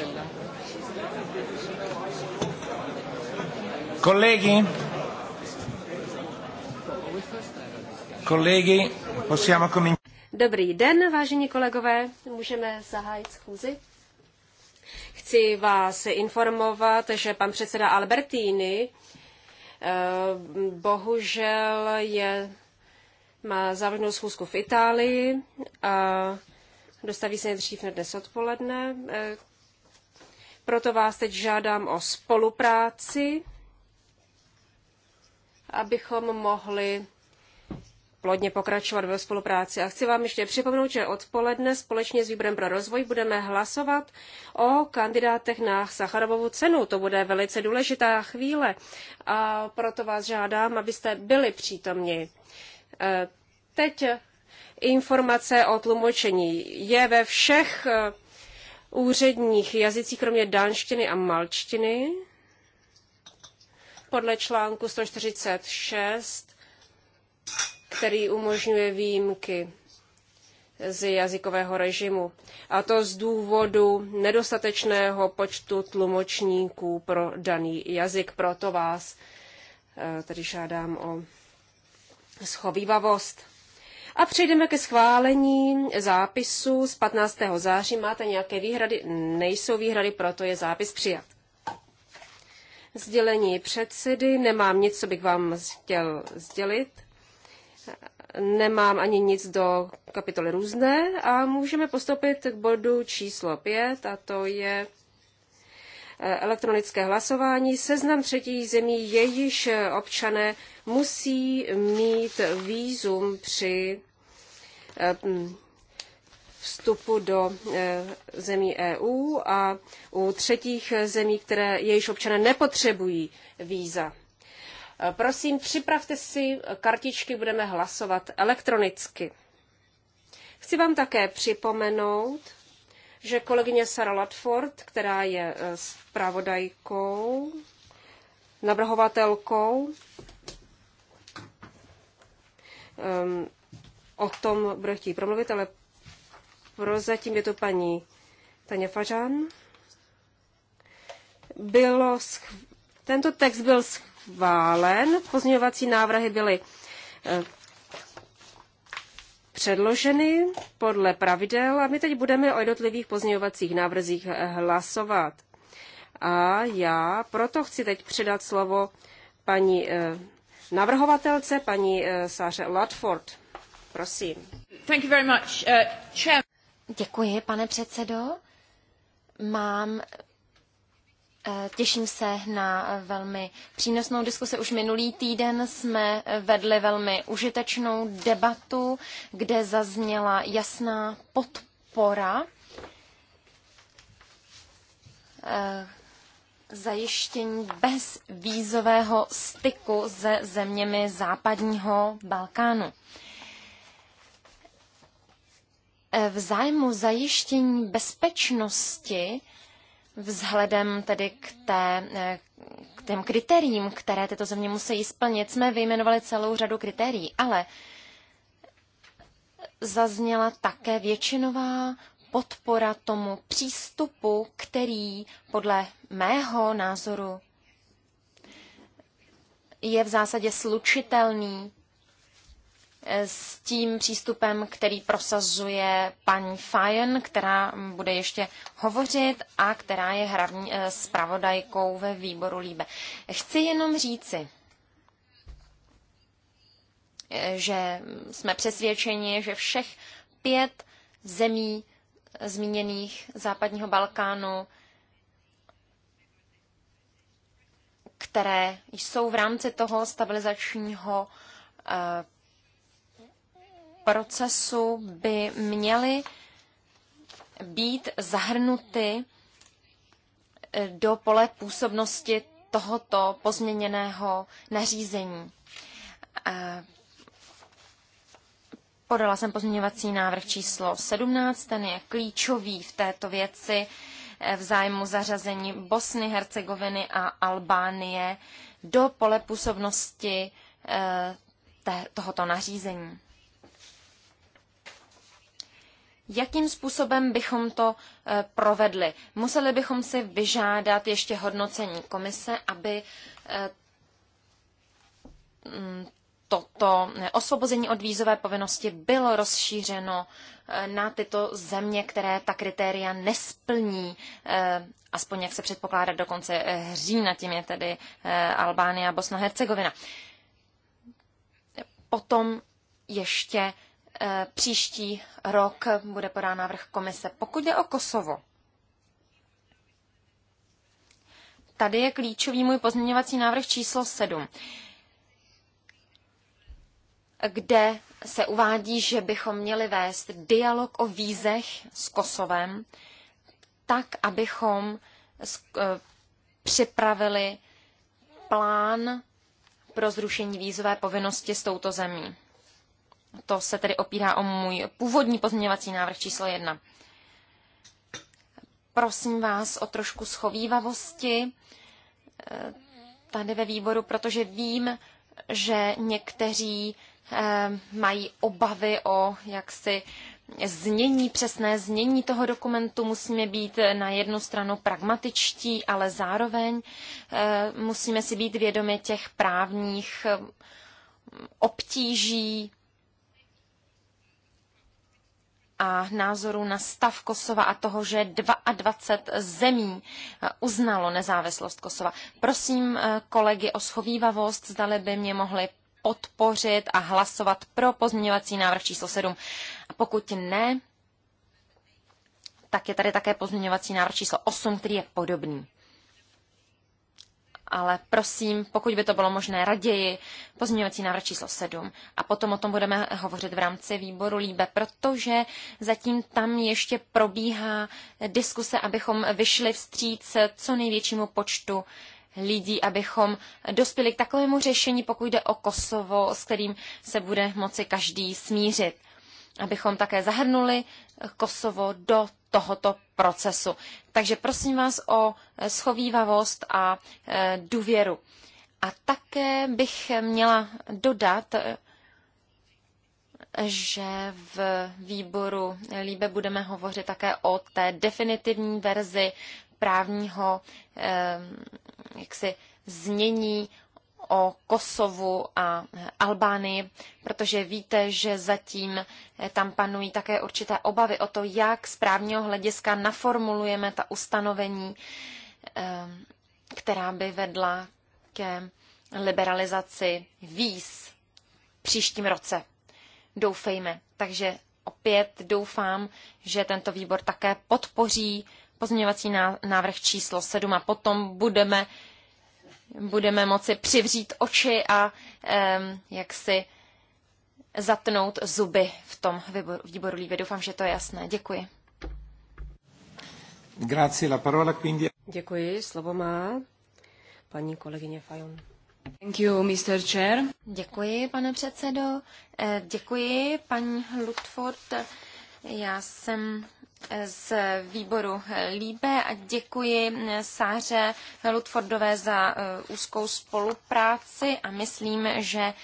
Stella. Colleghi? Colleghi, possiamo cominciare. Dobrý den, vážení kolegové, můžeme zahájit schůzi. Chci vás informovat, že pan předseda Albertini eh, bohužel je, má závodnou schůzku v Itálii a dostaví se nejdřív na dnes odpoledne. Eh, proto vás teď žádám o spolupráci, abychom mohli plodně pokračovat ve spolupráci. A chci vám ještě připomenout, že odpoledne společně s Výborem pro rozvoj budeme hlasovat o kandidátech na Sacharovovu cenu. To bude velice důležitá chvíle a proto vás žádám, abyste byli přítomni. E, teď informace o tlumočení je ve všech e, úředních jazycích, kromě dánštiny a malčtiny, podle článku 146, který umožňuje výjimky z jazykového režimu. A to z důvodu nedostatečného počtu tlumočníků pro daný jazyk. Proto vás eh, tedy žádám o schovývavost. A přejdeme ke schválení zápisu z 15. září. Máte nějaké výhrady? Nejsou výhrady, proto je zápis přijat. Sdělení předsedy. Nemám nic, co bych vám chtěl sdělit. Nemám ani nic do kapitoly různé a můžeme postoupit k bodu číslo 5 a to je eh, elektronické hlasování. Seznam třetí zemí, jejíž občané musí mít výzum při vstupu do eh, zemí EU a u třetích zemí, které jejich občané nepotřebují víza. Eh, prosím, připravte si kartičky, budeme hlasovat elektronicky. Chci vám také připomenout, že kolegyně Sara Latford, která je eh, zpravodajkou, navrhovatelkou, ehm, o tom bude chtít promluvit, ale prozatím je to paní Tania Fažan. Bylo schv... Tento text byl schválen, pozměňovací návrhy byly eh, předloženy podle pravidel a my teď budeme o jednotlivých pozměňovacích návrzích hlasovat. A já proto chci teď předat slovo paní eh, navrhovatelce, paní eh, Sáře Latford. Prosím. Thank you very much. Uh, Děkuji, pane předsedo. Mám eh, Těším se na velmi přínosnou diskusi. Už minulý týden jsme vedli velmi užitečnou debatu, kde zazněla jasná podpora eh, zajištění bez vízového styku se zeměmi západního Balkánu. Eh, v zájmu zajištění bezpečnosti vzhledem tedy k, té, eh, k těm kritériím, které tyto země musí splnit, jsme vyjmenovali celou řadu kritérií, ale zazněla také většinová podpora tomu přístupu, který podle mého názoru je v zásadě slučitelný s tím přístupem, který prosazuje paní Fajon, která bude ještě hovořit a která je hlavní eh, zpravodajkou ve výboru Líbe. Chci jenom říci, eh, že jsme přesvědčeni, že všech pět zemí eh, zmíněných západního Balkánu, které jsou v rámci toho stabilizačního procesu by měly být zahrnuty eh, do pole působnosti tohoto pozměněného nařízení. Eh, podala jsem pozměňovací návrh číslo 17, ten je klíčový v této věci eh, v zájmu zařazení Bosny, Hercegoviny a Albánie do pole působnosti tohoto nařízení. Jakým způsobem bychom to eh, provedli? Museli bychom si vyžádat ještě hodnocení komise, aby eh, mm, toto osvobození od vízové povinnosti bylo rozšířeno eh, na tyto země, které ta kritéria nesplní, aspoň jak se předpokládá do konce října, tím je tedy Albánie a Bosna-Hercegovina. Potom ještě Eh, příští rok bude podán návrh komise. Pokud jde o Kosovo, tady je klíčový můj pozměňovací návrh číslo 7, kde se uvádí, že bychom měli vést dialog o vízech s Kosovem, tak, abychom eh, připravili plán pro zrušení vízové povinnosti s touto zemí. To se tedy opírá o můj původní pozměňovací návrh číslo jedna. Prosím vás o trošku schovývavosti eh, tady ve výboru, protože vím, že někteří eh, mají obavy o jaksi znění, přesné znění toho dokumentu. Musíme být na jednu stranu pragmatičtí, ale zároveň eh, musíme si být vědomi těch právních obtíží, a názoru na stav Kosova a toho, že 22 zemí eh, uznalo nezávislost Kosova. Prosím eh, kolegy o schovývavost, zdali by mě mohli podpořit a hlasovat pro pozměňovací návrh číslo 7. A pokud ne, tak je tady také pozměňovací návrh číslo 8, který je podobný ale prosím, pokud by to bylo možné, raději pozměňovací návrh číslo 7. A potom o tom budeme hovořit v rámci výboru Líbe, protože zatím tam ještě probíhá diskuse, abychom vyšli vstříc co největšímu počtu lidí, abychom dospěli k takovému řešení, pokud jde o Kosovo, s kterým se bude moci každý smířit abychom také zahrnuli Kosovo do tohoto procesu. Takže prosím vás o schovývavost a e, důvěru. A také bych měla dodat, e, že v výboru Líbe budeme hovořit také o té definitivní verzi právního e, jaksi, znění o Kosovu a Albánii, protože víte, že zatím tam panují také určité obavy o to, jak z právního hlediska naformulujeme ta ustanovení, ehm, která by vedla ke liberalizaci víz příštím roce. Doufejme. Takže opět doufám, že tento výbor také podpoří pozměňovací návrh číslo 7 a potom budeme budeme moci přivřít oči a um, jak si zatnout zuby v tom výboru líbě. Doufám, že to je jasné. Děkuji. Grazie, la parola quindi... Děkuji, slovo má paní kolegyně Fajon. Thank you, Mr. Chair. Děkuji, pane předsedo. Eh, děkuji, paní Lutford já jsem eh, z výboru eh, Líbe a děkuji eh, Sáře Ludfordové za úzkou spolupráci a myslím, že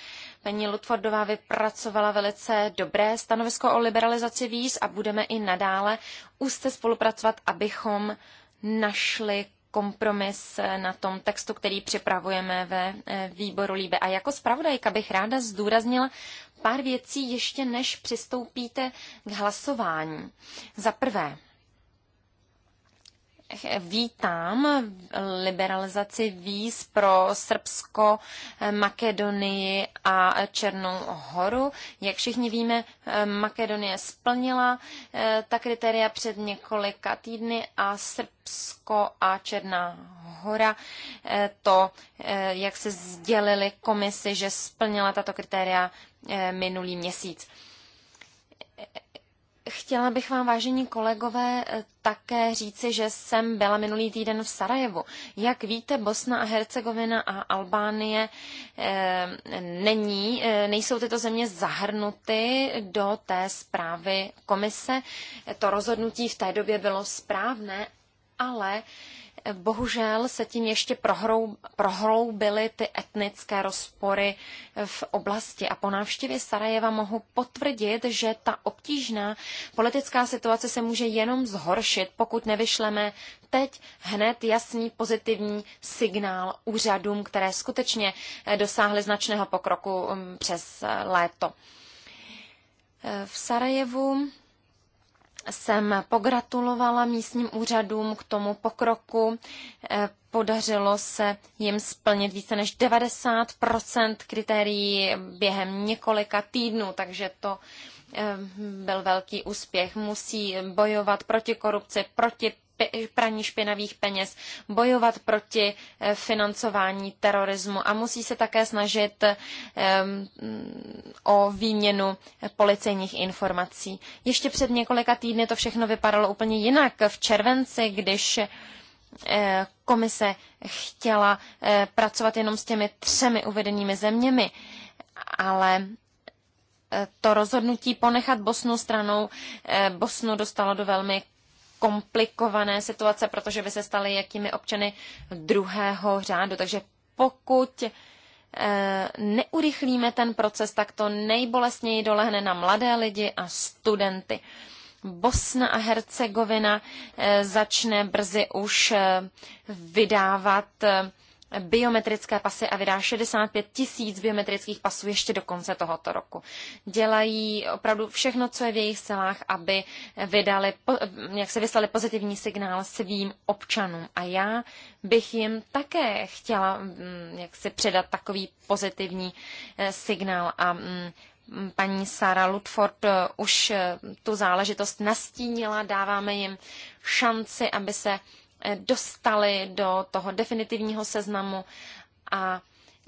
paní Ludfordová vypracovala velice dobré stanovisko o liberalizaci víz a budeme i nadále úzce spolupracovat, abychom našli kompromis na tom textu, který připravujeme ve eh, výboru Líbe. A jako zpravodajka bych ráda zdůraznila pár věcí ještě, než přistoupíte k hlasování. Za prvé, vítám liberalizaci víz pro Srbsko, Makedonii a Černou horu. Jak všichni víme, Makedonie splnila eh, ta kritéria před několika týdny a Srbsko a Černá hora eh, to, eh, jak se sdělili komisi, že splnila tato kritéria minulý měsíc Chtěla bych vám, vážení kolegové, eh, také říci, že jsem byla minulý týden v Sarajevu. Jak víte, Bosna a Hercegovina a Albánie eh, není, eh, nejsou tyto země zahrnuty do té zprávy komise. To rozhodnutí v té době bylo správné, ale bohužel se tím ještě prohloubily ty etnické rozpory v oblasti. A po návštěvě Sarajeva mohu potvrdit, že ta obtížná politická situace se může jenom zhoršit, pokud nevyšleme teď hned jasný pozitivní signál úřadům, které skutečně dosáhly značného pokroku um, přes léto. V Sarajevu jsem pogratulovala místním úřadům k tomu pokroku. Eh, podařilo se jim splnit více než 90 kritérií během několika týdnů, takže to eh, byl velký úspěch. Musí bojovat proti korupci, proti praní špinavých peněz, bojovat proti eh, financování terorismu a musí se také snažit o výměnu policejních informací. Ještě před několika týdny to všechno vypadalo úplně jinak. V červenci, když eh, komise chtěla eh, pracovat jenom s těmi třemi uvedenými zeměmi, ale to rozhodnutí ponechat Bosnu stranou Bosnu dostalo do velmi komplikované situace, protože by se staly jakými občany druhého řádu. Takže pokud eh, neurychlíme ten proces, tak to nejbolestněji dolehne na mladé lidi a studenty. Bosna a Hercegovina eh, začne brzy už eh, vydávat biometrické pasy a vydá 65 tisíc biometrických pasů ještě do konce tohoto roku. Dělají opravdu všechno, co je v jejich silách, aby vydali, jak se vyslali pozitivní signál svým občanům. A já bych jim také chtěla mm, jak si předat takový pozitivní eh, signál a mm, paní Sara Ludford eh, už eh, tu záležitost nastínila, dáváme jim šanci, aby se Eh, dostali do toho definitivního seznamu a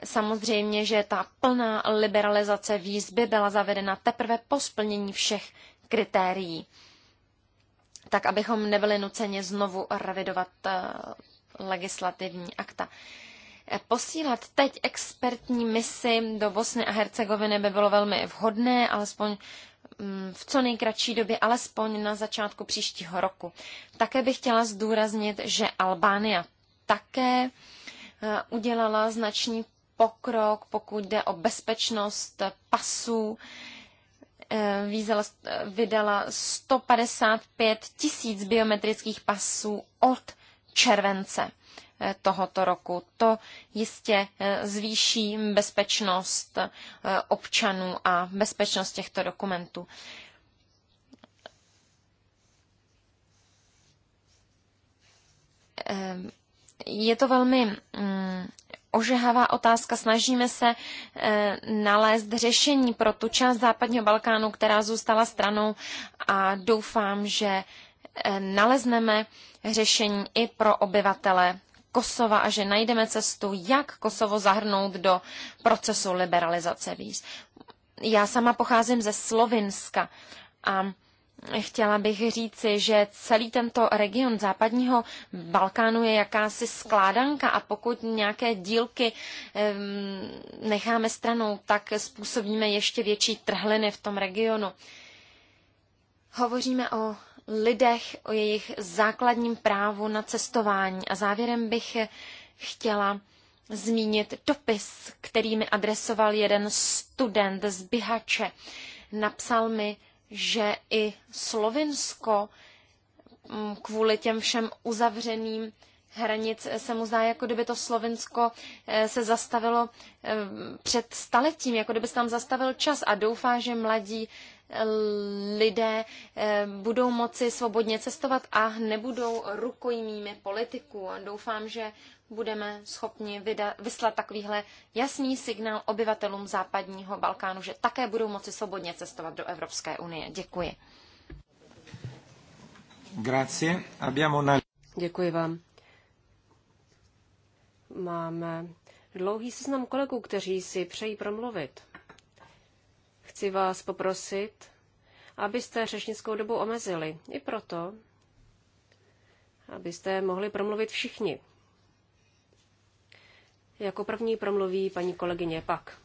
samozřejmě, že ta plná liberalizace výzby byla zavedena teprve po splnění všech kritérií, tak abychom nebyli nuceni znovu revidovat eh, legislativní akta. Eh, posílat teď expertní misi do Bosny a Hercegoviny by bylo velmi vhodné, alespoň Mm, v co nejkratší době, alespoň na začátku příštího roku. Také bych chtěla zdůraznit, že Albánia také eh, udělala značný pokrok, pokud jde o bezpečnost pasů. Eh, eh, vydala 155 tisíc biometrických pasů od července tohoto roku. To jistě eh, zvýší bezpečnost eh, občanů a bezpečnost těchto dokumentů. Eh, je to velmi mm, ožehavá otázka. Snažíme se nalézt řešení pro tu část západního Balkánu, která zůstala stranou a doufám, že nalezneme řešení i pro obyvatele Kosova a že najdeme cestu, jak Kosovo zahrnout do procesu liberalizace víz. Já sama pocházím ze Slovinska a Chtěla bych říci, že celý tento region západního Balkánu je jakási skládanka a pokud nějaké dílky necháme stranou, tak způsobíme ještě větší trhliny v tom regionu. Hovoříme o lidech, o jejich základním právu na cestování. A závěrem bych chtěla zmínit dopis, který mi adresoval jeden student z Bihače. Napsal mi, že i Slovinsko mm, kvůli těm všem uzavřeným hranic se mu zdá, jako kdyby to Slovensko eh, se zastavilo eh, před staletím, jako kdyby se tam zastavil čas a doufá, že mladí lidé eh, budou moci svobodně cestovat a nebudou rukojmími politiků. Doufám, že budeme schopni vydat, vyslat takovýhle jasný signál obyvatelům západního Balkánu, že také budou moci svobodně cestovat do Evropské unie. Děkuji. Grazie. Abbiamo una... Děkuji vám. Máme dlouhý seznam kolegů, kteří si přejí promluvit chci vás poprosit, abyste řečnickou dobu omezili. I proto, abyste mohli promluvit všichni. Jako první promluví paní kolegyně Pak.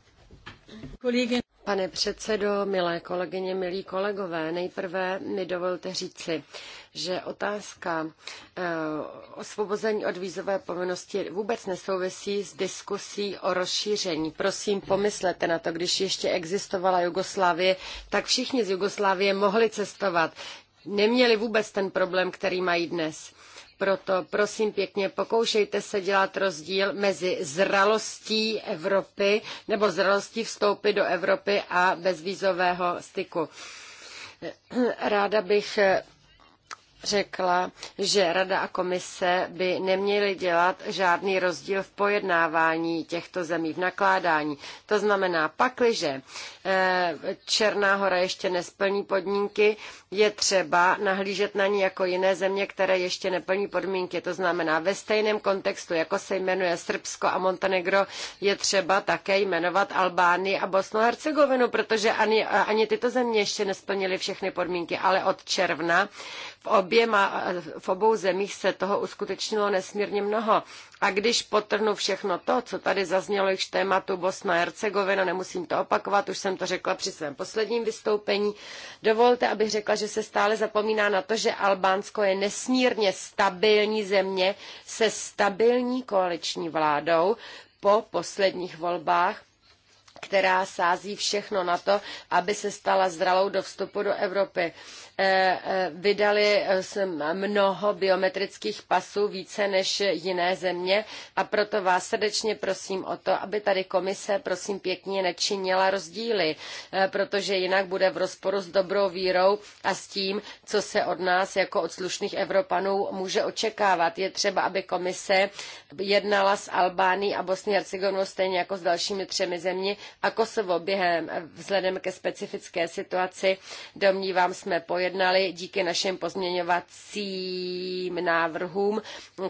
Kolegyně. Pane předsedo, milé kolegyně, milí kolegové, nejprve mi dovolte říci, že otázka eh, osvobození od vízové povinnosti vůbec nesouvisí s diskusí o rozšíření. Prosím, pomyslete na to, když ještě existovala Jugoslávie, tak všichni z Jugoslávie mohli cestovat. Neměli vůbec ten problém, který mají dnes. Proto prosím pěkně, pokoušejte se dělat rozdíl mezi zralostí Evropy nebo zralostí vstoupit do Evropy a bezvízového styku. Ráda bych řekla, že Rada a komise by neměly dělat žádný rozdíl v pojednávání těchto zemí, v nakládání. To znamená, pakliže eh, Černá hora ještě nesplní podmínky, je třeba nahlížet na ní jako jiné země, které ještě neplní podmínky. To znamená, ve stejném kontextu, jako se jmenuje Srbsko a Montenegro, je třeba také jmenovat Albánii a Bosnu a Hercegovinu, protože ani, ani tyto země ještě nesplnily všechny podmínky, ale od června v, oběma, v obou zemích se toho uskutečnilo nesmírně mnoho. A když potrhnu všechno to, co tady zaznělo již tématu Bosna a Hercegovina, nemusím to opakovat, už jsem to řekla při svém posledním vystoupení, dovolte, abych řekla, že se stále zapomíná na to, že Albánsko je nesmírně stabilní země se stabilní koaliční vládou po posledních volbách, která sází všechno na to, aby se stala zralou do vstupu do Evropy. Eh, eh, vydali eh, mnoho biometrických pasů více než jiné země a proto vás srdečně prosím o to, aby tady komise, prosím pěkně, nečinila rozdíly, protože jinak bude v rozporu s dobrou vírou a s tím, co se od nás jako od slušných Evropanů může očekávat. Je třeba, aby komise jednala s Albánií a Bosní Hercegovinou stejně jako s dalšími třemi zeměmi a Kosovo během vzhledem ke specifické situaci, domnívám jsme po projednali díky našim pozměňovacím návrhům,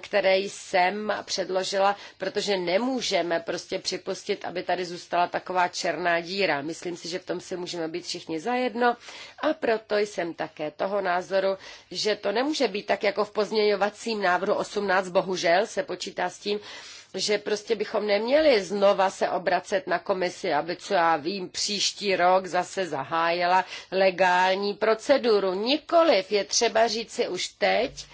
které jsem předložila, protože nemůžeme prostě připustit, aby tady zůstala taková černá díra. Myslím si, že v tom si můžeme být všichni zajedno a proto jsem také toho názoru, že to nemůže být tak jako v pozměňovacím návrhu 18, bohužel se počítá s tím, že prostě bychom neměli znova se obracet na komisi, aby, co já vím, příští rok zase zahájila legální proceduru. Nikoliv je třeba říci už teď,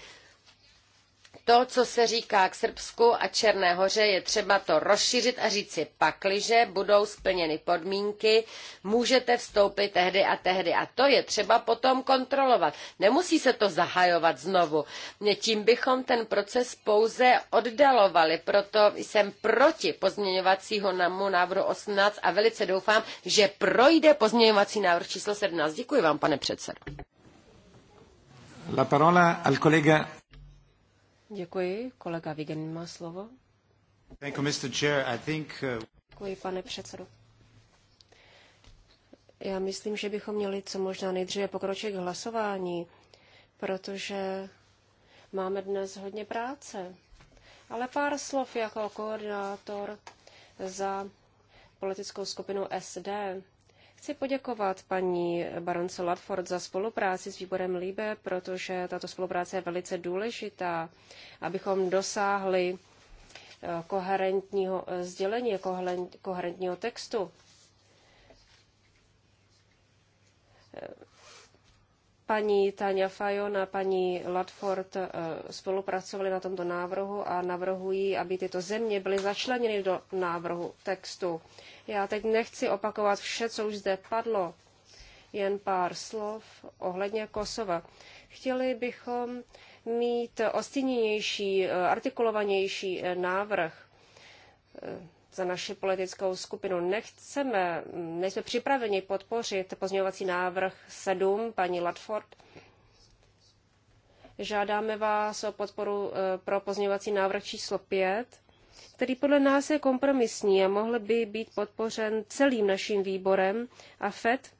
to, co se říká k Srbsku a Černé hoře, je třeba to rozšířit a říci pakliže budou splněny podmínky, můžete vstoupit tehdy a tehdy. A to je třeba potom kontrolovat. Nemusí se to zahajovat znovu. Tím bychom ten proces pouze oddalovali. Proto jsem proti pozměňovacího namu návrhu 18 a velice doufám, že projde pozměňovací návrh číslo 17. Děkuji vám, pane předsedo. La parola al collega Děkuji. Kolega Vigen má slovo. Uh, Děkuji, pane předsedo. Já myslím, že bychom měli co možná nejdříve pokročit k hlasování, protože máme dnes hodně práce. Ale pár slov jako koordinátor za politickou skupinu SD Chci poděkovat paní baronce Ladford za spolupráci s výborem Líbe, protože tato spolupráce je velice důležitá, abychom dosáhli eh, koherentního eh, sdělení, koherentního textu. Eh, paní Tania Fajon a paní Ladford spolupracovali na tomto návrhu a navrhují, aby tyto země byly začleněny do návrhu textu já teď nechci opakovat vše, co už zde padlo, jen pár slov ohledně Kosova. Chtěli bychom mít ostinnější, eh, artikulovanější eh, návrh eh, za naši politickou skupinu. Nechceme, hm, nejsme připraveni podpořit pozměňovací návrh 7 paní Latford. Žádáme vás o podporu pro pozměňovací návrh číslo 5 který podle nás je kompromisní a mohl by být podpořen celým naším výborem a FED.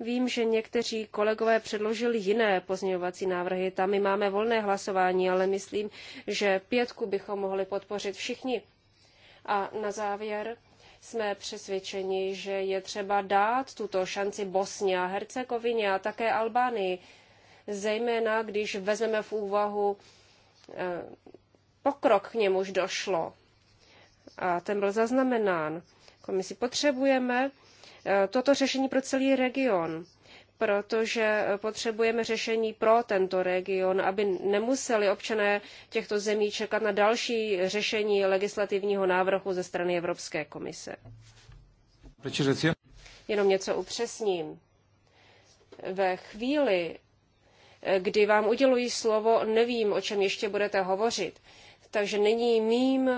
Vím, že někteří kolegové předložili jiné pozměňovací návrhy, tam my máme volné hlasování, ale myslím, že pětku bychom mohli podpořit všichni. A na závěr jsme přesvědčeni, že je třeba dát tuto šanci Bosně a Hercegovině a také Albánii, zejména když vezmeme v úvahu eh, pokrok k němuž došlo a ten byl zaznamenán komisi. Potřebujeme eh, toto řešení pro celý region, protože potřebujeme řešení pro tento region, aby nemuseli občané těchto zemí čekat na další řešení legislativního návrhu ze strany Evropské komise. Jenom něco upřesním. Ve chvíli, eh, kdy vám uděluji slovo, nevím, o čem ještě budete hovořit takže není mým eh,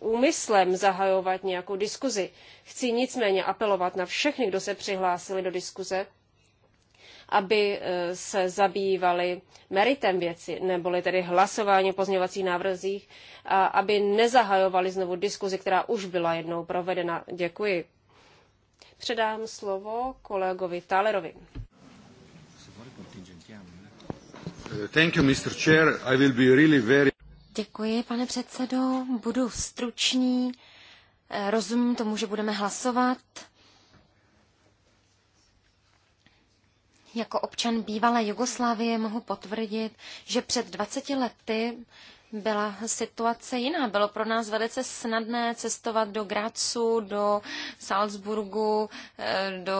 úmyslem zahajovat nějakou diskuzi. Chci nicméně apelovat na všechny, kdo se přihlásili do diskuze, aby eh, se zabývali meritem věci, neboli tedy hlasování o pozměňovacích návrzích, a aby nezahajovali znovu diskuzi, která už byla jednou provedena. Děkuji. Předám slovo kolegovi Talerovi. Thank you, Mr. Chair. I will be really very... Děkuji, pane předsedo. Budu stručný. Eh, rozumím tomu, že budeme hlasovat. Jako občan bývalé Jugoslávie mohu potvrdit, že před 20 lety byla situace jiná. Bylo pro nás velice snadné cestovat do Gracu, do Salzburgu, eh, do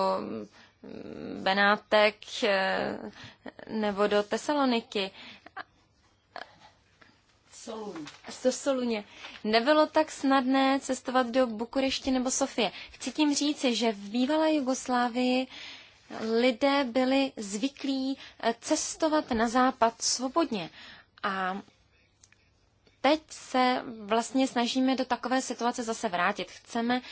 Benátek eh, nebo do Tesaloniky. Solun. do Soluně. Nebylo tak snadné cestovat do Bukurešti nebo Sofie. Chci tím říci, že v bývalé Jugoslávii lidé byli zvyklí eh, cestovat na západ svobodně. A teď se vlastně snažíme do takové situace zase vrátit. Chceme,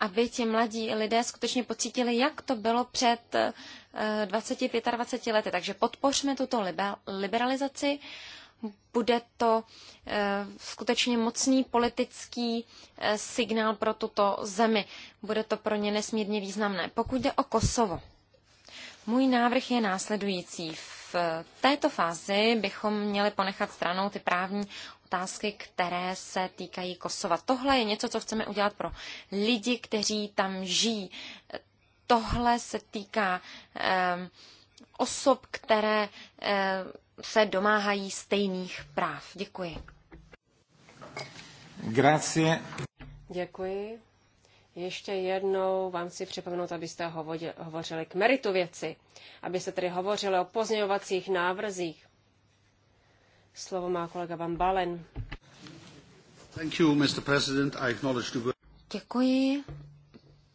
aby ti mladí lidé skutečně pocítili, jak to bylo před 20-25 eh, lety. Takže podpořme tuto liberalizaci bude to eh, skutečně mocný politický eh, signál pro tuto zemi. Bude to pro ně nesmírně významné. Pokud jde o Kosovo, můj návrh je následující. V eh, této fázi bychom měli ponechat stranou ty právní otázky, které se týkají Kosova. Tohle je něco, co chceme udělat pro lidi, kteří tam žijí. Tohle se týká eh, osob, které eh, se domáhají stejných práv. Děkuji. Grazie. Děkuji. Ještě jednou vám si připomenout, abyste hovořili k meritu věci, abyste tedy hovořili o pozměňovacích návrzích. Slovo má kolega Van Balen. Děkuji.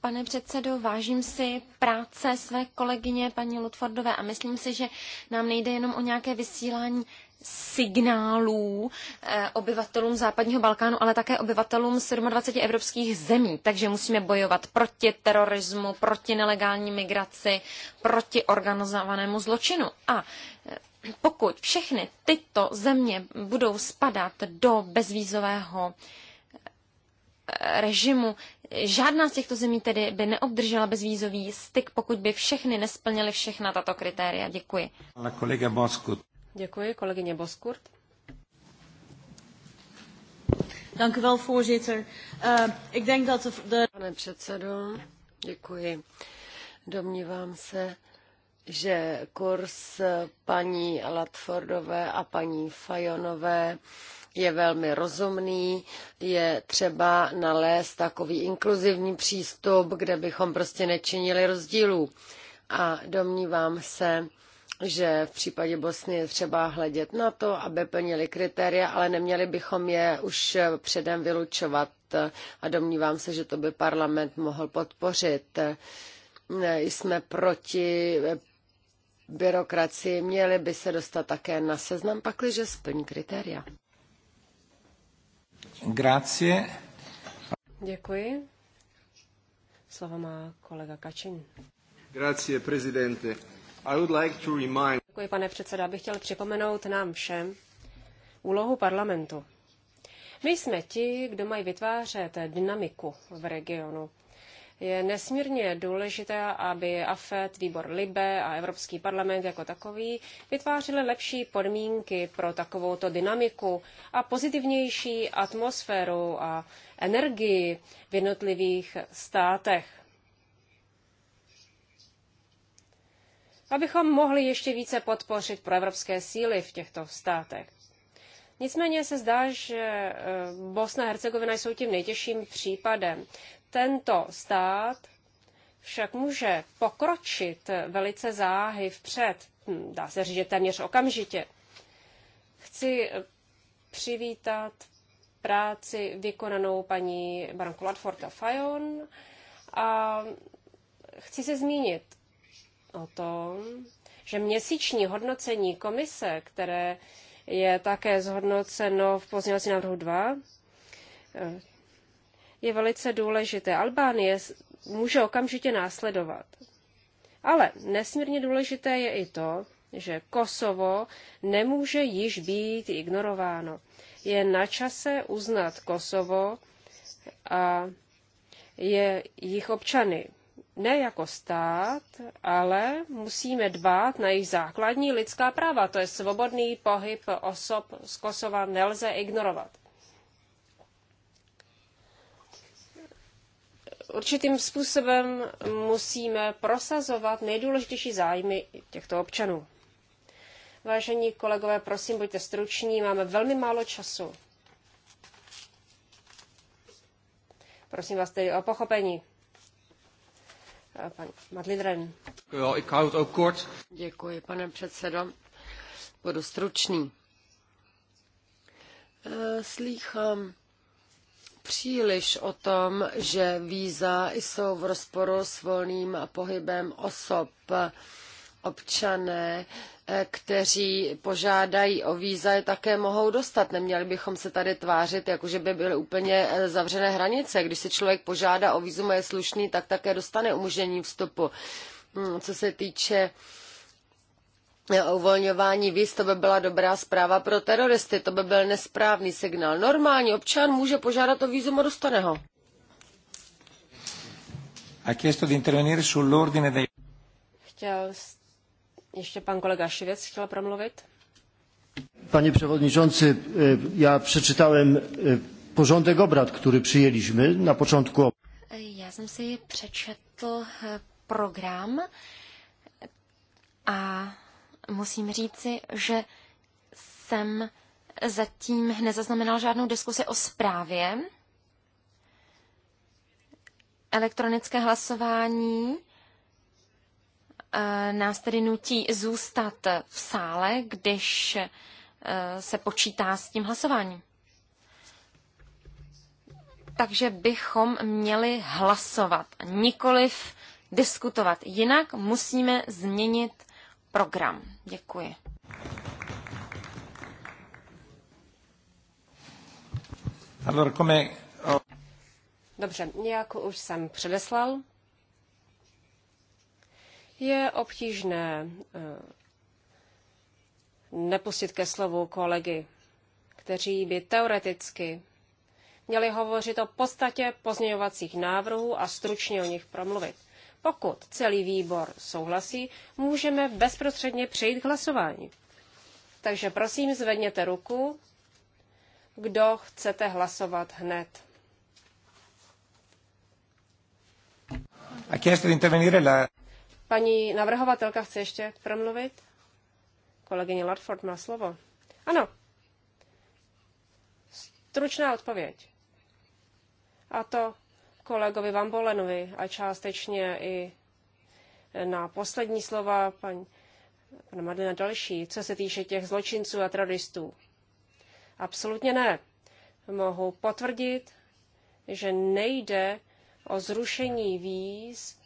Pane předsedo, vážím si práce své kolegyně paní Lutfordové a myslím si, že nám nejde jenom o nějaké vysílání signálů eh, obyvatelům západního Balkánu, ale také obyvatelům 27 evropských zemí. Takže musíme bojovat proti terorismu, proti nelegální migraci, proti organizovanému zločinu. A eh, pokud všechny tyto země budou spadat do bezvízového režimu. Žádná z těchto zemí tedy by neobdržela bezvízový styk, pokud by všechny nesplnily všechna tato kritéria. Děkuji. Ale kolega Boskurt. Děkuji, kolegyně Boskurt. Dank u wel, voorzitter. Uh, ik denk dat de... Pane předsedo, děkuji. Domnívám se, že kurz paní Latfordové a paní Fajonové uh, je velmi rozumný, je třeba nalézt takový inkluzivní přístup, kde bychom prostě nečinili rozdílů. A domnívám se, že v případě Bosny je třeba hledět na to, aby plnili kritéria, ale neměli bychom je už předem vylučovat a domnívám se, že to by parlament mohl podpořit. Jsme proti byrokracii, měli by se dostat také na seznam, pakliže splní kritéria. Grazie. Děkuji. Slovo má kolega Kačin. Grazie, prezidente. I would like to remind... Děkuji, pane předseda. Bych chtěl připomenout nám všem úlohu parlamentu. My jsme ti, kdo mají vytvářet dynamiku v regionu. Je nesmírně důležité, aby AFET, výbor LIBE a Evropský parlament jako takový vytvářely lepší podmínky pro takovouto dynamiku a pozitivnější atmosféru a energii v jednotlivých státech. Abychom mohli ještě více podpořit proevropské síly v těchto státech. Nicméně se zdá, že eh, Bosna a Hercegovina jsou tím nejtěžším případem. Tento stát však může pokročit velice záhy vpřed, dá se říct, že téměř okamžitě. Chci přivítat práci vykonanou paní baronku Ladforta Fajon a chci se zmínit o tom, že měsíční hodnocení komise, které je také zhodnoceno v pozdělací návrhu 2, je velice důležité. Albánie může okamžitě následovat. Ale nesmírně důležité je i to, že Kosovo nemůže již být ignorováno. Je na čase uznat Kosovo a je jich občany. Ne jako stát, ale musíme dbát na jejich základní lidská práva, to je svobodný pohyb osob z Kosova nelze ignorovat. určitým způsobem musíme prosazovat nejdůležitější zájmy těchto občanů. Vážení kolegové, prosím, buďte struční, máme velmi málo času. Prosím vás tedy o pochopení. Pan Madlidren. Děkuji, pane předsedo. Budu stručný. Eh, slýchám příliš o tom, že víza jsou v rozporu s volným pohybem osob. Občané, eh, kteří požádají o víza, je také mohou dostat. Neměli bychom se tady tvářit, jako že by byly úplně eh, zavřené hranice. Když si člověk požádá o vízum a je slušný, tak také dostane umožnění vstupu. Hm, co se týče uvolňování víz, to by byla dobrá zpráva pro teroristy, to by byl nesprávný signál. Normální občan může požádat o vízum a dostane ho. Chtěl ještě pan kolega Šivěc chtěl promluvit. Panie przewodniczący, e, ja przeczytałem e, porządek obrad, który przyjęliśmy na początku. E, Já jsem si přečetl program a musím říci, že jsem zatím nezaznamenal žádnou diskusi o zprávě. Elektronické hlasování eh, nás tedy nutí zůstat v sále, když eh, se počítá s tím hlasováním. Takže bychom měli hlasovat, nikoliv diskutovat. Jinak musíme změnit program. Děkuji. Dobře, jak už jsem předeslal, je obtížné eh, nepustit ke slovu kolegy, kteří by teoreticky měli hovořit o podstatě pozměňovacích návrhů a stručně o nich promluvit. Pokud celý výbor souhlasí, můžeme bezprostředně přejít k hlasování. Takže prosím, zvedněte ruku, kdo chcete hlasovat hned. Paní navrhovatelka chce ještě promluvit? Kolegyně Ladford má slovo. Ano. Stručná odpověď. A to kolegovi Vambolenovi a částečně i na poslední slova paní pana Madlina další, co se týče těch zločinců a teroristů. Absolutně ne. Mohu potvrdit, že nejde o zrušení víz,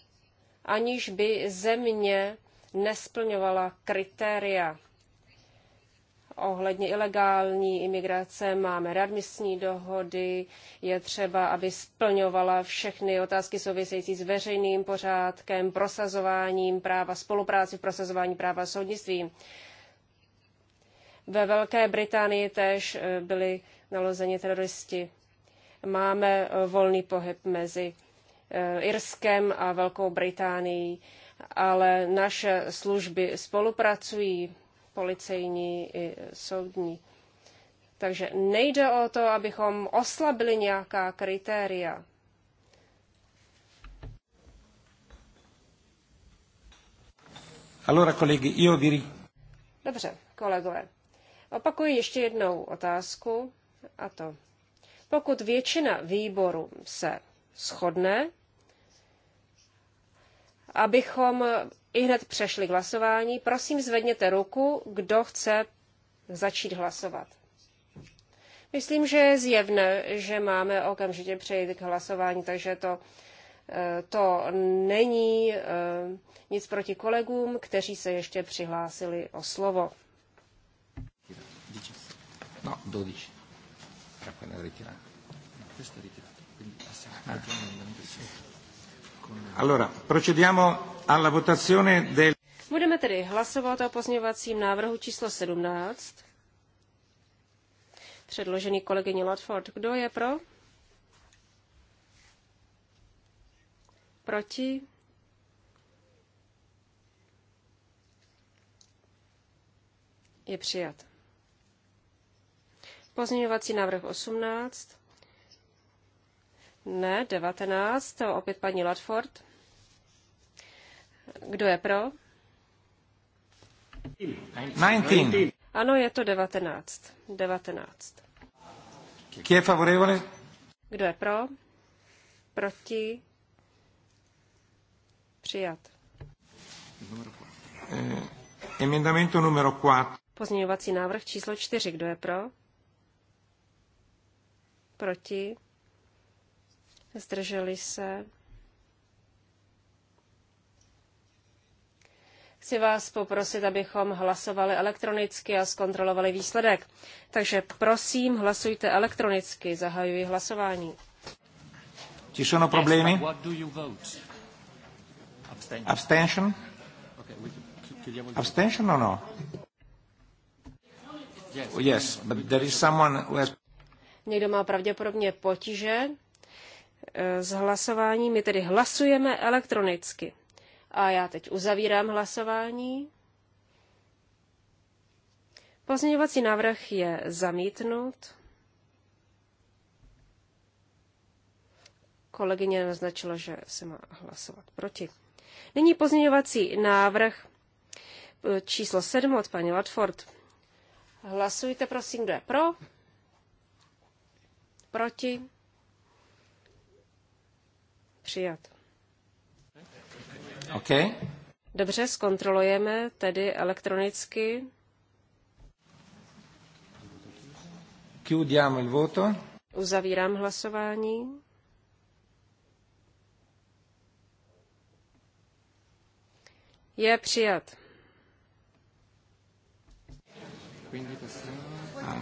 aniž by země nesplňovala kritéria ohledně ilegální imigrace, máme readmisní dohody, je třeba, aby splňovala všechny otázky související s veřejným pořádkem, prosazováním práva, spolupráci v prosazování práva soudnictví. Ve Velké Británii též eh, byli nalozeni teroristi. Máme eh, volný pohyb mezi eh, Irskem a Velkou Británií, ale naše služby spolupracují policejní i soudní. Takže nejde o to, abychom oslabili nějaká kritéria. Allora, kolegy, io vi... Dobře, kolegové. Opakuji ještě jednou otázku a to. Pokud většina výboru se shodne, abychom i hned přešli k hlasování. Prosím, zvedněte ruku, kdo chce začít hlasovat. Myslím, že je zjevné, že máme okamžitě přejít k hlasování, takže to, eh, to není eh, nic proti kolegům, kteří se ještě přihlásili o slovo. No, Budeme tedy hlasovat o pozměňovacím návrhu číslo 17. Předložený kolegyně Lotford. Kdo je pro? Proti? Je přijat. Pozměňovací návrh 18. Ne, 19, opět paní Latford. Kdo je pro? 19. Ano, je to 19. 19. Kdo je favorevole? Kdo je pro? Proti? Přijat. Eh, emendamento numero 4. Pozměňovací návrh číslo 4. Kdo je pro? Proti? zdrželi se. Chci vás poprosit, abychom hlasovali elektronicky a zkontrolovali výsledek. Takže prosím, hlasujte elektronicky. Zahajuji hlasování. Tišeno, problémy? Abstention? Abstention or no? Yes, but there is someone who has... Někdo má pravděpodobně potíže E, s hlasováním. My tedy hlasujeme elektronicky. A já teď uzavírám hlasování. Pozměňovací návrh je zamítnut. Kolegyně naznačila, že se má hlasovat proti. Nyní pozměňovací návrh e, číslo 7 od paní Latford. Hlasujte prosím, kdo je pro, proti, Přijat. Okay. Dobře, zkontrolujeme tedy elektronicky. Chiudiamo il voto. Uzavírám hlasování. Je přijat. Ah.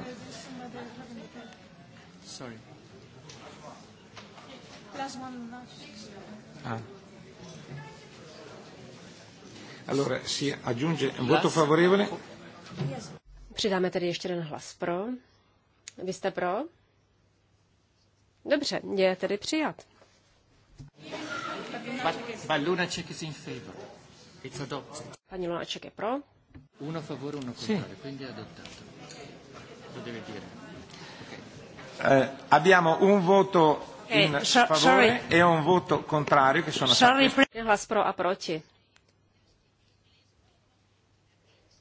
Sorry ah. Allora si aggiunge un voto favorevole. Přidáme tedy ještě jeden hlas pro. Vy jste pro? Dobře, je tedy přijat. Lunaček Pani Lunaček je pro. Uno favore, uno contrario, quindi è adottato. Lo deve dire. Okay. Eh, abbiamo un voto Eh, e un voto contrario che sono stati... Hlas pro a proti.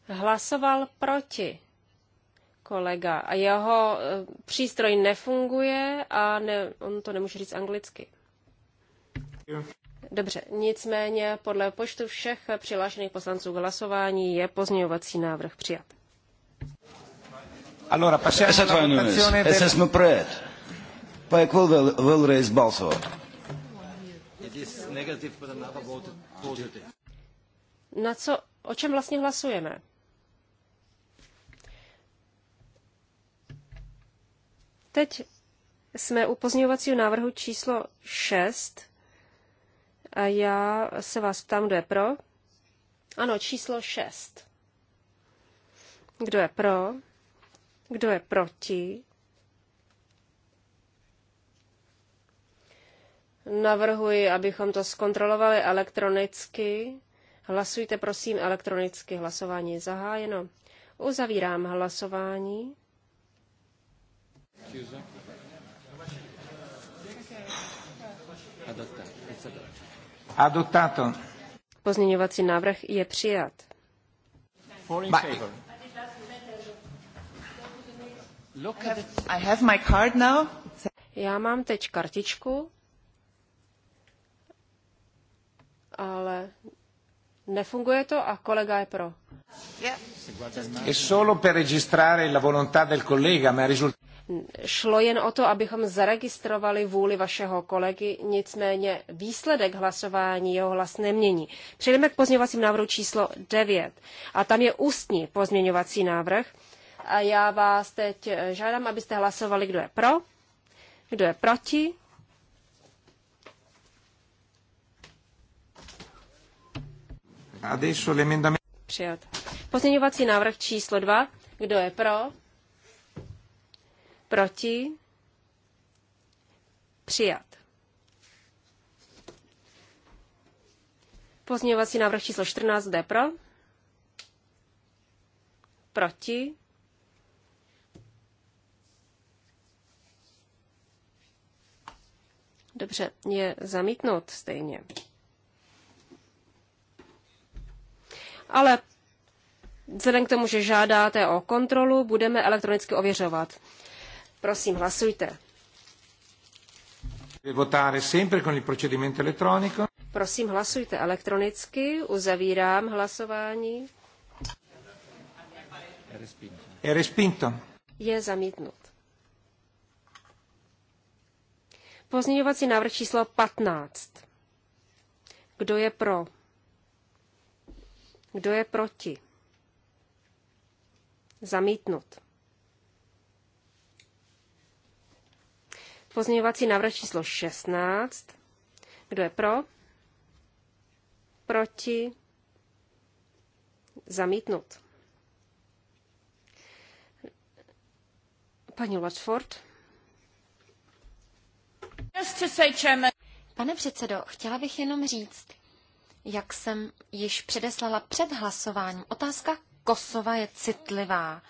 Hlasoval proti kolega a jeho eh, přístroj nefunguje a ne, on to nemůže říct anglicky. Dobře, nicméně podle počtu všech přihlášených poslanců k hlasování je pozměňovací návrh přijat. Allora, passiamo alla votazione del... Pike will, will raise Balsova. It is negative, but another voted positive. Na co, o čem vlastně hlasujeme? Teď jsme u pozměňovacího návrhu číslo 6 a já se vás ptám, kdo je pro. Ano, číslo 6. Kdo je pro? Kdo je proti? Navrhuji, abychom to zkontrolovali elektronicky. Hlasujte prosím elektronicky. Hlasování je zahájeno. Uzavírám hlasování. Adottato. Pozměňovací návrh je přijat. Já mám teď kartičku. ale nefunguje to a kolega je pro. È solo per registrare la volontà del collega, ma risulta šlo jen o to, abychom zaregistrovali vůli vašeho kolegy, nicméně výsledek hlasování jeho hlas nemění. Přejdeme k pozměňovacím návrhu číslo 9 a tam je ústní pozměňovací návrh a já vás teď žádám, abyste hlasovali, kdo je pro, kdo je proti, Přijat. Pozměňovací návrh číslo 2. Kdo je pro? Proti? Přijat. Pozměňovací návrh číslo 14. Kdo je pro? Proti? Dobře, je zamítnout stejně. ale vzhledem k tomu, že žádáte o kontrolu, budeme elektronicky ověřovat. Prosím, hlasujte. Prosím, hlasujte elektronicky. Uzavírám hlasování. Je zamítnut. Pozměňovací návrh číslo 15. Kdo je pro? Kdo je proti? Zamítnut. Pozměňovací návrh číslo 16. Kdo je pro? Proti? Zamítnut. Paní Watchford. Pane předsedo, chtěla bych jenom říct, jak jsem již předeslala před hlasováním, otázka Kosova je citlivá.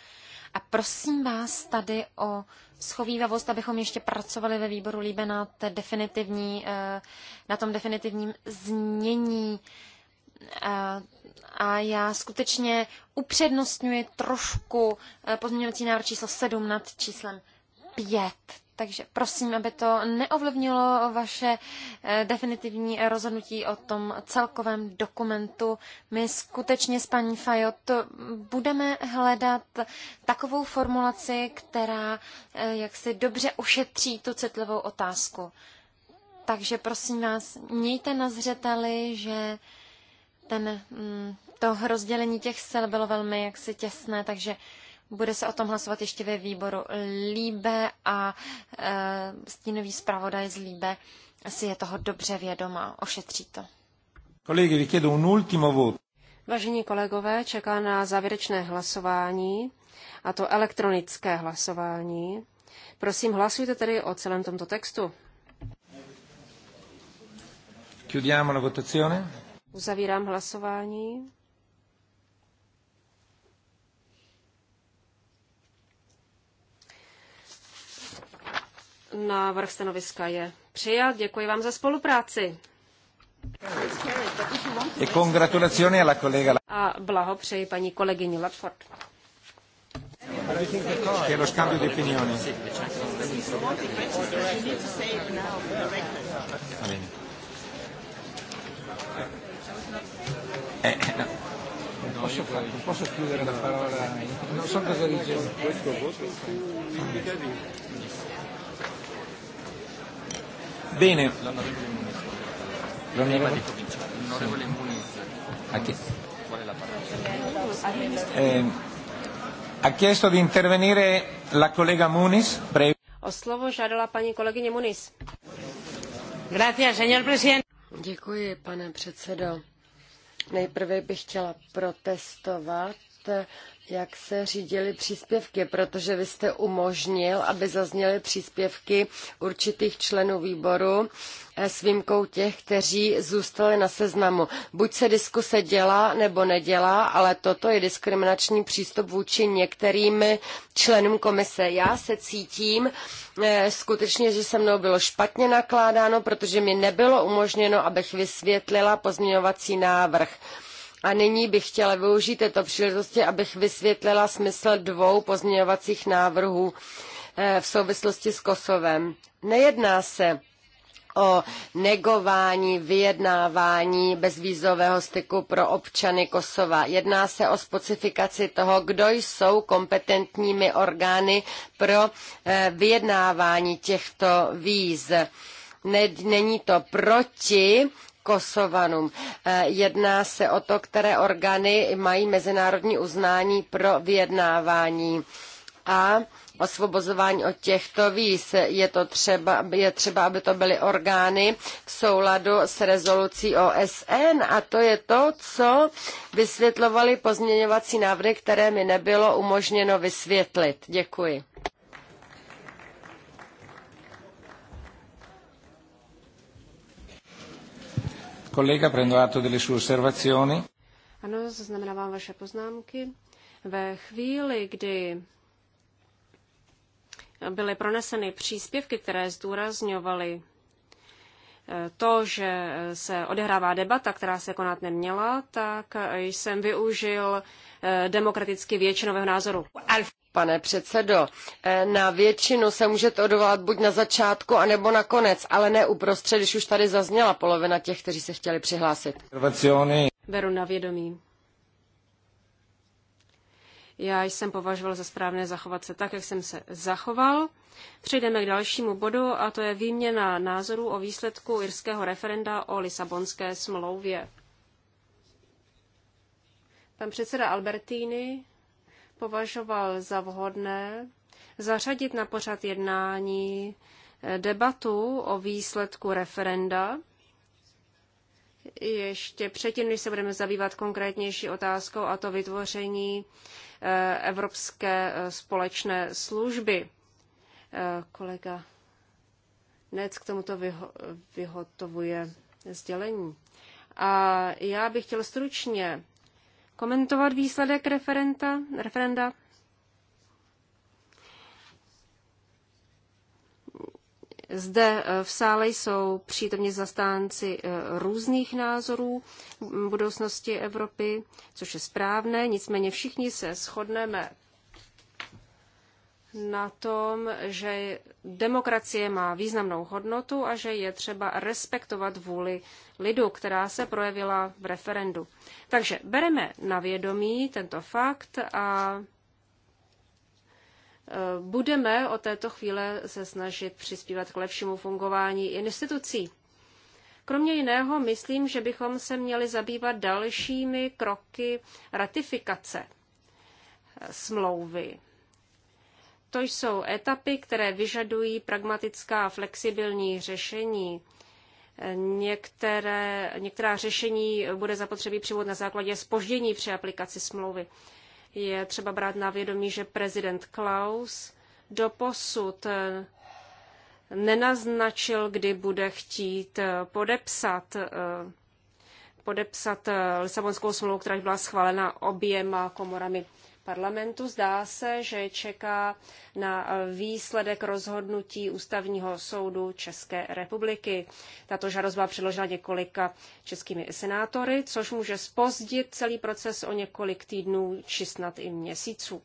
A prosím vás tady o schovývavost, abychom ještě pracovali ve výboru Líbe na, té definitivní, eh, na tom definitivním znění. Eh, a já skutečně upřednostňuji trošku eh, pozměňovací návrh číslo 7 nad číslem 5. Takže prosím, aby to neovlivnilo vaše eh, definitivní rozhodnutí o tom celkovém dokumentu. My skutečně s paní Fajot budeme hledat takovou formulaci, která eh, jak si dobře ušetří tu citlivou otázku. Takže prosím vás, mějte na zřeteli, že ten, mm, to rozdělení těch sil bylo velmi jaksi těsné, takže bude se o tom hlasovat ještě ve výboru Líbe a e, stínový zpravodaj z Líbe si je toho dobře vědoma. Ošetří to. Kolegy, richiedo un ultimo voto. Vážení kolegové, čeká na závěrečné hlasování, a to elektronické hlasování. Prosím, hlasujte tedy o celém tomto textu. Chiudiamo la votazione. Uzavírám hlasování. Návrh stanoviska je přijat. Děkuji vám za spolupráci. E A blahopřeji paní kolegyni Latford. Eh, eh, no. posso posso chiudere la parola, non so cosa dice. Questo voto Bene. L'onorevole Muniz. Ha chiesto. Ehm, Qual è la parola? ha chiesto di intervenire la collega Muniz. Prego. O slovo žádala paní kolegyně Muniz. Grazie, señor presidente. Děkuji, pane předsedo. Nejprve bych chtěla protestovat jak se řídily příspěvky, protože vy jste umožnil, aby zazněly příspěvky určitých členů výboru eh, s výjimkou těch, kteří zůstali na seznamu. Buď se diskuse dělá nebo nedělá, ale toto je diskriminační přístup vůči některým členům komise. Já se cítím eh, skutečně, že se mnou bylo špatně nakládáno, protože mi nebylo umožněno, abych vysvětlila pozměňovací návrh a nyní bych chtěla využít této příležitosti, abych vysvětlila smysl dvou pozměňovacích návrhů eh, v souvislosti s Kosovem. Nejedná se o negování vyjednávání bezvízového styku pro občany Kosova. Jedná se o specifikaci toho, kdo jsou kompetentními orgány pro eh, vyjednávání těchto víz. Není to proti Kosovanům. Eh, jedná se o to, které orgány mají mezinárodní uznání pro vyjednávání a osvobozování od těchto víz. Je, to třeba, je třeba, aby to byly orgány v souladu s rezolucí OSN a to je to, co vysvětlovaly pozměňovací návrhy, které mi nebylo umožněno vysvětlit. Děkuji. Kolega, prendo atto delle sue osservazioni. Ano, zaznamenávám vaše poznámky. Ve chvíli, kdy byly proneseny příspěvky, které zdůrazňovaly eh, to, že se odehrává debata, která se konat neměla, tak jsem využil eh, demokraticky většinového názoru pane předsedo. Eh, na většinu se můžete odvolat buď na začátku, anebo na konec, ale ne uprostřed, když už tady zazněla polovina těch, kteří se chtěli přihlásit. Beru na vědomí. Já jsem považoval za správné zachovat se tak, jak jsem se zachoval. Přejdeme k dalšímu bodu a to je výměna názorů o výsledku irského referenda o Lisabonské smlouvě. Pan předseda Albertini považoval za vhodné zařadit na pořad jednání eh, debatu o výsledku referenda. Ještě předtím, než se budeme zabývat konkrétnější otázkou, a to vytvoření eh, Evropské eh, společné služby. Kolega Nec k tomuto vyho- vyhotovuje sdělení. A já bych chtěl stručně komentovat výsledek referenta, referenda. Zde eh, v sále jsou přítomně zastánci eh, různých názorů budoucnosti Evropy, což je správné, nicméně všichni se shodneme na tom, že demokracie má významnou hodnotu a že je třeba respektovat vůli lidu, která se projevila v referendu. Takže bereme na vědomí tento fakt a e, budeme od této chvíle se snažit přispívat k lepšímu fungování institucí. Kromě jiného myslím, že bychom se měli zabývat dalšími kroky ratifikace smlouvy to jsou etapy, které vyžadují pragmatická a flexibilní řešení. Některé, některá řešení bude zapotřebí přivod na základě spoždění při aplikaci smlouvy. Je třeba brát na vědomí, že prezident Klaus doposud eh, nenaznačil, kdy bude chtít eh, podepsat eh, podepsat Lisabonskou smlouvu, která byla schválena oběma komorami parlamentu. Zdá se, že čeká na výsledek rozhodnutí Ústavního soudu České republiky. Tato žádost byla předložena několika českými senátory, což může spozdit celý proces o několik týdnů či snad i měsíců.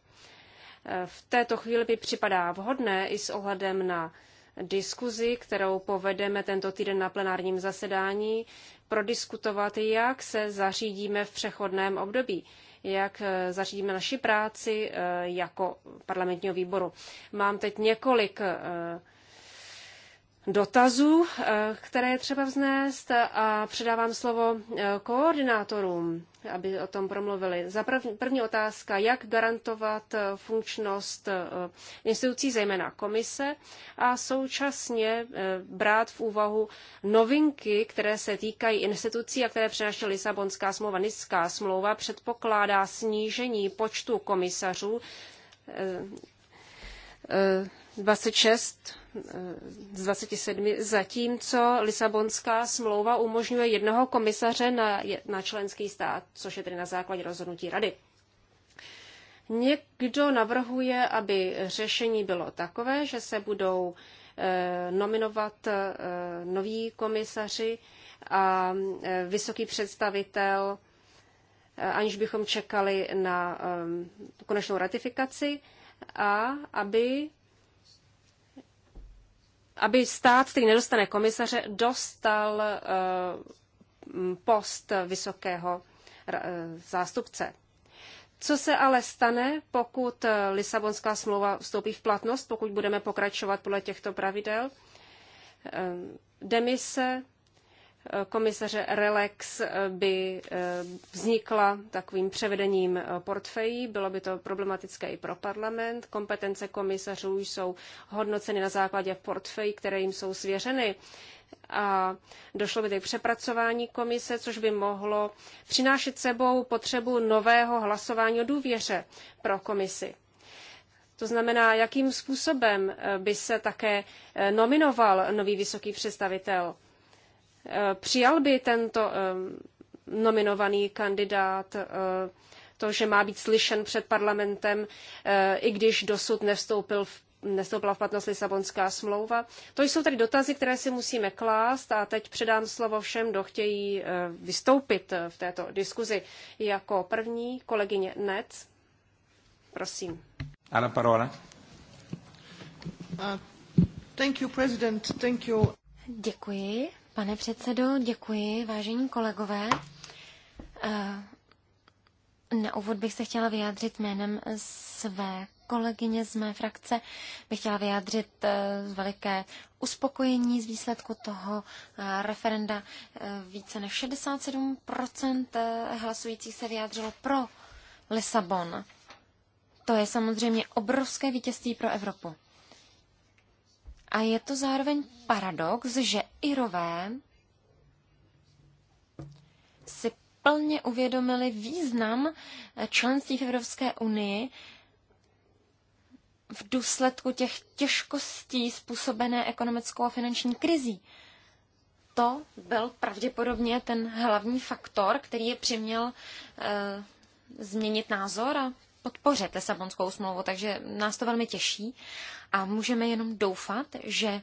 V této chvíli by připadá vhodné i s ohledem na diskuzi, kterou povedeme tento týden na plenárním zasedání, prodiskutovat, jak se zařídíme v přechodném období jak eh, zařídíme naši práci eh, jako parlamentního výboru. Mám teď několik eh, dotazů, eh, které je třeba vznést a předávám slovo eh, koordinátorům, aby o tom promluvili. Za první otázka, jak garantovat eh, funkčnost institucí, zejména komise, a současně brát v úvahu novinky, které se týkají institucí a které přináší Lisabonská smlouva. Nická smlouva předpokládá snížení počtu komisařů 26 z 27, zatímco Lisabonská smlouva umožňuje jednoho komisaře na, na členský stát, což je tedy na základě rozhodnutí rady. Někdo navrhuje, aby řešení bylo takové, že se budou eh, nominovat eh, noví komisaři a eh, vysoký představitel, aniž bychom čekali na konečnou ratifikaci, a aby aby stát, který nedostane komisaře, dostal eh, post vysokého eh, zástupce. Co se ale stane, pokud eh, Lisabonská smlouva vstoupí v platnost, pokud budeme pokračovat podle těchto pravidel? Demise komisaře Relax by eh, vznikla takovým převedením eh, portfejí. Bylo by to problematické i pro parlament. Kompetence komisařů jsou hodnoceny na základě portfejí, které jim jsou svěřeny. A došlo by k přepracování komise, což by mohlo přinášet sebou potřebu nového hlasování o důvěře pro komisi. To znamená, jakým způsobem eh, by se také nominoval nový vysoký představitel Eh, přijal by tento eh, nominovaný kandidát eh, to, že má být slyšen před parlamentem, i když dosud nevstoupil v nestoupila v platnost Lisabonská smlouva. To jsou tedy dotazy, které si musíme klást a teď předám slovo všem, kdo chtějí vystoupit v této diskuzi. Jako první kolegyně Nec. Prosím. Ana Parola. Uh, thank you, president. Thank you. Děkuji, Pane předsedo, děkuji, vážení kolegové. Eh, na úvod bych se chtěla vyjádřit jménem své kolegyně z mé frakce. Bych chtěla vyjádřit eh, veliké uspokojení z výsledku toho eh, referenda. Více než 67% hlasujících se vyjádřilo pro Lisabon. To je samozřejmě obrovské vítězství pro Evropu. A je to zároveň paradox, že Irové si plně uvědomili význam členství v Evropské unii v důsledku těch těžkostí způsobené ekonomickou a finanční krizí. To byl pravděpodobně ten hlavní faktor, který je přiměl e, změnit názor a podpořit Lisabonskou smlouvu, takže nás to velmi těší a můžeme jenom doufat, že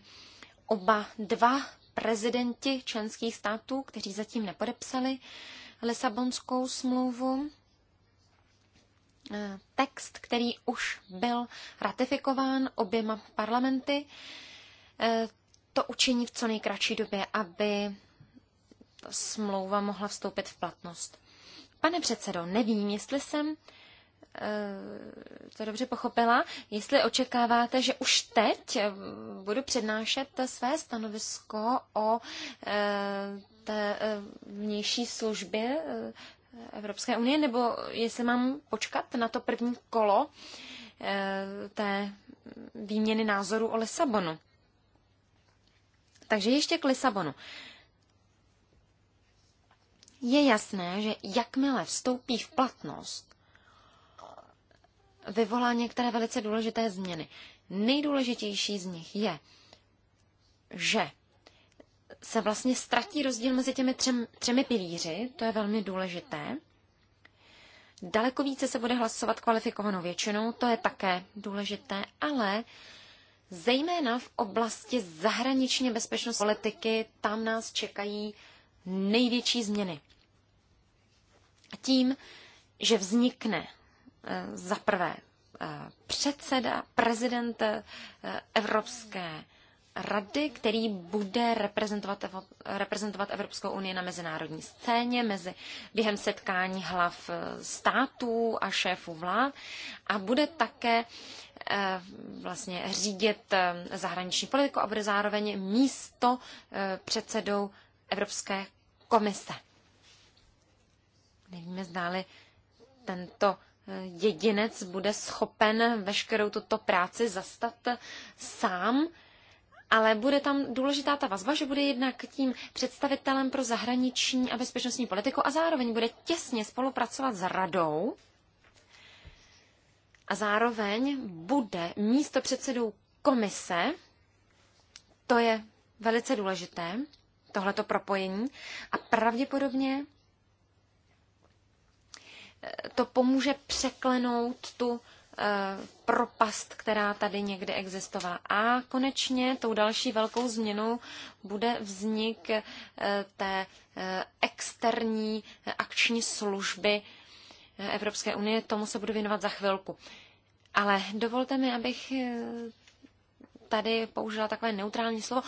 oba dva prezidenti členských států, kteří zatím nepodepsali Lisabonskou smlouvu, eh, text, který už byl ratifikován oběma parlamenty, eh, to učiní v co nejkratší době, aby smlouva mohla vstoupit v platnost. Pane předsedo, nevím, jestli jsem Eh, to dobře pochopila, jestli očekáváte, že už teď eh, budu přednášet své stanovisko o eh, té vnější službě Evropské unie, nebo jestli mám počkat na to první kolo té výměny názoru o Lisabonu. Takže ještě k Lisabonu. Je jasné, že jakmile vstoupí v platnost vyvolá některé velice důležité změny. Nejdůležitější z nich je, že se vlastně ztratí rozdíl mezi těmi třem, třemi pilíři, to je velmi důležité. Daleko více se bude hlasovat kvalifikovanou většinou, to je také důležité, ale zejména v oblasti zahraničně bezpečnost politiky, tam nás čekají největší změny. Tím, že vznikne za prvé, eh, předseda, prezident eh, Evropské rady, který bude reprezentovat, reprezentovat Evropskou unii na mezinárodní scéně mezi během setkání hlav eh, států a šéfů vlád a bude také vlastně řídit zahraniční politiku a bude zároveň místo předsedou Evropské komise. Nevíme, zdáli tento jedinec bude schopen veškerou tuto práci zastat sám, ale bude tam důležitá ta vazba, že bude jednak tím představitelem pro zahraniční a bezpečnostní politiku a zároveň bude těsně spolupracovat s radou a zároveň bude místo předsedů komise, to je velice důležité, tohleto propojení, a pravděpodobně to pomůže překlenout tu eh, propast, která tady někde existovala. A konečně tou další velkou změnou bude vznik eh, té eh, externí akční služby Evropské unie. Tomu se budu věnovat za chvilku. Ale dovolte mi, abych tady použila takové neutrální slovo.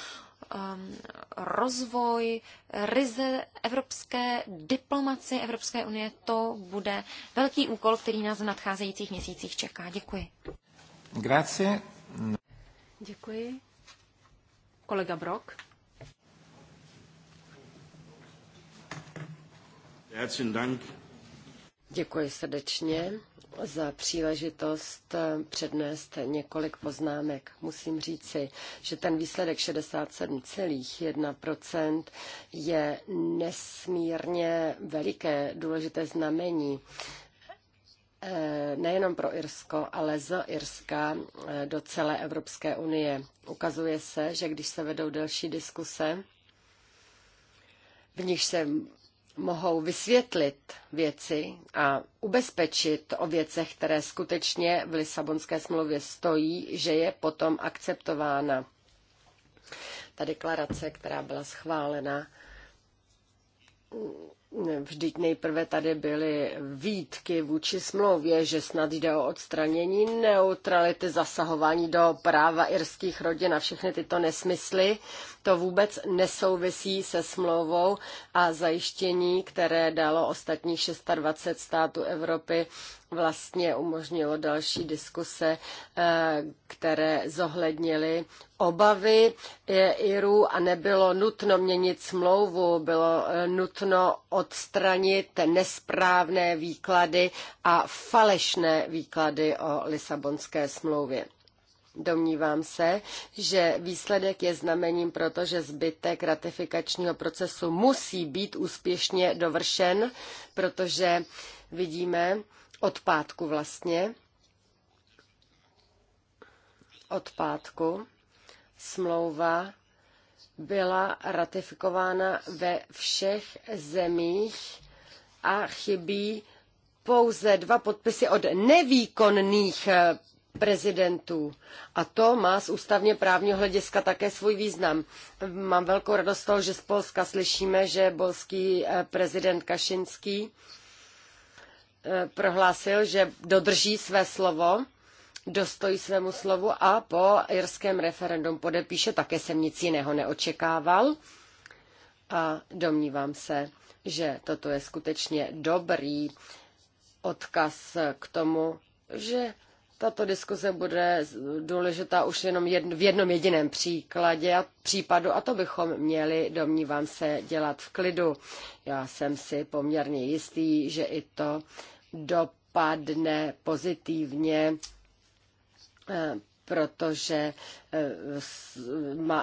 Um, rozvoj ryze evropské diplomaci Evropské unie, to bude velký úkol, který nás v nadcházejících měsících čeká. Děkuji. Grazie. Děkuji. Kolega Brok. Herzlichen Dank. Děkuji srdečně za příležitost eh, přednést několik poznámek. Musím říci, že ten výsledek 67,1% je nesmírně veliké důležité znamení eh, nejenom pro Irsko, ale z Irska eh, do celé Evropské unie. Ukazuje se, že když se vedou delší diskuse, v nich se mohou vysvětlit věci a ubezpečit o věcech, které skutečně v Lisabonské smlouvě stojí, že je potom akceptována. Ta deklarace, která byla schválena, Vždyť nejprve tady byly výtky vůči smlouvě, že snad jde o odstranění neutrality, zasahování do práva irských rodin a všechny tyto nesmysly. To vůbec nesouvisí se smlouvou a zajištění, které dalo ostatních 26 států Evropy vlastně umožnilo další diskuse, eh, které zohlednily obavy eh, Irů a nebylo nutno měnit smlouvu, bylo eh, nutno odstranit nesprávné výklady a falešné výklady o Lisabonské smlouvě. Domnívám se, že výsledek je znamením proto, že zbytek ratifikačního procesu musí být úspěšně dovršen, protože vidíme, od pátku vlastně, od pátku smlouva byla ratifikována ve všech zemích a chybí pouze dva podpisy od nevýkonných eh, prezidentů. A to má z ústavně právního hlediska také svůj význam. Mám velkou radost z toho, že z Polska slyšíme, že polský eh, prezident Kašinský Eh, prohlásil, že dodrží své slovo, dostojí svému slovu a po irském referendum podepíše. Také jsem nic jiného neočekával a domnívám se, že toto je skutečně dobrý odkaz k tomu, že tato diskuze bude důležitá už jenom jedn, v jednom jediném příkladě a případu a to bychom měli, domnívám se, dělat v klidu. Já jsem si poměrně jistý, že i to dopadne pozitivně eh, protože eh,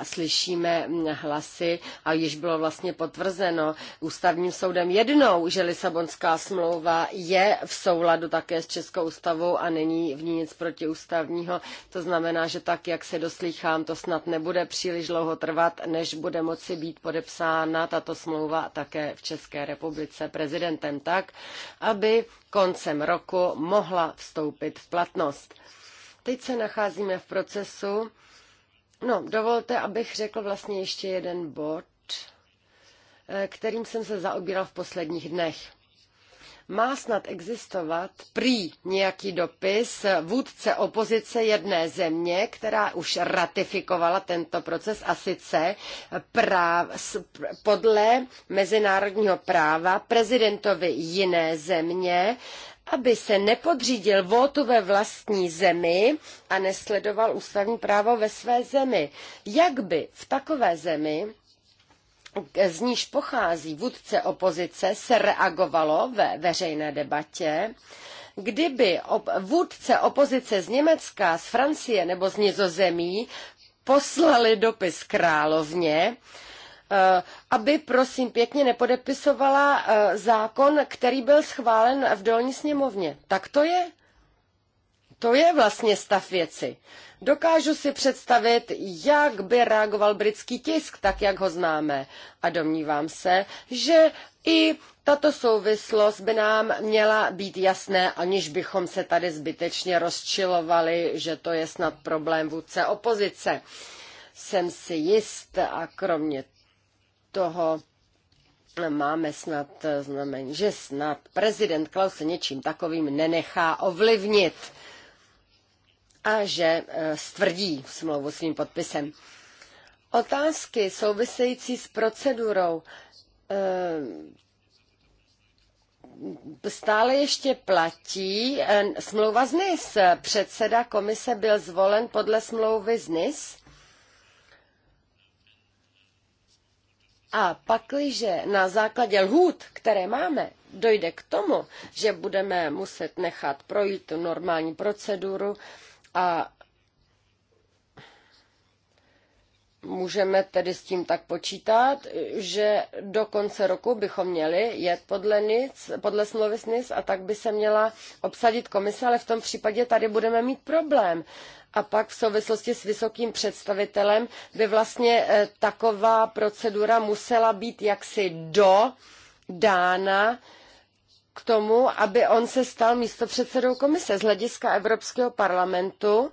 slyšíme hlasy a již bylo vlastně potvrzeno ústavním soudem jednou, že Lisabonská smlouva je v souladu také s Českou ústavou a není v ní nic protiústavního. To znamená, že tak, jak se doslýchám, to snad nebude příliš dlouho trvat, než bude moci být podepsána tato smlouva také v České republice prezidentem tak, aby koncem roku mohla vstoupit v platnost. Teď se nacházíme v procesu. No, dovolte, abych řekl vlastně ještě jeden bod, eh, kterým jsem se zaobíral v posledních dnech. Má snad existovat prý nějaký dopis vůdce opozice jedné země, která už ratifikovala tento proces a sice práv, podle mezinárodního práva prezidentovi jiné země aby se nepodřídil votu ve vlastní zemi a nesledoval ústavní právo ve své zemi. Jak by v takové zemi z níž pochází vůdce opozice, se reagovalo ve veřejné debatě, kdyby vůdce opozice z Německa, z Francie nebo z Nizozemí poslali dopis královně, Eh, aby prosím pěkně nepodepisovala eh, zákon, který byl schválen v dolní sněmovně. Tak to je. To je vlastně stav věci. Dokážu si představit, jak by reagoval britský tisk, tak jak ho známe. A domnívám se, že i tato souvislost by nám měla být jasné, aniž bychom se tady zbytečně rozčilovali, že to je snad problém vůdce opozice. Jsem si jist a kromě toho máme snad znamení, že snad prezident Klaus se něčím takovým nenechá ovlivnit a že eh, stvrdí smlouvu svým podpisem. Otázky související s procedurou eh, stále ještě platí eh, smlouva z NIS. Předseda komise byl zvolen podle smlouvy z NIS A pakliže na základě lhůt, které máme, dojde k tomu, že budeme muset nechat projít tu normální proceduru a můžeme tedy s tím tak počítat, že do konce roku bychom měli jet podle, NIC, podle smlouvy s NIC a tak by se měla obsadit komise, ale v tom případě tady budeme mít problém a pak v souvislosti s vysokým představitelem by vlastně eh, taková procedura musela být jaksi do dána k tomu, aby on se stal místopředsedou komise z hlediska Evropského parlamentu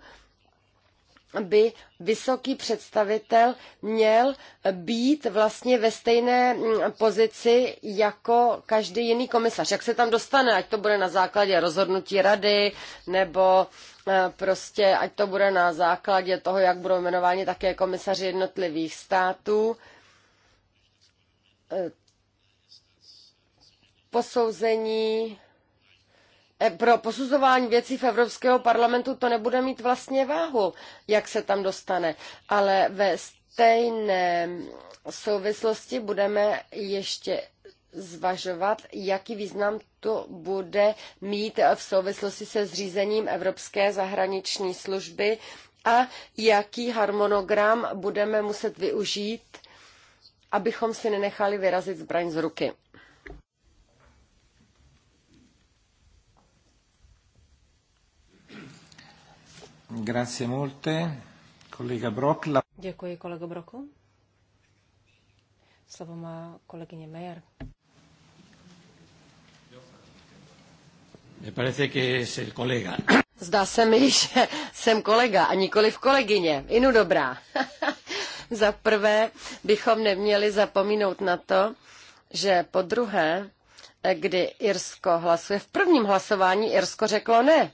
by vysoký představitel měl být vlastně ve stejné mm, pozici jako každý jiný komisař. Jak se tam dostane, ať to bude na základě rozhodnutí rady, nebo eh, prostě ať to bude na základě toho, jak budou jmenováni také komisaři jednotlivých států. Eh, posouzení Eh, pro posuzování věcí v Evropského parlamentu to nebude mít vlastně váhu, jak se tam dostane. Ale ve stejné souvislosti budeme ještě zvažovat, jaký význam to bude mít v souvislosti se zřízením Evropské zahraniční služby a jaký harmonogram budeme muset využít, abychom si nenechali vyrazit zbraň z ruky. Grazie molte. Kolega Brok. La... Děkuji, kolego Broku. Slovo má kolegyně Meyer. Zdá se mi, že jsem kolega a nikoli v kolegyně. Inu dobrá. Za prvé bychom neměli zapomínout na to, že po druhé, kdy Irsko hlasuje, v prvním hlasování Irsko řeklo ne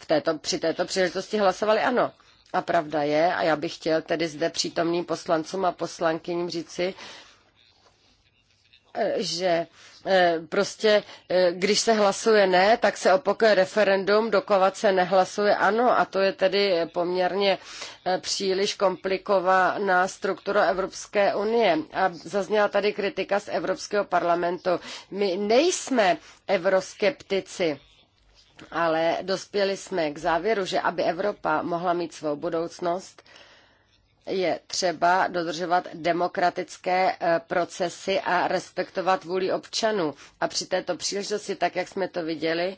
v této, při této příležitosti hlasovali ano. A pravda je, a já bych chtěl tedy zde přítomným poslancům a poslankyním říci, eh, že eh, prostě, eh, když se hlasuje ne, tak se opakuje referendum, dokovat se nehlasuje ano a to je tedy poměrně příliš komplikovaná struktura Evropské unie. A zazněla tady kritika z Evropského parlamentu. My nejsme euroskeptici ale dospěli jsme k závěru, že aby Evropa mohla mít svou budoucnost, je třeba dodržovat demokratické eh, procesy a respektovat vůli občanů. A při této příležitosti, tak jak jsme to viděli,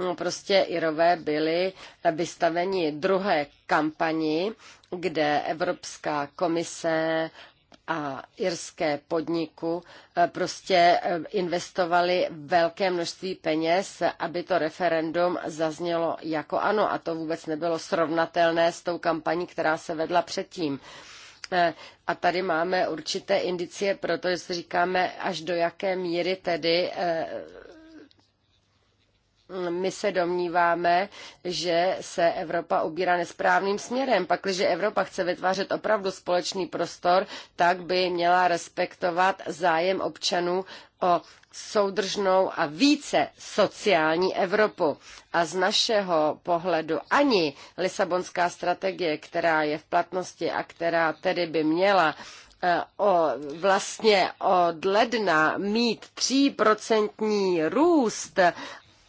no, prostě Irové byli eh, vystaveni druhé kampani, kde Evropská komise a irské podniku eh, prostě eh, investovali velké množství peněz, aby to referendum zaznělo jako ano a to vůbec nebylo srovnatelné s tou kampaní, která se vedla předtím. Eh, a tady máme určité indicie, protože si říkáme, až do jaké míry tedy my se domníváme, že se Evropa ubírá nesprávným směrem. Pakliže Evropa chce vytvářet opravdu společný prostor, tak by měla respektovat zájem občanů o soudržnou a více sociální Evropu. A z našeho pohledu ani Lisabonská strategie, která je v platnosti a která tedy by měla eh, o, vlastně od ledna mít tříprocentní růst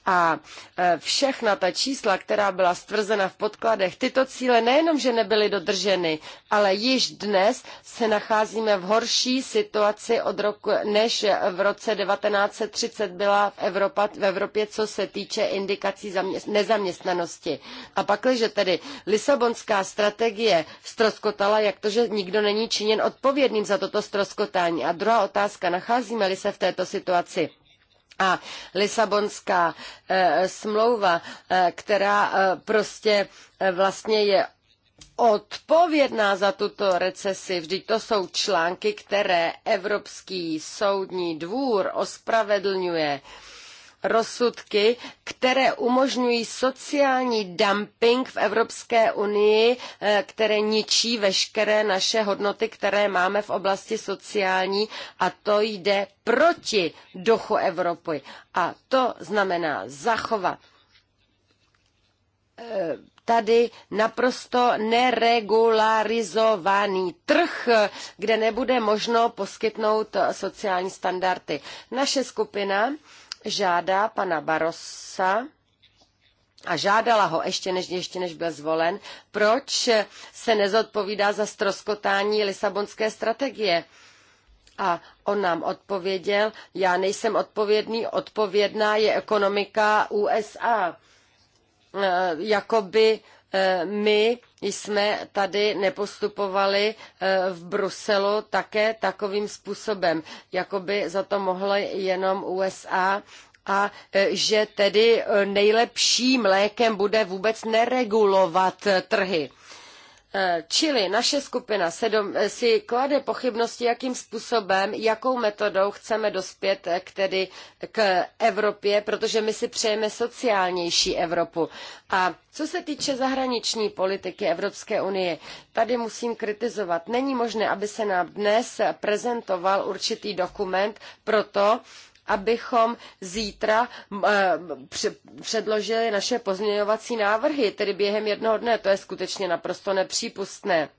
a e, všechna ta čísla, která byla stvrzena v podkladech, tyto cíle nejenom, že nebyly dodrženy, ale již dnes se nacházíme v horší situaci od roku, než v roce 1930 byla v, Evropa, v Evropě, co se týče indikací nezaměstnanosti. A pakliže tedy Lisabonská strategie stroskotala, jak to, že nikdo není činěn odpovědným za toto stroskotání. A druhá otázka, nacházíme-li se v této situaci? A Lisabonská eh, smlouva, eh, která eh, prostě vlastně je odpovědná za tuto recesi. Vždyť to jsou články, které Evropský soudní dvůr ospravedlňuje. Eh, rozsudky, které umožňují sociální dumping v Evropské unii, eh, které ničí veškeré naše hodnoty, které máme v oblasti sociální a to jde proti duchu Evropy. A to znamená zachovat eh, tady naprosto neregularizovaný trh, kde nebude možno poskytnout sociální standardy. Naše skupina žádá pana Barossa, a žádala ho ještě než, ještě než byl zvolen, proč se nezodpovídá za stroskotání Lisabonské strategie. A on nám odpověděl, já nejsem odpovědný, odpovědná je ekonomika USA. E, jakoby e, my jsme tady nepostupovali eh, v Bruselu také takovým způsobem, jako by za to mohly jenom USA a eh, že tedy eh, nejlepším lékem bude vůbec neregulovat trhy. Eh, čili naše skupina eh, si klade pochybnosti, jakým způsobem, jakou metodou chceme dospět eh, k, tedy, k Evropě, protože my si přejeme sociálnější Evropu. A co se týče zahraniční politiky Evropské unie, tady musím kritizovat. Není možné, aby se nám dnes prezentoval určitý dokument proto, abychom zítra eh, předložili naše pozměňovací návrhy, tedy během jednoho dne. To je skutečně naprosto nepřípustné.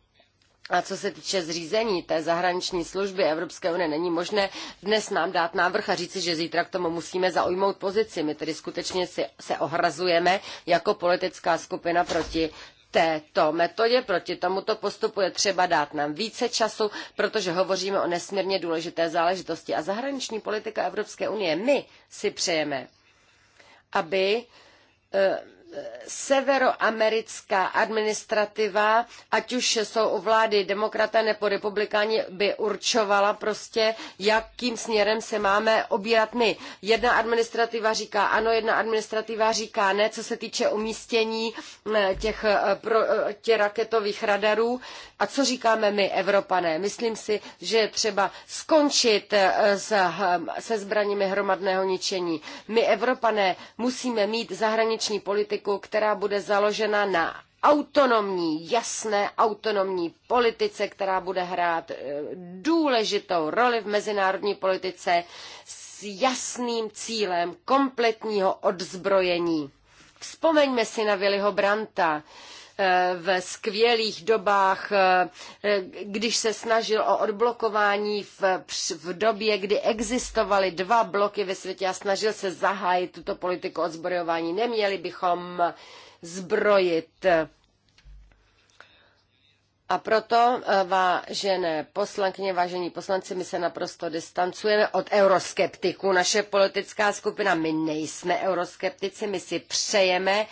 A co se týče zřízení té zahraniční služby Evropské unie, není možné dnes nám dát návrh a říci, že zítra k tomu musíme zaujmout pozici. My tedy skutečně si, se ohrazujeme jako politická skupina proti této metodě, proti tomuto postupu je třeba dát nám více času, protože hovoříme o nesmírně důležité záležitosti. A zahraniční politika Evropské unie, my si přejeme, aby eh, severoamerická administrativa, ať už jsou u vlády demokraté nebo republikáni, by určovala prostě, jakým směrem se máme obírat my. Jedna administrativa říká ano, jedna administrativa říká ne, co se týče umístění eh, těch, eh, eh, těch raketových radarů. A co říkáme my, Evropané? Myslím si, že je třeba skončit s, hm, se zbraněmi hromadného ničení. My, Evropané, musíme mít zahraniční politiku, politiku, která bude založena na autonomní, jasné autonomní politice, která bude hrát eh, důležitou roli v mezinárodní politice s jasným cílem kompletního odzbrojení. Vzpomeňme si na Viliho Branta, Eh, ve skvělých dobách, eh, když se snažil o odblokování v, v době, kdy existovaly dva bloky ve světě a snažil se zahájit tuto politiku odzbrojování. Neměli bychom zbrojit a proto, eh, vážené poslankyně, vážení poslanci, my se naprosto distancujeme od euroskeptiků. Naše politická skupina, my nejsme euroskeptici, my si přejeme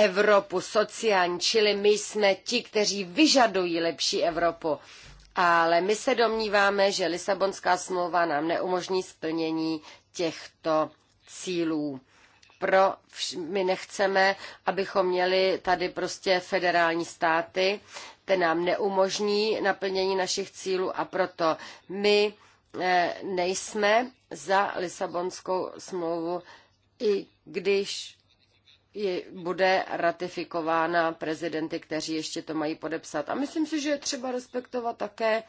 Evropu sociální, čili my jsme ti, kteří vyžadují lepší Evropu. Ale my se domníváme, že Lisabonská smlouva nám neumožní splnění těchto cílů. Pro my nechceme, abychom měli tady prostě federální státy, ten nám neumožní naplnění našich cílů a proto my eh, nejsme za Lisabonskou smlouvu, i když bude ratifikována prezidenty, kteří ještě to mají podepsat. A myslím si, že je třeba respektovat také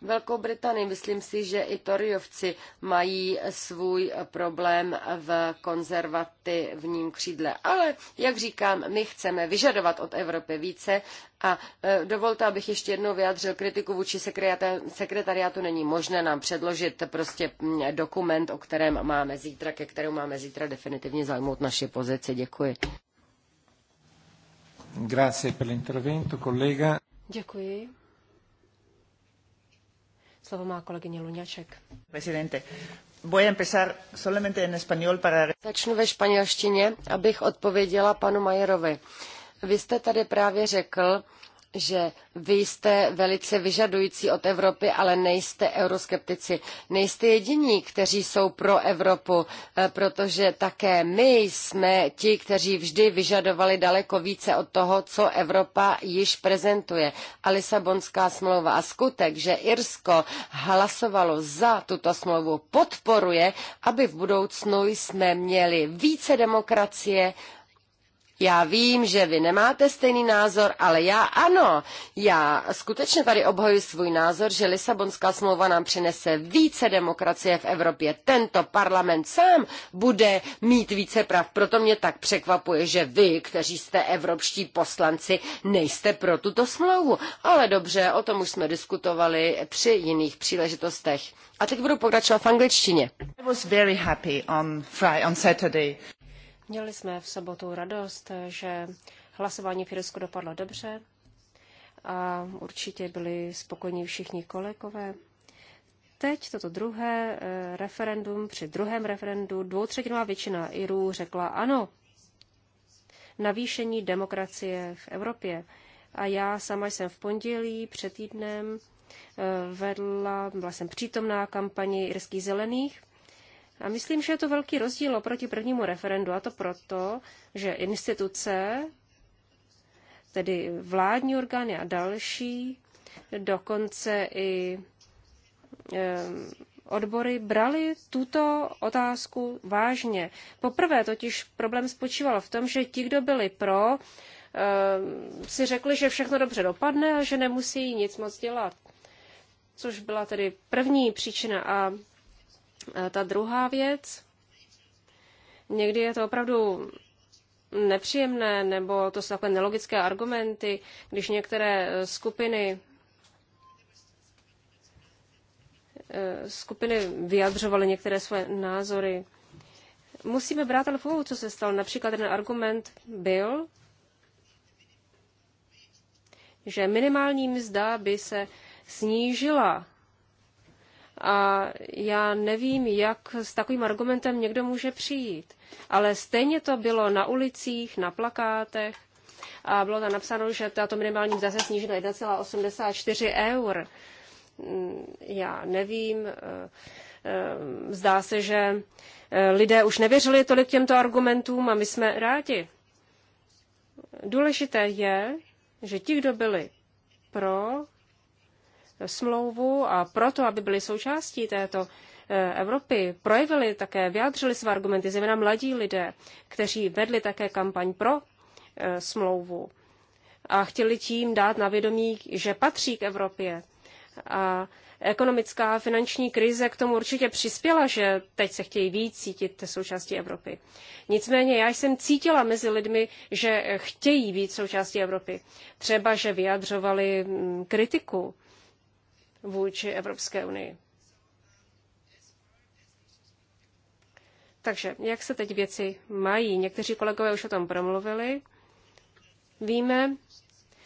Velkou Británii. Myslím si, že i Toryovci mají svůj problém v konzervativním křídle. Ale, jak říkám, my chceme vyžadovat od Evropy více a e, dovolte, abych ještě jednou vyjádřil kritiku vůči sekretariátu. Není možné nám předložit prostě dokument, o kterém máme zítra, ke kterému máme zítra definitivně zajmout naši pozici. Děkuji. Grazie per l'intervento, collega. Děkuji Slovo má kolegyně Luňaček. Presidente. Voy a empezar solamente en español para... Začnu ve španělštině, abych odpověděla panu Majerovi. Vy jste tady právě řekl, že vy jste velice vyžadující od Evropy, ale nejste euroskeptici. Nejste jediní, kteří jsou pro Evropu, eh, protože také my jsme ti, kteří vždy vyžadovali daleko více od toho, co Evropa již prezentuje. A Lisabonská smlouva a skutek, že Irsko hlasovalo za tuto smlouvu, podporuje, aby v budoucnu jsme měli více demokracie, já vím, že vy nemáte stejný názor, ale já ano. Já skutečně tady obhoju svůj názor, že Lisabonská smlouva nám přinese více demokracie v Evropě. Tento parlament sám bude mít více práv. Proto mě tak překvapuje, že vy, kteří jste evropští poslanci, nejste pro tuto smlouvu. Ale dobře, o tom už jsme diskutovali při jiných příležitostech. A teď budu pokračovat v angličtině. I was very happy on Friday, on Saturday. Měli jsme v sobotu radost, že hlasování v Irsku dopadlo dobře a určitě byli spokojení všichni kolegové. Teď toto druhé eh, referendum, při druhém referendu dvoutřetinová většina Irů řekla ano navýšení demokracie v Evropě. A já sama jsem v pondělí před týdnem eh, vedla, byla jsem přítomná kampani irských zelených a myslím, že je to velký rozdíl oproti prvnímu referendu, a to proto, že instituce, tedy vládní orgány a další, dokonce i odbory brali tuto otázku vážně. Poprvé totiž problém spočíval v tom, že ti, kdo byli pro, si řekli, že všechno dobře dopadne a že nemusí nic moc dělat. Což byla tedy první příčina. A Eh, ta druhá věc, někdy je to opravdu nepříjemné, nebo to jsou takové nelogické argumenty, když některé eh, skupiny eh, skupiny vyjadřovaly některé své názory. Musíme brát ale co se stalo. Například ten argument byl, že minimální mzda by se snížila a já nevím, jak s takovým argumentem někdo může přijít. Ale stejně to bylo na ulicích, na plakátech a bylo tam napsáno, že tato minimální mzda se sníží na 1,84 eur. Já nevím, eh, eh, zdá se, že eh, lidé už nevěřili tolik těmto argumentům a my jsme rádi. Důležité je, že ti, kdo byli pro, smlouvu a proto, aby byli součástí této eh, Evropy, projevili také, vyjádřili své argumenty, zejména mladí lidé, kteří vedli také kampaň pro eh, smlouvu a chtěli tím dát na vědomí, že patří k Evropě. A ekonomická a finanční krize k tomu určitě přispěla, že teď se chtějí víc cítit součástí Evropy. Nicméně já jsem cítila mezi lidmi, že chtějí být součástí Evropy. Třeba, že vyjadřovali mm, kritiku vůči Evropské unii. Takže jak se teď věci mají? Někteří kolegové už o tom promluvili. Víme,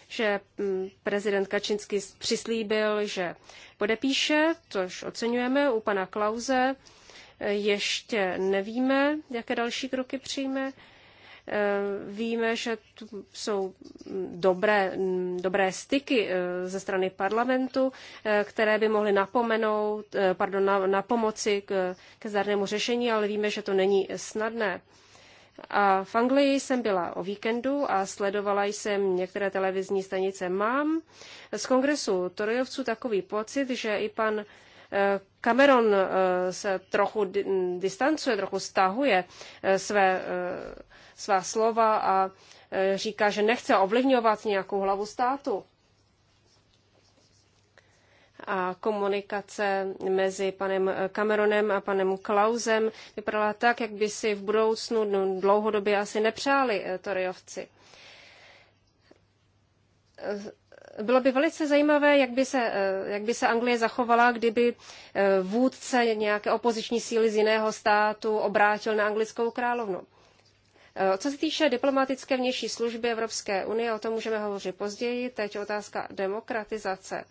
že mm, prezident Kačinsky přislíbil, že podepíše, což oceňujeme u pana Klauze. E, ještě nevíme, jaké další kroky přijme. Eh, víme, že tu jsou dobré, dobré styky eh, ze strany parlamentu, eh, které by mohly napomenout, pardon, na, na pomoci k, ke zdarnému řešení, ale víme, že to není snadné. A v Anglii jsem byla o víkendu a sledovala jsem některé televizní stanice. Mám z kongresu Torojovců takový pocit, že i pan Cameron se trochu distancuje, trochu stahuje své svá slova a e, říká, že nechce ovlivňovat nějakou hlavu státu. A komunikace mezi panem Cameronem a panem Klausem vypadala tak, jak by si v budoucnu no, dlouhodobě asi nepřáli e, Toryovci. E, bylo by velice zajímavé, jak by, se, jak by se Anglie zachovala, kdyby vůdce nějaké opoziční síly z jiného státu obrátil na anglickou královnu. Eh, co se týče diplomatické vnější služby Evropské unie, o tom můžeme hovořit později. Teď otázka demokratizace.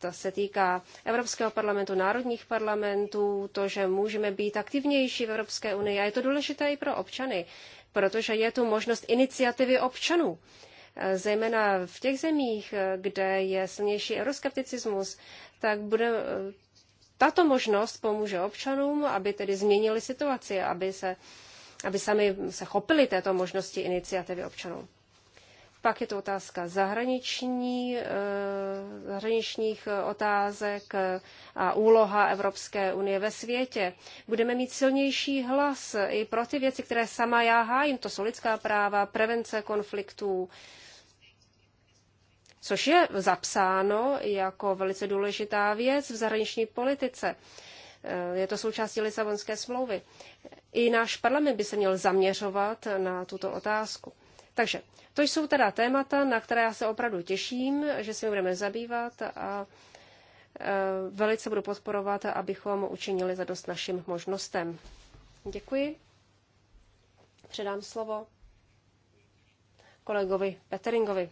To se týká Evropského parlamentu, národních parlamentů, to, že můžeme být aktivnější v Evropské unii. A je to důležité i pro občany, protože je tu možnost iniciativy občanů. Eh, zejména v těch zemích, eh, kde je silnější euroskepticismus, tak bude, tato možnost pomůže občanům, aby tedy změnili situaci, aby se uh, aby sami se chopili této možnosti iniciativy občanů. Pak je to otázka zahraniční, eh, zahraničních eh, otázek eh, a úloha Evropské unie ve světě. Budeme mít silnější hlas i pro ty věci, které sama já hájím. To jsou lidská práva, prevence konfliktů, což je zapsáno jako velice důležitá věc v zahraniční politice. Eh, je to součástí Lisabonské smlouvy. I náš parlament by se měl zaměřovat na tuto otázku. Takže to jsou teda témata, na které já se opravdu těším, že se budeme zabývat a eh, velice budu podporovat, abychom učinili zadost našim možnostem. Děkuji. Předám slovo kolegovi Peteringovi.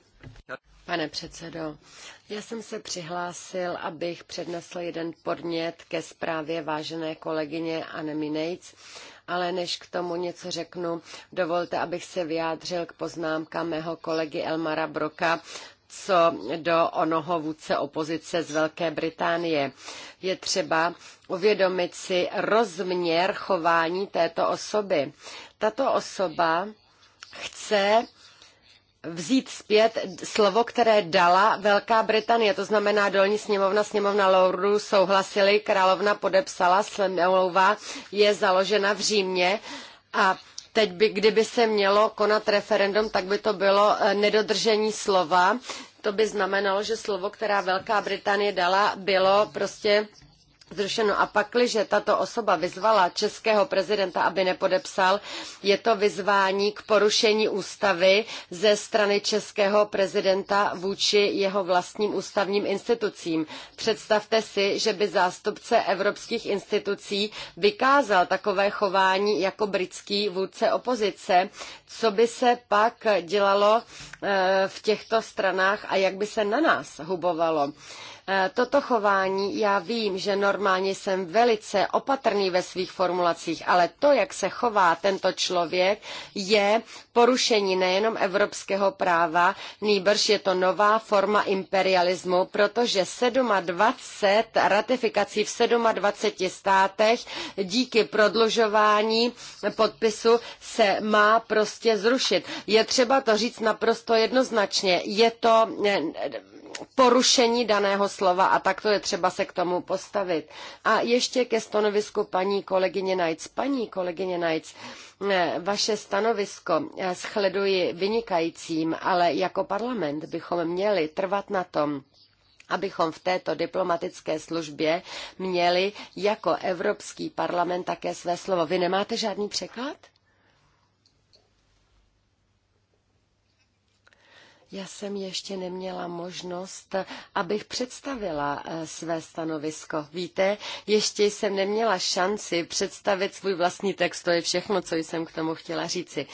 Pane předsedo, já jsem se přihlásil, abych přednesl jeden podnět ke zprávě vážené kolegyně Anne Minejc, ale než k tomu něco řeknu, dovolte, abych se vyjádřil k poznámkám mého kolegy Elmara Broka, co do onoho vůdce opozice z Velké Británie. Je třeba uvědomit si rozměr chování této osoby. Tato osoba chce vzít zpět slovo, které dala Velká Británie, to znamená dolní sněmovna, sněmovna Lordů souhlasili, královna podepsala, smlouva je založena v Římě a teď by, kdyby se mělo konat referendum, tak by to bylo eh, nedodržení slova. To by znamenalo, že slovo, která Velká Británie dala, bylo prostě zrušeno. A pakliže tato osoba vyzvala českého prezidenta, aby nepodepsal, je to vyzvání k porušení ústavy ze strany českého prezidenta vůči jeho vlastním ústavním institucím. Představte si, že by zástupce evropských institucí vykázal takové chování jako britský vůdce opozice. Co by se pak dělalo eh, v těchto stranách a jak by se na nás hubovalo? Eh, toto chování, já vím, že normálně jsem velice opatrný ve svých formulacích, ale to, jak se chová tento člověk, je porušení nejenom evropského práva, nýbrž je to nová forma imperialismu, protože 27 ratifikací v 27 státech díky prodlužování podpisu se má prostě zrušit. Je třeba to říct naprosto jednoznačně. Je to eh, porušení daného slova a takto je třeba se k tomu postavit. A ještě ke stanovisku paní kolegyně Najc. Paní kolegyně Najc, eh, vaše stanovisko eh, shleduji vynikajícím, ale jako parlament bychom měli trvat na tom, abychom v této diplomatické službě měli jako Evropský parlament také své slovo. Vy nemáte žádný překlad? Já jsem ještě neměla možnost, abych představila eh, své stanovisko. Víte, ještě jsem neměla šanci představit svůj vlastní text, to je všechno, co jsem k tomu chtěla říci.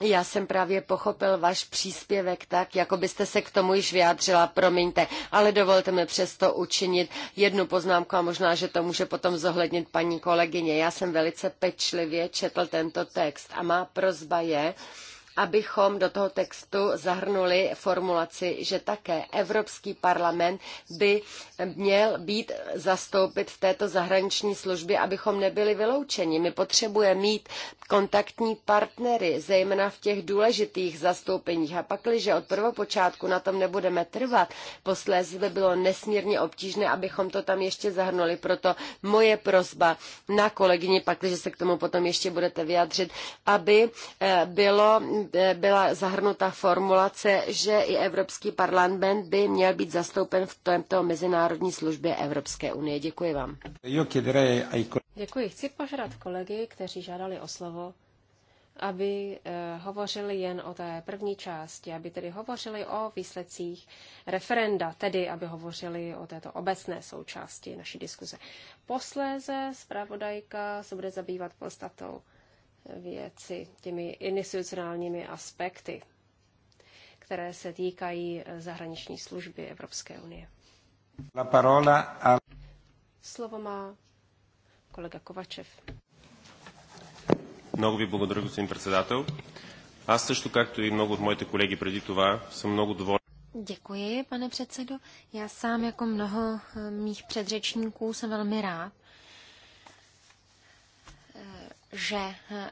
Já jsem právě pochopil váš příspěvek tak, jako byste se k tomu již vyjádřila, promiňte, ale dovolte mi přesto učinit jednu poznámku a možná, že to může potom zohlednit paní kolegyně. Já jsem velice pečlivě četl tento text a má prozba je, abychom do toho textu zahrnuli formulaci, že také Evropský parlament by měl být zastoupit v této zahraniční službě, abychom nebyli vyloučeni. My potřebujeme mít kontaktní partnery, zejména v těch důležitých zastoupeních. A pakliže od prvopočátku na tom nebudeme trvat, posléze by bylo nesmírně obtížné, abychom to tam ještě zahrnuli. Proto moje prozba na kolegyni, pakliže se k tomu potom ještě budete vyjádřit, aby eh, bylo byla zahrnuta formulace, že i Evropský parlament by měl být zastoupen v tomto mezinárodní službě Evropské unie. Děkuji vám. Děkuji. Chci požádat kolegy, kteří žádali o slovo, aby eh, hovořili jen o té první části, aby tedy hovořili o výsledcích referenda, tedy aby hovořili o této obecné součásti naší diskuze. Posléze zpravodajka se bude zabývat podstatou věci těmi institucionálními aspekty, které se týkají zahraniční služby Evropské unie. La parola a... Slovo má kolega Kovačev. Много ви благодаря, господин председател. Аз също, както и много от моите колеги преди това, съм много доволен. Děkuji, pane předsedo. Já sám jako mnoho eh, mých předřečníků jsem velmi rád, že eh,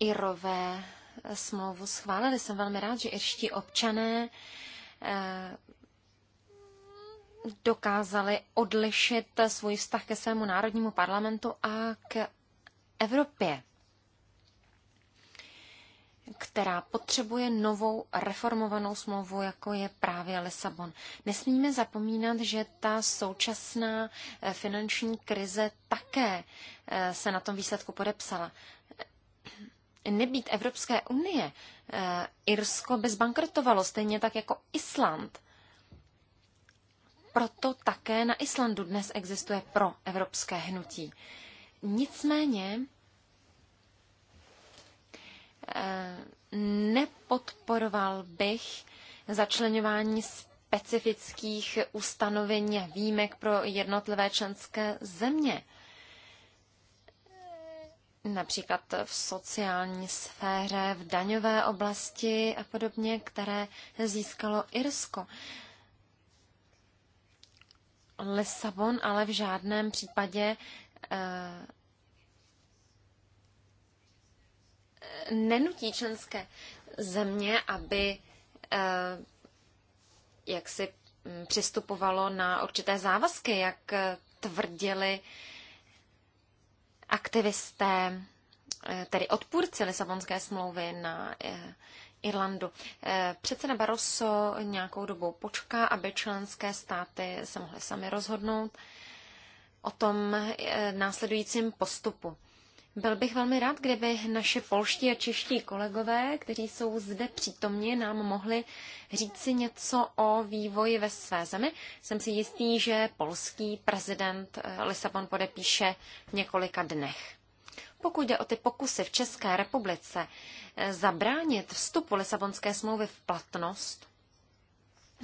Irové eh, smlouvu schválili. Jsem velmi rád, že irští občané eh, dokázali odlišit svůj vztah ke svému národnímu parlamentu a k Evropě která potřebuje novou reformovanou smlouvu, jako je právě Lisabon. Nesmíme zapomínat, že ta současná eh, finanční krize také eh, se na tom výsledku podepsala. Nebýt Evropské unie, eh, Irsko by zbankrotovalo, stejně tak jako Island. Proto také na Islandu dnes existuje pro evropské hnutí. Nicméně nepodporoval bych začlenování specifických ustanovení a výjimek pro jednotlivé členské země. Například v sociální sféře, v daňové oblasti a podobně, které získalo Irsko. Lisabon ale v žádném případě eh, nenutí členské země, aby eh, jak si mm, přistupovalo na určité závazky, jak eh, tvrdili aktivisté, eh, tedy odpůrci Lisabonské smlouvy na Irlandu. Předseda Barroso nějakou dobu počká, aby členské státy se mohly sami rozhodnout o tom následujícím postupu. Byl bych velmi rád, kdyby naše polští a čeští kolegové, kteří jsou zde přítomni, nám mohli říci něco o vývoji ve své zemi. Jsem si jistý, že polský prezident eh, Lisabon podepíše v několika dnech. Pokud jde o ty pokusy v České republice eh, zabránit vstupu Lisabonské smlouvy v platnost,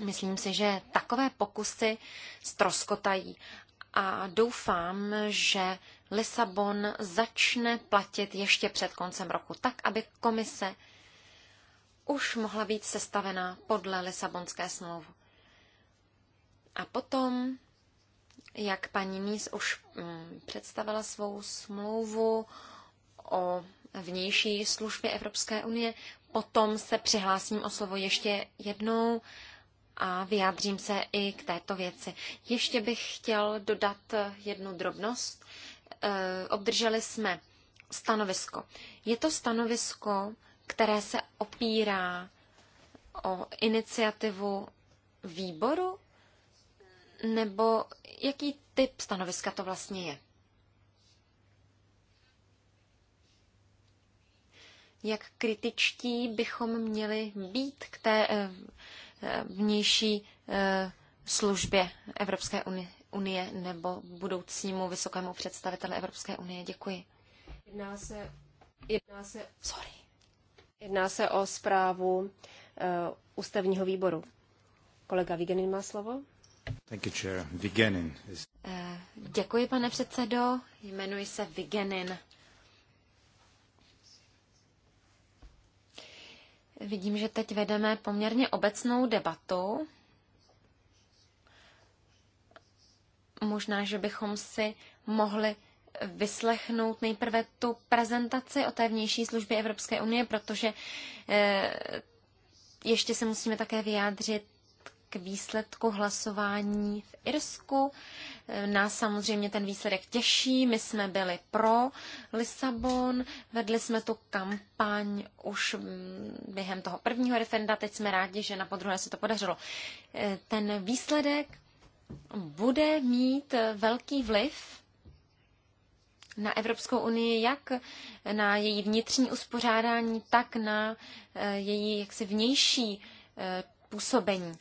myslím si, že takové pokusy stroskotají a doufám, že Lisabon začne platit ještě před koncem roku, tak aby komise už mohla být sestavená podle Lisabonské smlouvy. A potom, jak paní Mís už mm, představila svou smlouvu o vnější službě Evropské unie, potom se přihlásím o slovo ještě jednou a vyjádřím se i k této věci. Ještě bych chtěl dodat jednu drobnost. Eh, obdrželi jsme stanovisko. Je to stanovisko, které se opírá o iniciativu výboru, nebo jaký typ stanoviska to vlastně je? Jak kritičtí bychom měli být k té eh, eh, vnější službě Evropské unie? unie nebo budoucímu vysokému představiteli Evropské unie. Děkuji. Jedná se, jedná se, Sorry. Jedná se o zprávu uh, ústavního výboru. Kolega Vigenin má slovo. Thank you, Chair. Vigenin is... uh, děkuji, pane předsedo. Jmenuji se Vigenin. Vidím, že teď vedeme poměrně obecnou debatu Možná, že bychom si mohli vyslechnout nejprve tu prezentaci o té vnější službě Evropské unie, protože eh, ještě se musíme také vyjádřit k výsledku hlasování v Irsku. Eh, nás samozřejmě ten výsledek těší. My jsme byli pro Lisabon, vedli jsme tu kampaň už mm, během toho prvního referenda, teď jsme rádi, že na podruhé se to podařilo. Eh, ten výsledek bude mít velký vliv na Evropskou unii, jak na její vnitřní uspořádání, tak na eh, její jaksi vnější eh, působení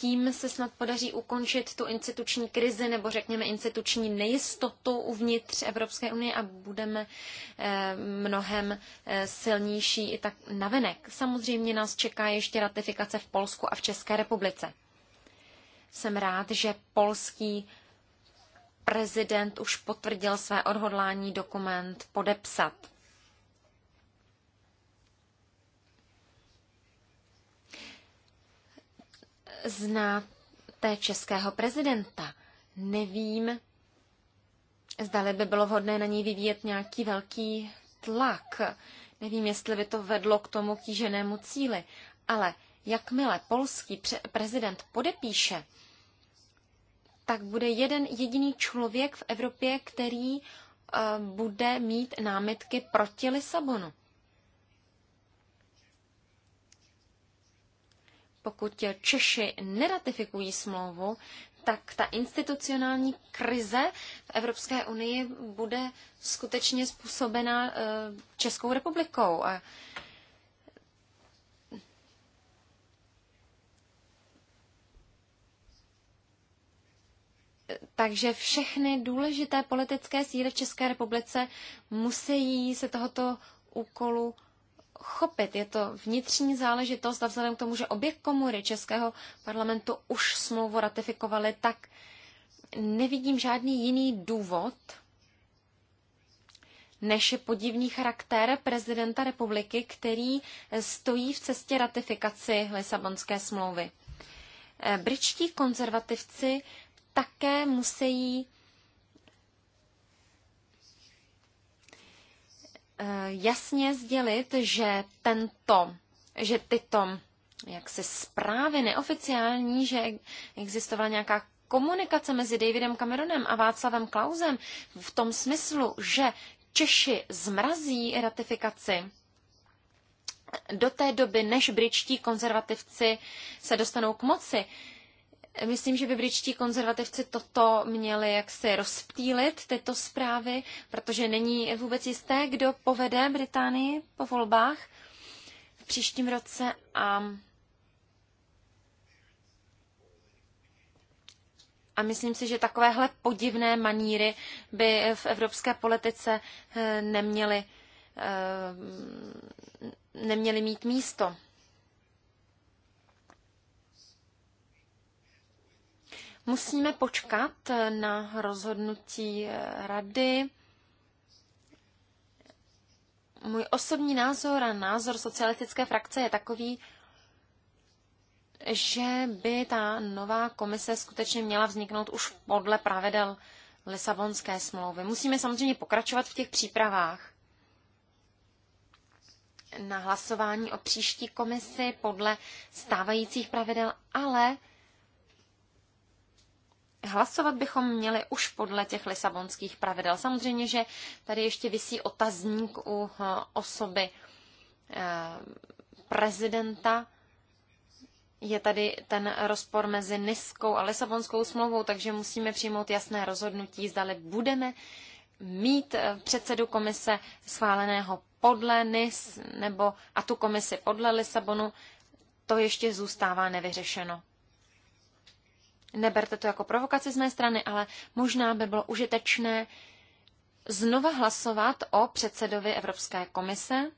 tím se snad podaří ukončit tu instituční krizi nebo řekněme instituční nejistotu uvnitř Evropské unie a budeme eh, mnohem eh, silnější i tak navenek. Samozřejmě nás čeká ještě ratifikace v Polsku a v České republice. Jsem rád, že polský prezident už potvrdil své odhodlání dokument podepsat. znáte českého prezidenta. Nevím, zdali by bylo vhodné na něj vyvíjet nějaký velký tlak. Nevím, jestli by to vedlo k tomu kýženému cíli, ale jakmile polský prezident podepíše, tak bude jeden jediný člověk v Evropě, který eh, bude mít námitky proti Lisabonu. pokud Češi neratifikují smlouvu, tak ta institucionální krize v Evropské unii bude skutečně způsobena eh, Českou republikou. A Takže všechny důležité politické síly České republice musí se tohoto úkolu chopit. Je to vnitřní záležitost a vzhledem k tomu, že obě komory Českého parlamentu už smlouvu ratifikovaly, tak nevidím žádný jiný důvod, než je podivný charakter prezidenta republiky, který stojí v cestě ratifikaci Lisabonské smlouvy. E, britští konzervativci také musí Eh, jasně sdělit, že tento, že tyto jak se zprávy neoficiální, že existovala nějaká komunikace mezi Davidem Cameronem a Václavem Klausem v tom smyslu, že Češi zmrazí ratifikaci do té doby, než britští konzervativci se dostanou k moci. Myslím, že by britští konzervativci toto měli jaksi rozptýlit, tyto zprávy, protože není vůbec jisté, kdo povede Británii po volbách v příštím roce a A myslím si, že takovéhle podivné maníry by v evropské politice eh, neměly, eh, neměly mít místo. Musíme počkat eh, na rozhodnutí eh, rady. Můj osobní názor a názor socialistické frakce je takový, že by ta nová komise skutečně měla vzniknout už podle pravidel Lisabonské smlouvy. Musíme samozřejmě pokračovat v těch přípravách na hlasování o příští komisi podle stávajících pravidel, ale Hlasovat bychom měli už podle těch lisabonských pravidel. Samozřejmě, že tady ještě vysí otazník u eh, osoby eh, prezidenta. Je tady ten rozpor mezi Niskou a Lisabonskou smlouvou, takže musíme přijmout jasné rozhodnutí, zdali budeme mít eh, předsedu komise schváleného podle NIS nebo a tu komisi podle Lisabonu, to ještě zůstává nevyřešeno. Neberte to jako provokaci z mé strany, ale možná by bylo užitečné znova hlasovat o předsedovi Evropské komise,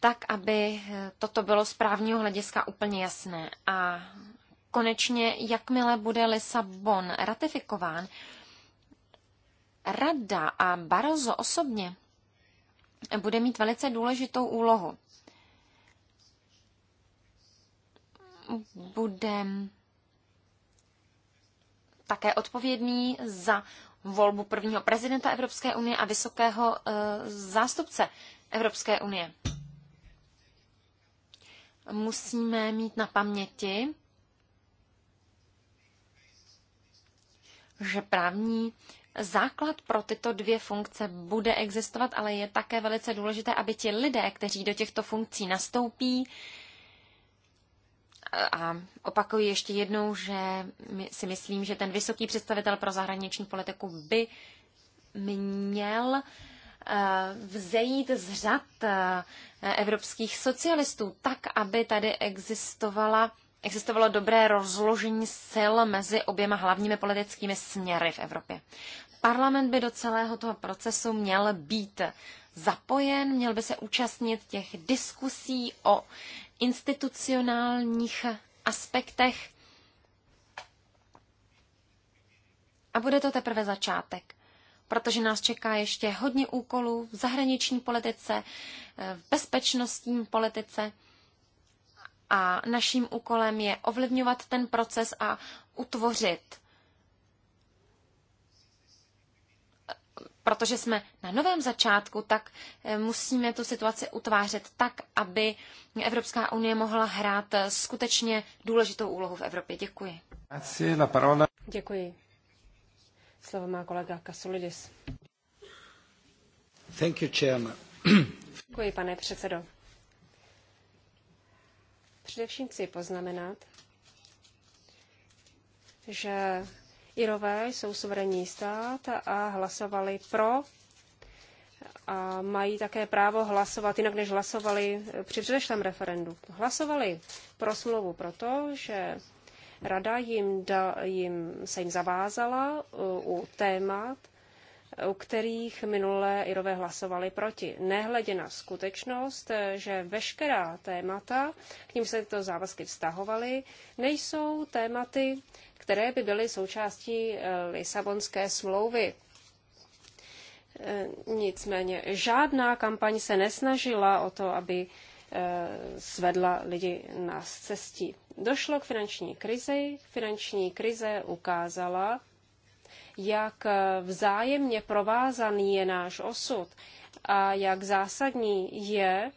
tak, aby toto bylo z právního hlediska úplně jasné. A konečně, jakmile bude Lisabon ratifikován, Rada a Barozo osobně bude mít velice důležitou úlohu. Bude také odpovědný za volbu prvního prezidenta Evropské unie a vysokého eh, zástupce Evropské unie. Musíme mít na paměti, že právní základ pro tyto dvě funkce bude existovat, ale je také velice důležité, aby ti lidé, kteří do těchto funkcí nastoupí, a opakuji ještě jednou, že si myslím, že ten vysoký představitel pro zahraniční politiku by měl eh, vzejít z řad eh, evropských socialistů tak, aby tady existovala, existovalo dobré rozložení sil mezi oběma hlavními politickými směry v Evropě. Parlament by do celého toho procesu měl být zapojen, měl by se účastnit těch diskusí o institucionálních aspektech. A bude to teprve začátek, protože nás čeká ještě hodně úkolů v zahraniční politice, v bezpečnostní politice. A naším úkolem je ovlivňovat ten proces a utvořit protože jsme na novém začátku, tak eh, musíme tu situaci utvářet tak, aby Evropská unie mohla hrát eh, skutečně důležitou úlohu v Evropě. Děkuji. Děkuji. Slovo má kolega Kasulidis. Thank you, chairman. Děkuji, pane předsedo. Především chci poznamenat, že Irové jsou suverénní stát a hlasovali pro a mají také právo hlasovat jinak, než hlasovali při předešlém referendu. Hlasovali pro smlouvu proto, že Rada jim, da, jim se jim zavázala u, uh, u témat, u kterých minulé Irové hlasovali proti. Nehledě na skutečnost, že veškerá témata, k ním se tyto závazky vztahovaly, nejsou tématy, které by byly součástí eh, Lisabonské smlouvy. Eh, nicméně žádná kampaň se nesnažila o to, aby svedla eh, lidi na cestí. Došlo k finanční krizi. Finanční krize ukázala, jak vzájemně provázaný je náš osud a jak zásadní je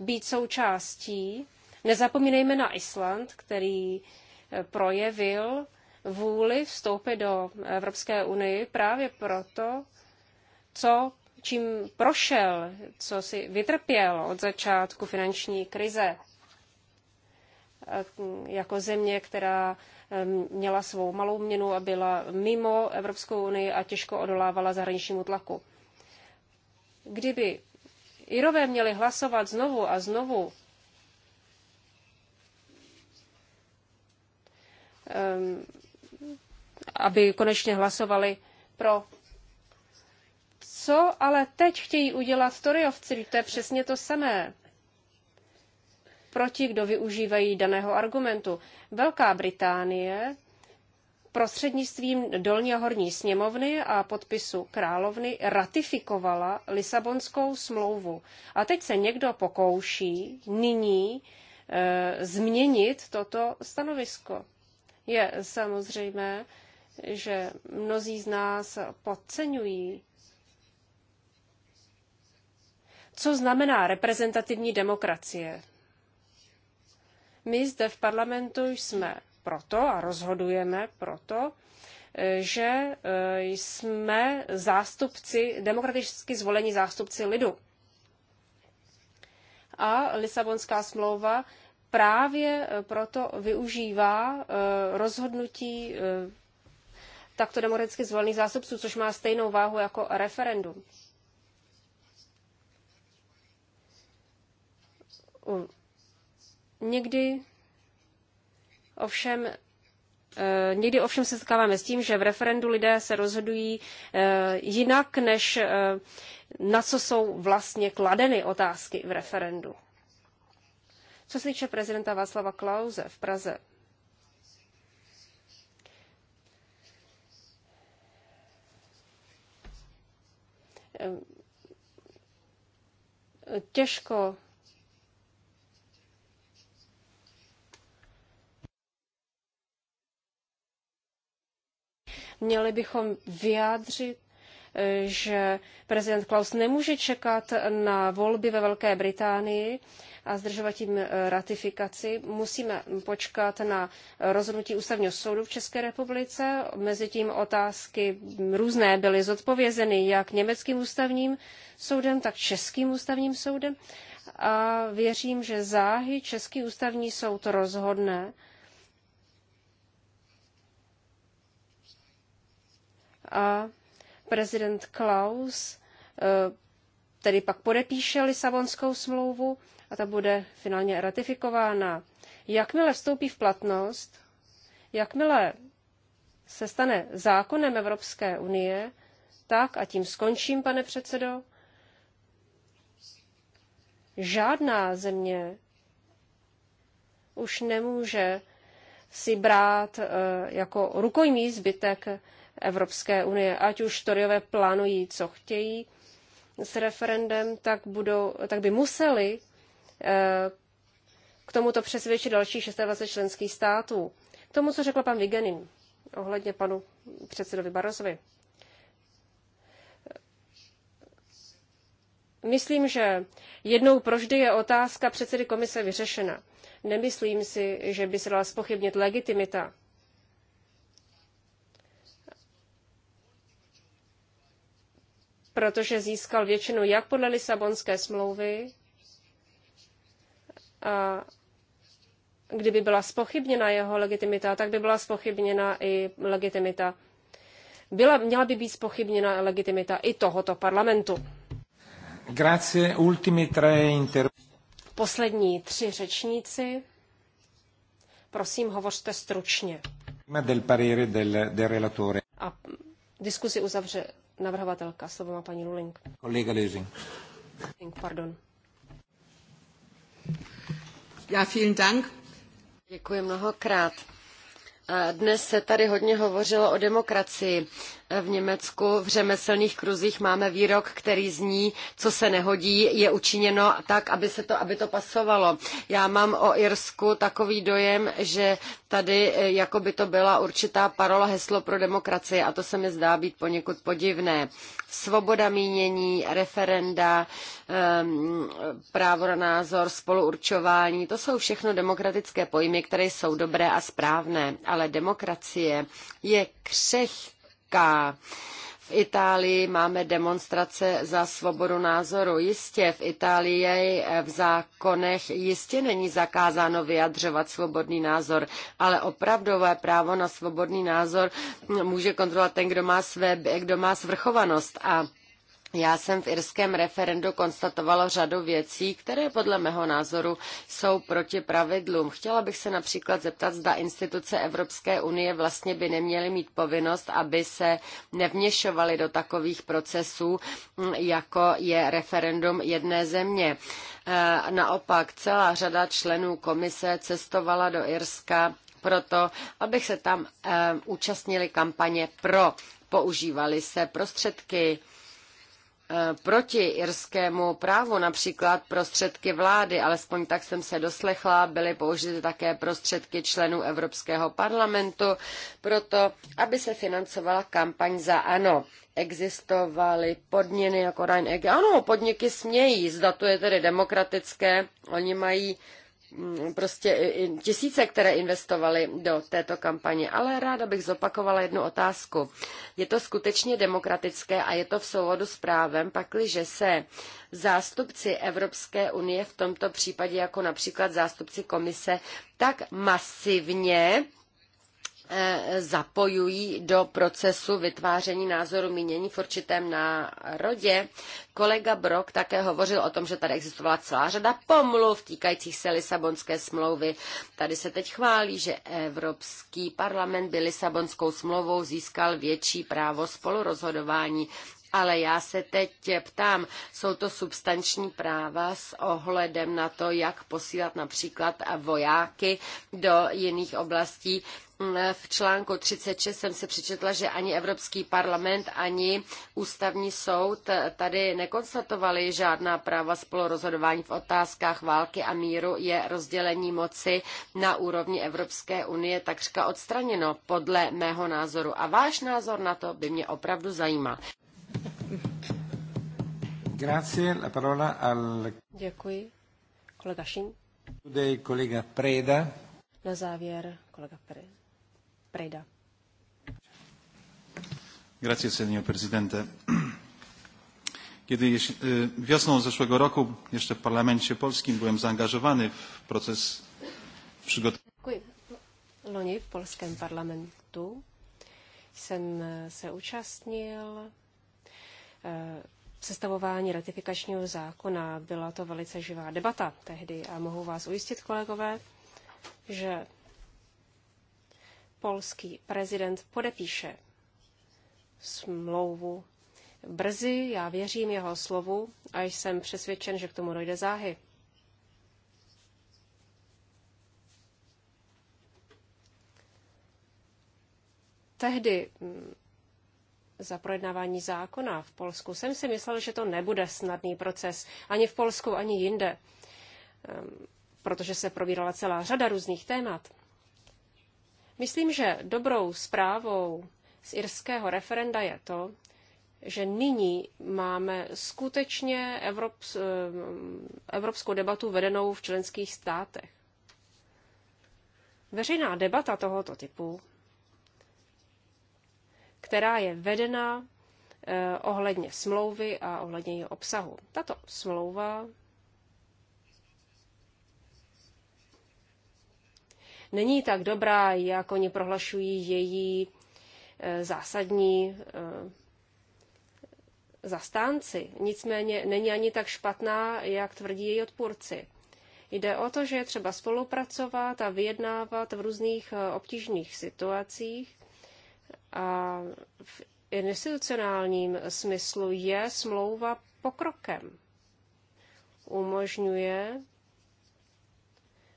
být součástí. Nezapomínejme na Island, který eh, projevil vůli vstoupit do Evropské unie právě proto, co, čím prošel, co si vytrpěl od začátku finanční krize. Eh, jako země, která měla svou malou měnu a byla mimo Evropskou unii a těžko odolávala zahraničnímu tlaku. Kdyby Irové měli hlasovat znovu a znovu, aby konečně hlasovali pro. Co ale teď chtějí udělat Toriovci? To je přesně to samé proti, kdo využívají daného argumentu. Velká Británie prostřednictvím dolní a horní sněmovny a podpisu královny ratifikovala Lisabonskou smlouvu. A teď se někdo pokouší nyní e, změnit toto stanovisko. Je samozřejmé, že mnozí z nás podceňují, co znamená reprezentativní demokracie. My zde v parlamentu jsme proto a rozhodujeme proto, e, že e, jsme zástupci, demokraticky zvolení zástupci lidu. A Lisabonská smlouva právě e, proto využívá rozhodnutí takto demokraticky zvolených zástupců, což má stejnou váhu jako referendum. Někdy ovšem eh, Někdy ovšem se setkáváme s tím, že v referendu lidé se rozhodují eh, jinak, než eh, na co jsou vlastně kladeny otázky v referendu. Co se týče prezidenta Václava Klauze v Praze, těžko Měli bychom vyjádřit eh, že prezident Klaus nemůže čekat na volby ve Velké Británii a zdržovat tím eh, ratifikaci. Musíme počkat na rozhodnutí ústavního soudu v České republice. Mezitím otázky různé byly zodpovězeny jak německým ústavním soudem, tak českým ústavním soudem. A věřím, že záhy Český ústavní soud rozhodne a prezident Klaus eh, tedy pak podepíše Lisabonskou smlouvu a ta bude finálně ratifikována. Jakmile vstoupí v platnost, jakmile se stane zákonem Evropské unie, tak, a tím skončím, pane předsedo, žádná země už nemůže si brát eh, jako rukojmí zbytek Evropské unie. Ať už Toriové plánují, co chtějí s referendem, tak, budou, tak by museli eh, k tomuto přesvědčit dalších 26 členských států. K tomu, co řekl pan Vigenin ohledně panu předsedovi Barozovi. Myslím, že jednou proždy je otázka předsedy komise vyřešena. Nemyslím si, že by se dala spochybnit legitimita protože získal většinu jak podle Lisabonské smlouvy, a kdyby byla spochybněna jeho legitimita, tak by byla spochybněna i legitimita. Byla, měla by být spochybněna legitimita i tohoto parlamentu. Grazie, ultimi tre inter... Poslední tři řečníci. Prosím, hovořte stručně. Del parere del, del relatore. A diskusi uzavře navrhovatelka. Slovo má paní Luling. Kolega Lösing. Pardon. Já vielen Dank. Děkuji mnohokrát. Dnes se tady hodně hovořilo o demokracii v Německu v řemeslných kruzích máme výrok, který zní, co se nehodí, je učiněno tak, aby, se to, aby to pasovalo. Já mám o Irsku takový dojem, že tady eh, jako by to byla určitá parola heslo pro demokracii a to se mi zdá být poněkud podivné. Svoboda mínění, referenda, ehm, právo na názor, spoluurčování, to jsou všechno demokratické pojmy, které jsou dobré a správné, ale demokracie je křehká jaká. V Itálii máme demonstrace za svobodu názoru. Jistě v Itálii eh, v zákonech jistě není zakázáno vyjadřovat svobodný názor, ale opravdové právo na svobodný názor může kontrolovat ten, kdo má, své, kdo má svrchovanost. A já jsem v irském referendu konstatovala řadu věcí, které podle mého názoru jsou proti pravidlům. Chtěla bych se například zeptat, zda instituce Evropské unie vlastně by neměly mít povinnost, aby se nevměšovaly do takových procesů, jako je referendum jedné země. E, naopak celá řada členů komise cestovala do Irska proto, abych se tam e, účastnili kampaně pro. Používali se prostředky Eh, proti irskému právu, například prostředky vlády, alespoň tak jsem se doslechla, byly použity také prostředky členů Evropského parlamentu, proto aby se financovala kampaň za ANO. Existovaly podměny jako Ryanair. Ano, podniky smějí, zda to je tedy demokratické, oni mají Mm, prostě tisíce, které investovali do této kampaně. Ale ráda bych zopakovala jednu otázku. Je to skutečně demokratické a je to v souladu s právem, pakliže se zástupci Evropské unie, v tomto případě jako například zástupci komise, tak masivně Eh, zapojují do procesu vytváření názoru mínění v určitém národě. Kolega Brok také hovořil o tom, že tady existovala celá řada pomluv týkajících se Lisabonské smlouvy. Tady se teď chválí, že Evropský parlament by Lisabonskou smlouvou získal větší právo spolurozhodování. Ale já se teď ptám, jsou to substanční práva s ohledem na to, jak posílat například vojáky do jiných oblastí, v článku 36 jsem si přečetla, že ani Evropský parlament, ani ústavní soud tady nekonstatovali žádná práva spolurozhodování v otázkách války a míru je rozdělení moci na úrovni Evropské unie takřka odstraněno podle mého názoru. A váš názor na to by mě opravdu zajímal. Grazie, la parola al... Děkuji. Kolega Šin. Today, kolega Preda. Na závěr kolega Preda. Grazie, signor Presidente. Kiedy wiosną zeszłego roku jeszcze w parlamencie polskim byłem zaangażowany w proces przygotowania... w polskim parlamentu jsem se účastnil Eh, sestavování ratifikačního zákona. Byla to velice živá debata tehdy a mohu vás ujistit, kolegové, že polský prezident podepíše smlouvu brzy, já věřím jeho slovu a jsem přesvědčen, že k tomu dojde záhy. Tehdy mm, za projednávání zákona v Polsku, jsem si myslel, že to nebude snadný proces ani v Polsku, ani jinde, ehm, protože se probírala celá řada různých témat. Myslím, že dobrou zprávou z irského referenda je to, že nyní máme skutečně Evrops, ehm, evropskou debatu vedenou v členských státech. Veřejná debata tohoto typu která je vedena eh, ohledně smlouvy a ohledně jejího obsahu. Tato smlouva není tak dobrá, jak oni prohlašují její eh, zásadní eh, zastánci. Nicméně není ani tak špatná, jak tvrdí její odpůrci. Jde o to, že je třeba spolupracovat a vyjednávat v různých obtížných situacích a v institucionálním smyslu je smlouva pokrokem. Umožňuje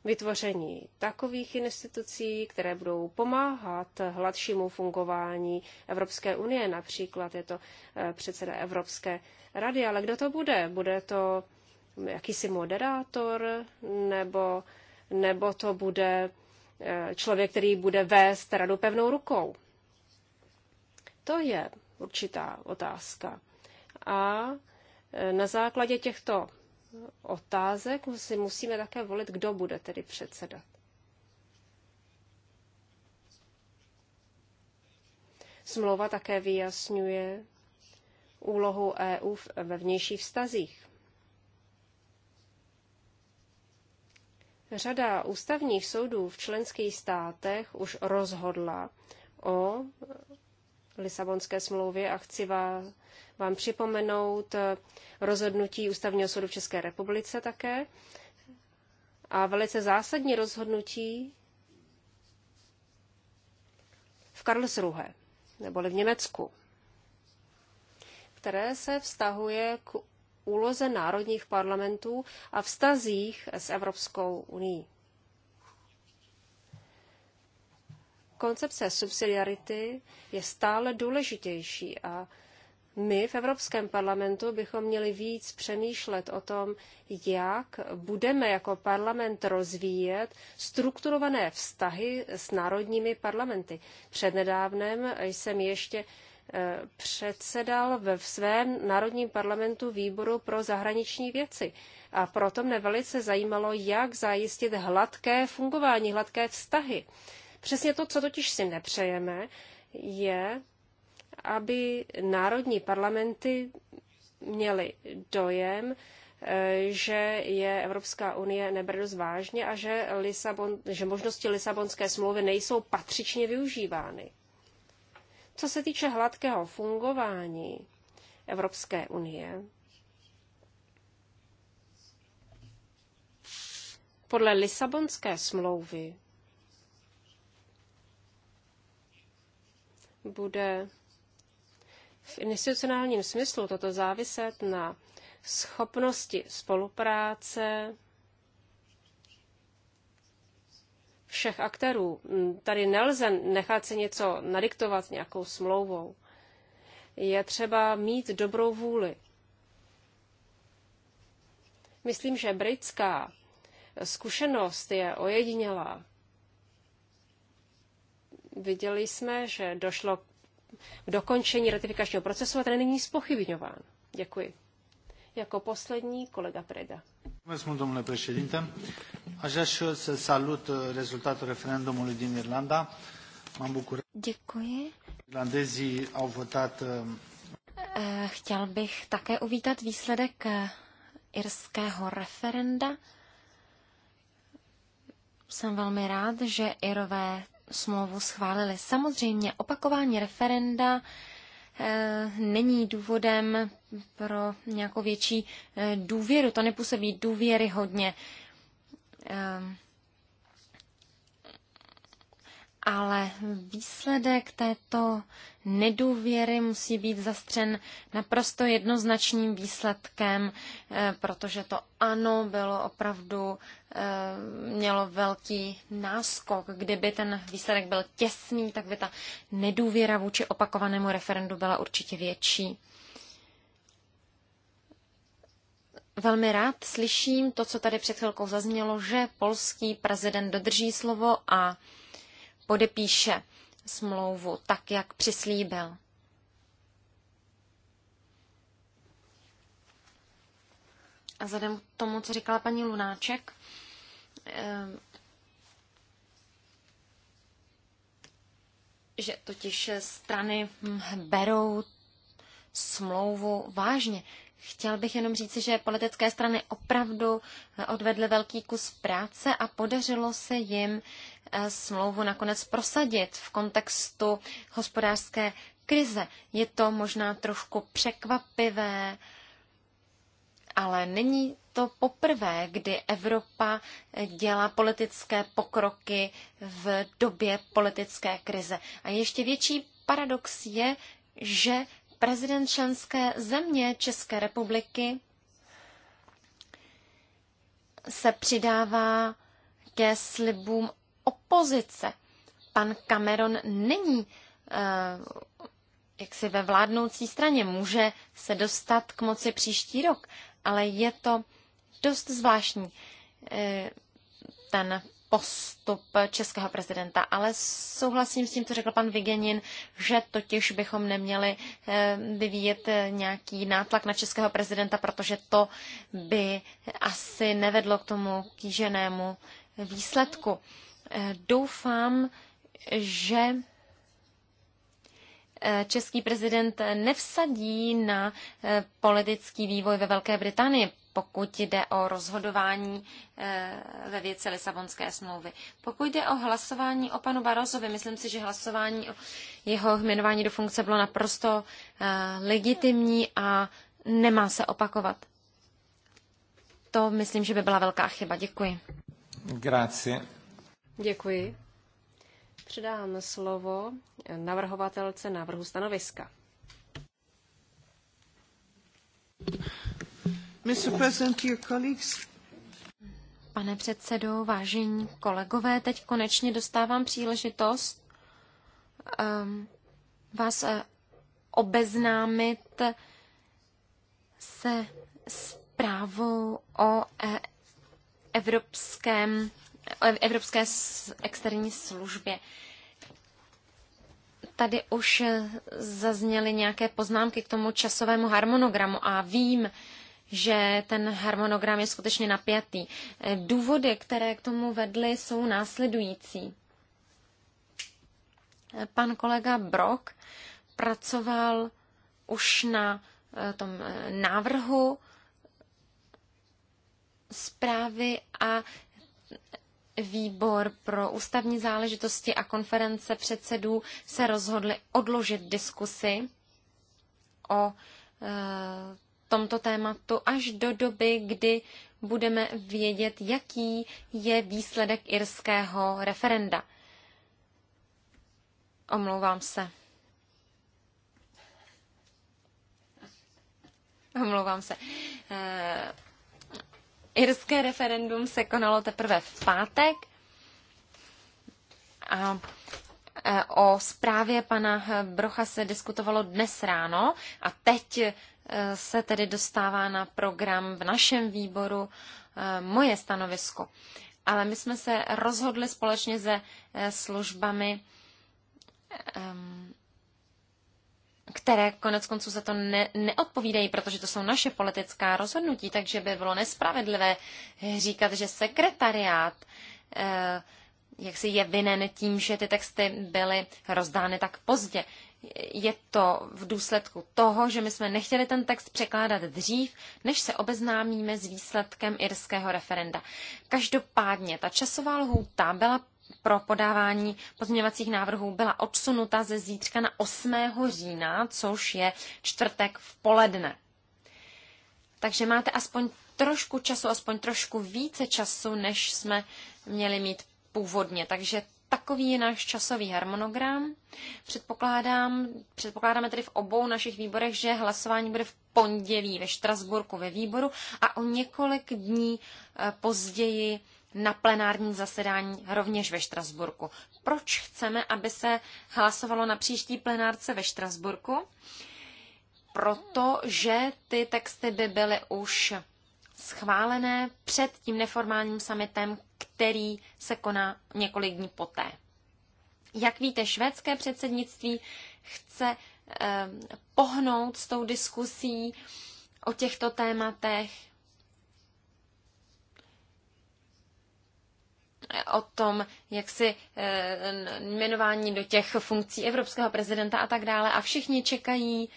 vytvoření takových institucí, které budou pomáhat hladšímu fungování Evropské unie. Například je to eh, předseda Evropské rady. Ale kdo to bude? Bude to jakýsi moderátor nebo, nebo to bude eh, člověk, který bude vést radu pevnou rukou? To je určitá otázka. A e, na základě těchto otázek si musíme také volit, kdo bude tedy předsedat. Smlouva také vyjasňuje úlohu EU ve vnějších vztazích. Řada ústavních soudů v členských státech už rozhodla o Lisabonské smlouvy a chci vám, vám připomenout eh, rozhodnutí Ústavního soudu v České republice také a velice zásadní rozhodnutí v Karlsruhe, neboli v Německu, které se vztahuje k úloze národních parlamentů a vztazích s Evropskou unii. koncepce subsidiarity je stále důležitější a my v Evropském parlamentu bychom měli víc přemýšlet o tom, jak budeme jako parlament rozvíjet strukturované vztahy s národními parlamenty. Přednedávnem jsem ještě eh, předsedal ve svém národním parlamentu výboru pro zahraniční věci. A proto mne velice zajímalo, jak zajistit hladké fungování, hladké vztahy Přesně to, co totiž si nepřejeme, je, aby národní parlamenty měly dojem, eh, že je Evropská unie nebrdo dost vážně a že, Lisabon, že možnosti Lisabonské smlouvy nejsou patřičně využívány. Co se týče hladkého fungování Evropské unie, podle Lisabonské smlouvy bude v institucionálním smyslu toto záviset na schopnosti spolupráce všech aktérů. Tady nelze nechat si něco nadiktovat nějakou smlouvou. Je třeba mít dobrou vůli. Myslím, že britská zkušenost je ojedinělá viděli jsme, že došlo k dokončení ratifikačního procesu a ten není spochybňován. Děkuji. Jako poslední kolega Preda. Mulțumesc, domnule președinte. Aș vrea și eu să salut uh, rezultatul referendumului din Irlanda. M-am bucurat. Děkuji. Irlandezii au votat... Uh, eh, chtěl bych také uvítat výsledek eh, irského referenda. Jsem velmi rád, že Irové smlouvu schválili. Samozřejmě opakování referenda eh, není důvodem pro nějakou větší eh, důvěru. To nepůsobí důvěryhodně. hodně eh, ale výsledek této nedůvěry musí být zastřen naprosto jednoznačným výsledkem, eh, protože to ano bylo opravdu, eh, mělo velký náskok. Kdyby ten výsledek byl těsný, tak by ta nedůvěra vůči opakovanému referendu byla určitě větší. Velmi rád slyším to, co tady před chvilkou zaznělo, že polský prezident dodrží slovo a podepíše smlouvu tak, jak přislíbil. A vzhledem k tomu, co říkala paní Lunáček, ehm, že totiž strany berou smlouvu vážně. Chtěl bych jenom říci, že politické strany opravdu odvedly velký kus práce a podařilo se jim Eh, smlouvu nakonec prosadit v kontextu hospodářské krize. Je to možná trošku překvapivé, ale není to poprvé, kdy Evropa dělá politické pokroky v době politické krize. A ještě větší paradox je, že prezident členské země České republiky se přidává ke slibům opozice. Pan Cameron není eh, jaksi ve vládnoucí straně, může se dostat k moci příští rok, ale je to dost zvláštní eh, ten postup českého prezidenta, ale souhlasím s tím, co řekl pan Vigenin, že totiž bychom neměli eh, vyvíjet nějaký nátlak na českého prezidenta, protože to by asi nevedlo k tomu kýženému výsledku. Eh, doufám, že eh, český prezident nevsadí na eh, politický vývoj ve Velké Británii, pokud jde o rozhodování ve věci Lisabonské smlouvy. Pokud jde o hlasování o panu Barozovi, myslím si, že hlasování o jeho jmenování do funkce bylo naprosto legitimní a nemá se opakovat. To myslím, že by byla velká chyba. Děkuji. Grazie. Děkuji. Předám slovo navrhovatelce návrhu stanoviska. Mr. President, colleagues, Pane předsedo, vážení kolegové, teď konečně dostávám příležitost um, vás eh, obeznámit se zprávou o eh, evropském Evropské externí službě. Tady už eh, zazněly nějaké poznámky k tomu časovému harmonogramu a vím, že ten harmonogram je skutečně napjatý. Eh, důvody, které k tomu vedly, jsou následující. Eh, pan kolega Brok pracoval už na tom návrhu zprávy a výbor pro ústavní záležitosti a konference předsedů se rozhodli odložit diskusy o e, tomto tématu až do doby, kdy budeme vědět, jaký je výsledek irského referenda. Omlouvám se. Omlouvám se. E, Irské referendum se konalo teprve v pátek a e, o zprávě pana Brocha se diskutovalo dnes ráno a teď e, se tedy dostává na program v našem výboru e, moje stanovisko. Ale my jsme se rozhodli společně se službami které konec konců za to ne, neodpovídají, protože to jsou naše politická rozhodnutí, takže by bylo nespravedlivé říkat, že sekretariát eh, jak si je vinen tím, že ty texty byly rozdány tak pozdě. Je to v důsledku toho, že my jsme nechtěli ten text překládat dřív, než se obeznámíme s výsledkem irského referenda. Každopádně ta časová lhůta byla pro podávání pozměňovacích návrhů byla odsunuta ze zítřka na 8. října, což je čtvrtek v poledne. Takže máte aspoň trošku času, aspoň trošku více času, než jsme měli mít původně. Takže takový je náš časový harmonogram. Předpokládám, předpokládáme tedy v obou našich výborech, že hlasování bude v pondělí ve Štrasburku ve výboru a o několik dní eh, později na plenárním zasedání rovněž ve Štrasburku. Proč chceme, aby se hlasovalo na příští plenárce ve Štrasburku? Protože ty texty by byly už schválené před tím neformálním summitem, který se koná několik dní poté. Jak víte, švédské předsednictví chce eh, pohnout s tou diskusí o těchto tématech, o tom, jak si eh, jmenování do těch funkcí evropského prezidenta a tak dále. A všichni čekají,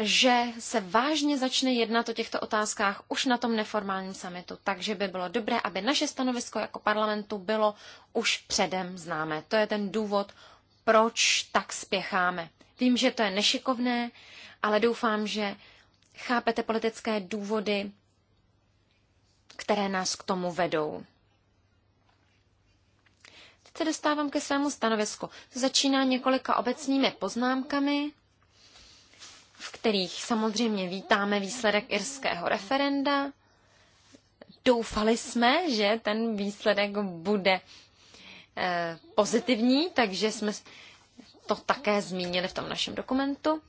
že se vážně začne jednat o těchto otázkách už na tom neformálním summitu. Takže by bylo dobré, aby naše stanovisko jako parlamentu bylo už předem známé. To je ten důvod, proč tak spěcháme. Vím, že to je nešikovné, ale doufám, že chápete politické důvody které nás k tomu vedou. Teď se dostávám ke svému stanovisku. Začíná několika obecními poznámkami, v kterých samozřejmě vítáme výsledek irského referenda. Doufali jsme, že ten výsledek bude eh, pozitivní, takže jsme to také zmínili v tom našem dokumentu.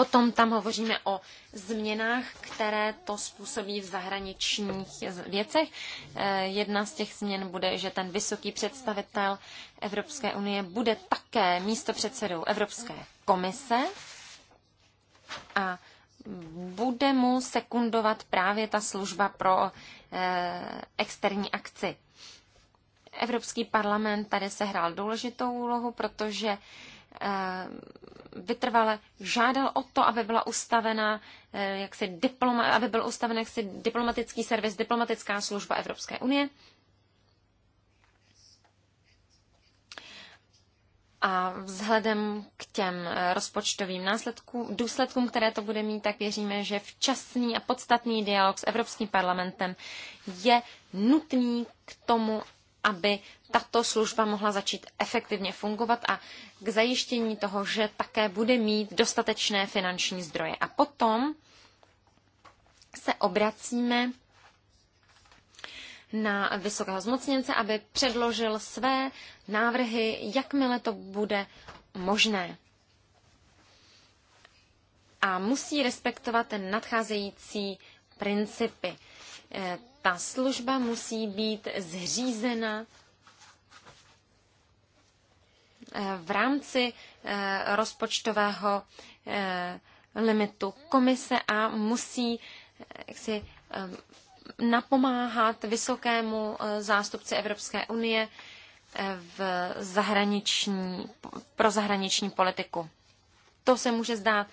Potom tam hovoříme o změnách, které to způsobí v zahraničních věcech. Eh, jedna z těch změn bude, že ten vysoký představitel Evropské unie bude také místo předsedou Evropské komise a bude mu sekundovat právě ta služba pro eh, externí akci. Evropský parlament tady sehrál důležitou úlohu, protože Eh, vytrvale žádal o to, aby byla ustavena, eh, jak se diploma, aby byl ustaven jaksi diplomatický servis, diplomatická služba Evropské unie. A vzhledem k těm eh, rozpočtovým následkům, důsledkům, které to bude mít, tak věříme, že včasný a podstatný dialog s Evropským parlamentem je nutný k tomu, aby tato služba mohla začít efektivně fungovat a k zajištění toho, že také bude mít dostatečné finanční zdroje. A potom se obracíme na vysokého zmocněnce, aby předložil své návrhy, jakmile to bude možné. A musí respektovat ten nadcházející principy. Eh, ta služba musí být zřízena eh, v rámci eh, rozpočtového limitu komise a musí jaksi, napomáhat vysokému zástupci Evropské unie v zahraniční, pro zahraniční politiku. To se může zdát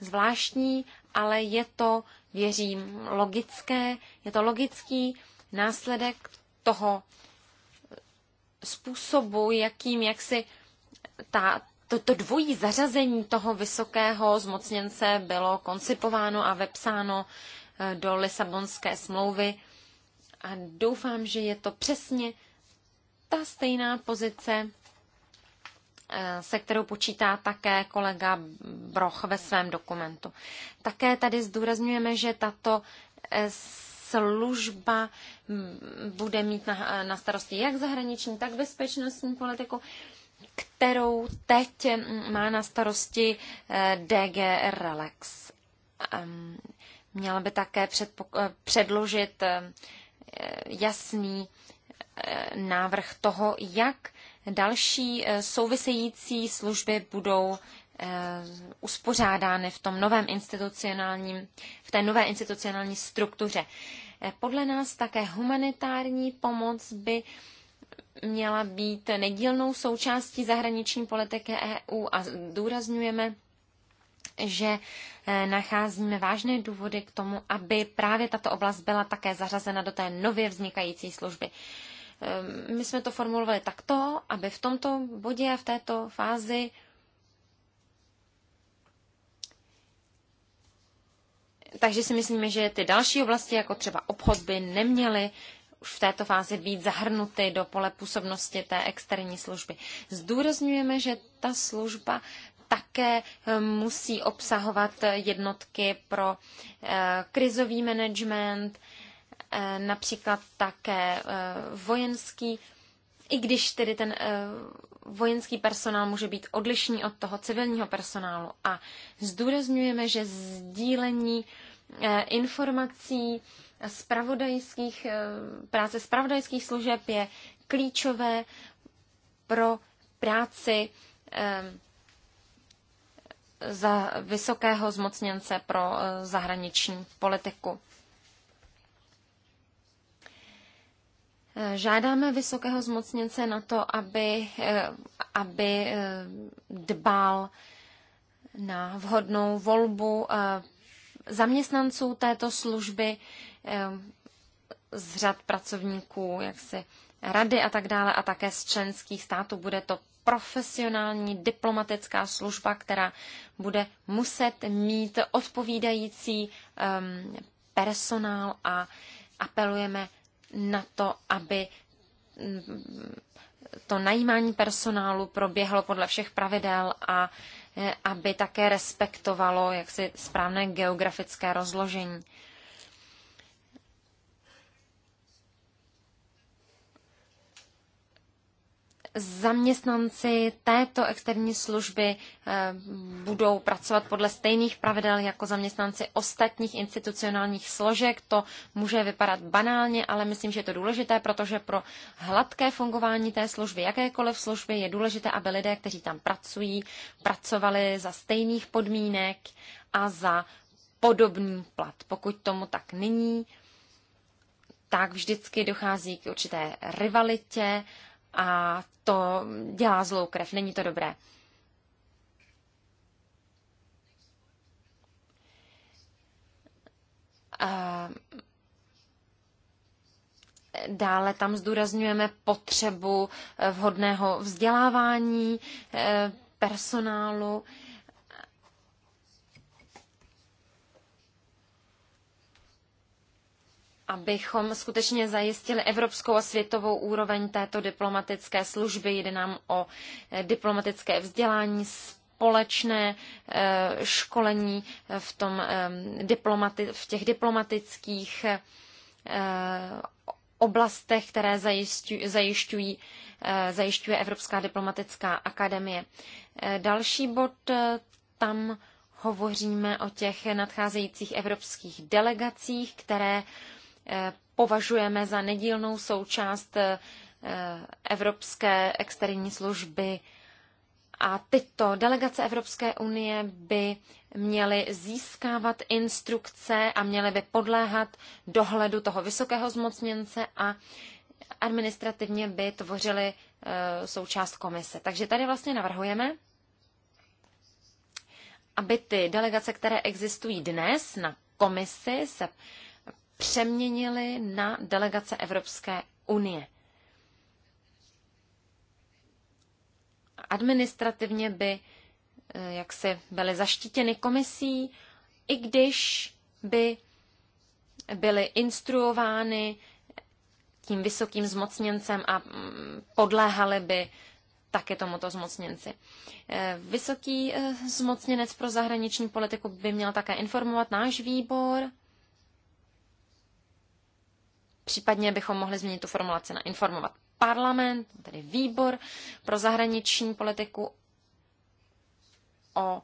zvláštní, ale je to, věřím, logické, je to logický následek toho způsobu, jakým jak si ta, to, to dvojí zařazení toho vysokého zmocněnce bylo koncipováno a vepsáno eh, do Lisabonské smlouvy. A doufám, že je to přesně ta stejná pozice, Eh, se kterou počítá také kolega Broch ve svém dokumentu. Také tady zdůrazňujeme, že tato eh, služba mm, bude mít na, eh, na starosti jak zahraniční, tak bezpečnostní politiku, kterou teď mm, má na starosti DG Relax. Ehm, měla by také předložit jasný návrh toho, jak další eh, související služby budou eh, uspořádány v tom novém institucionálním, v té nové institucionální struktuře. Eh, podle nás také humanitární pomoc by měla být nedílnou součástí zahraniční politiky EU a důrazňujeme, že nacházíme vážné důvody k tomu, aby právě tato oblast byla také zařazena do té nově vznikající služby. Ehm, my jsme to formulovali takto, aby v tomto bodě, a v této fázi Takže si myslíme, že ty další oblasti, jako třeba obchod, by neměly už v této fázi být zahrnuty do pole působnosti té externí služby. Zdůrazňujeme, že ta služba také ehm, musí obsahovat jednotky pro eh, krizový management, Eh, například také eh, vojenský, i když tedy ten eh, vojenský personál může být odlišný od toho civilního personálu. A zdůrazňujeme, že sdílení informací spravodajských, práce spravodajských služeb je klíčové pro práci za vysokého zmocněnce pro zahraniční politiku. Žádáme vysokého zmocněnce na to, aby, eh, aby eh, dbal na vhodnou volbu eh, zaměstnanců této služby z řad pracovníků, jak si rady a tak dále a také z členských států. Bude to profesionální diplomatická služba, která bude muset mít odpovídající um, personál a apelujeme na to, aby mm, to najímání personálu proběhlo podle všech pravidel a eh, aby také respektovalo jaksi správné geografické rozložení. zaměstnanci této externí služby eh, budou pracovat podle stejných pravidel jako zaměstnanci ostatních institucionálních složek. To může vypadat banálně, ale myslím, že je to důležité, protože pro hladké fungování té služby, jakékoliv služby, je důležité, aby lidé, kteří tam pracují, pracovali za stejných podmínek a za podobný plat. Pokud tomu tak není, tak vždycky dochází k určité rivalitě a to dělá zlou krev, není to dobré. A dále tam zdůrazňujeme potřebu vhodného vzdělávání eh, personálu. abychom skutečně zajistili evropskou a světovou úroveň této diplomatické služby. Jde nám o eh, diplomatické vzdělání, společné eh, školení eh, v, tom, v těch diplomatických oblastech, které zajišťují, zajišťují, zajišťuje Evropská diplomatická akademie. Další bod tam hovoříme o těch nadcházejících evropských delegacích, které Eh, považujeme za nedílnou součást eh, Evropské externí služby. A tyto delegace Evropské unie by měly získávat instrukce a měly by podléhat dohledu toho vysokého zmocněnce a administrativně by tvořily eh, součást komise. Takže tady vlastně navrhujeme, aby ty delegace, které existují dnes na komisi, se přeměnili na delegace Evropské unie. Administrativně by eh, jaksi byly zaštítěny komisí, i když by byly instruovány tím vysokým zmocněncem a mm, podléhaly by také tomuto zmocněnci. Eh, vysoký eh, zmocněnec pro zahraniční politiku by měl také informovat náš výbor Případně bychom mohli změnit tu formulaci na informovat parlament, tedy výbor pro zahraniční politiku o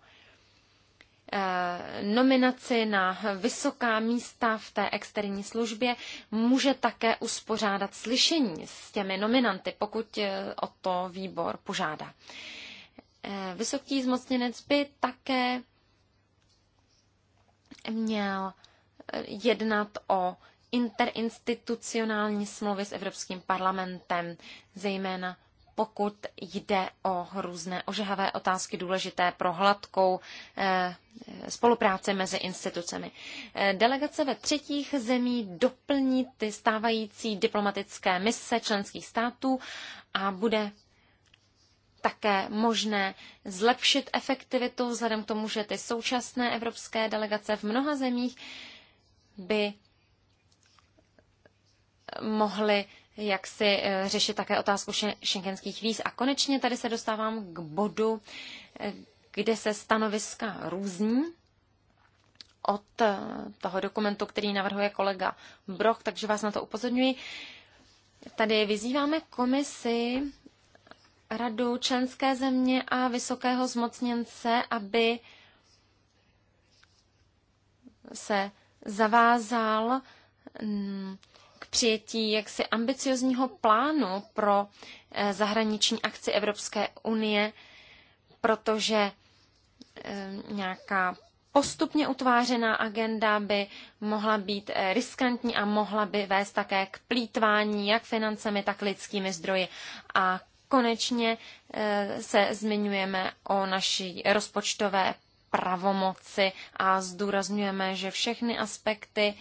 e, nominaci na vysoká místa v té externí službě může také uspořádat slyšení s těmi nominanty, pokud e, o to výbor požádá. E, vysoký zmocněnec by také měl jednat o interinstitucionální smlouvy s Evropským parlamentem, zejména pokud jde o různé ožehavé otázky důležité pro hladkou eh, spolupráci mezi institucemi. Eh, delegace ve třetích zemí doplní ty stávající diplomatické mise členských států a bude také možné zlepšit efektivitu vzhledem k tomu, že ty současné evropské delegace v mnoha zemích by mohli jak si eh, řešit také otázku šengenských víz. A konečně tady se dostávám k bodu, eh, kde se stanoviska různí od eh, toho dokumentu, který navrhuje kolega Broch, takže vás na to upozorňuji. Tady vyzýváme komisi, radu členské země a vysokého zmocněnce, aby se zavázal mm, k přijetí jaksi ambiciozního plánu pro eh, zahraniční akci Evropské unie, protože eh, nějaká postupně utvářená agenda by mohla být eh, riskantní a mohla by vést také k plítvání jak financemi, tak lidskými zdroji. A konečně se zmiňujeme o naší rozpočtové pravomoci a zdůrazňujeme, že všechny aspekty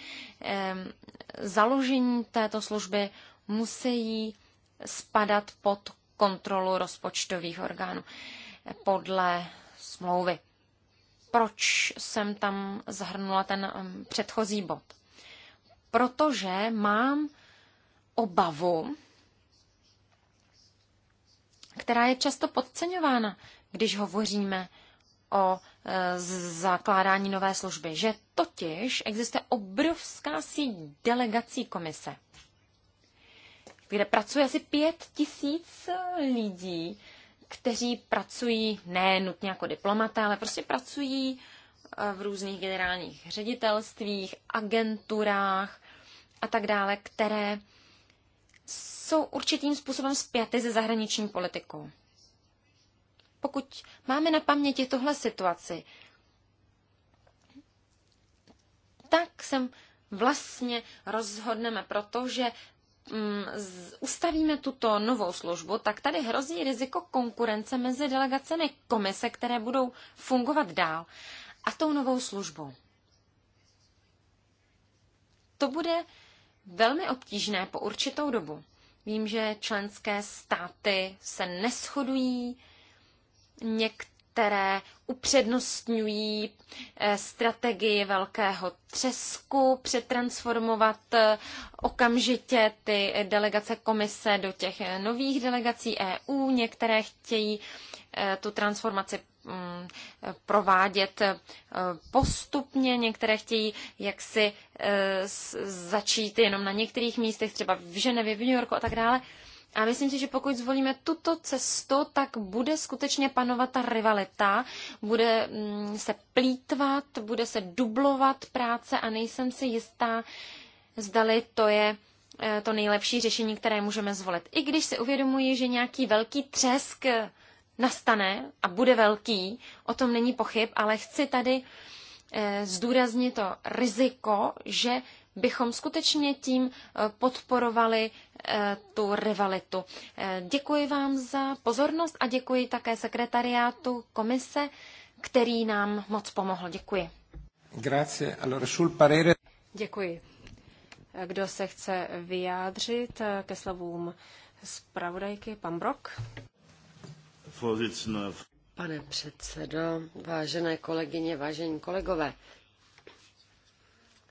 založení této služby musí spadat pod kontrolu rozpočtových orgánů podle smlouvy. Proč jsem tam zahrnula ten um, předchozí bod? Protože mám obavu, která je často podceňována, když hovoříme o e, zakládání nové služby, že totiž existuje obrovská síť delegací komise, kde pracuje asi pět tisíc e, lidí, kteří pracují ne nutně jako diplomaté, ale prostě pracují e, v různých generálních ředitelstvích, agenturách a tak dále, které jsou určitým způsobem spjaty se zahraniční politikou. Pokud máme na paměti tuhle situaci, tak jsem vlastně rozhodneme proto, že mm, ustavíme tuto novou službu, tak tady hrozí riziko konkurence mezi delegacemi komise, které budou fungovat dál a tou novou službou. To bude velmi obtížné po určitou dobu. Vím, že členské státy se neschodují, Některé upřednostňují eh, strategii velkého třesku, přetransformovat eh, okamžitě ty delegace komise do těch eh, nových delegací EU. Některé chtějí tu transformaci mm, provádět postupně, některé chtějí jaksi začít jenom na některých místech, třeba v Ženevě, v New Yorku a tak dále. A myslím si, že pokud zvolíme tuto cestu, tak bude skutečně panovat ta rivalita, bude mm, se plítvat, bude se dublovat práce a nejsem si jistá, zdali to je eh, to nejlepší řešení, které můžeme zvolit. I když si uvědomuji, že nějaký velký třesk nastane a bude velký, o tom není pochyb, ale chci tady eh, zdůraznit to riziko, že bychom skutečně tím eh, podporovali eh, tu rivalitu. Eh, děkuji vám za pozornost a děkuji také sekretariátu komise, který nám moc pomohl. Děkuji. Grazie. Allora, sul parere... Děkuji. Kdo se chce vyjádřit ke slovům zpravodajky, pan Brok? Pane předsedo, vážené kolegyně, vážení kolegové,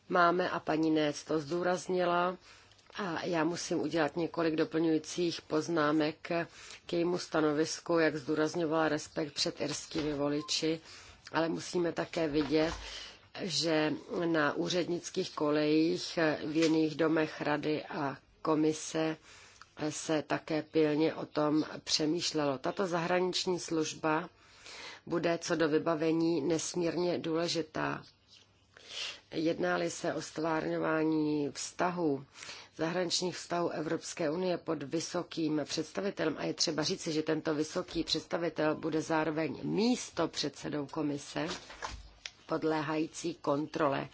máme a paní Nec to zdůraznila. A já musím udělat několik doplňujících poznámek k jejímu stanovisku, jak zdůrazňovala respekt před irskými voliči, ale musíme také vidět, že na úřednických kolejích v jiných domech rady a komise se také pilně o tom přemýšlelo. Tato zahraniční služba bude co do vybavení nesmírně důležitá. Jednali se o stvárňování vztahů, zahraničních vztahů Evropské unie pod vysokým představitelem, a je třeba říci, že tento vysoký představitel bude zároveň místo předsedou komise, podléhající kontrole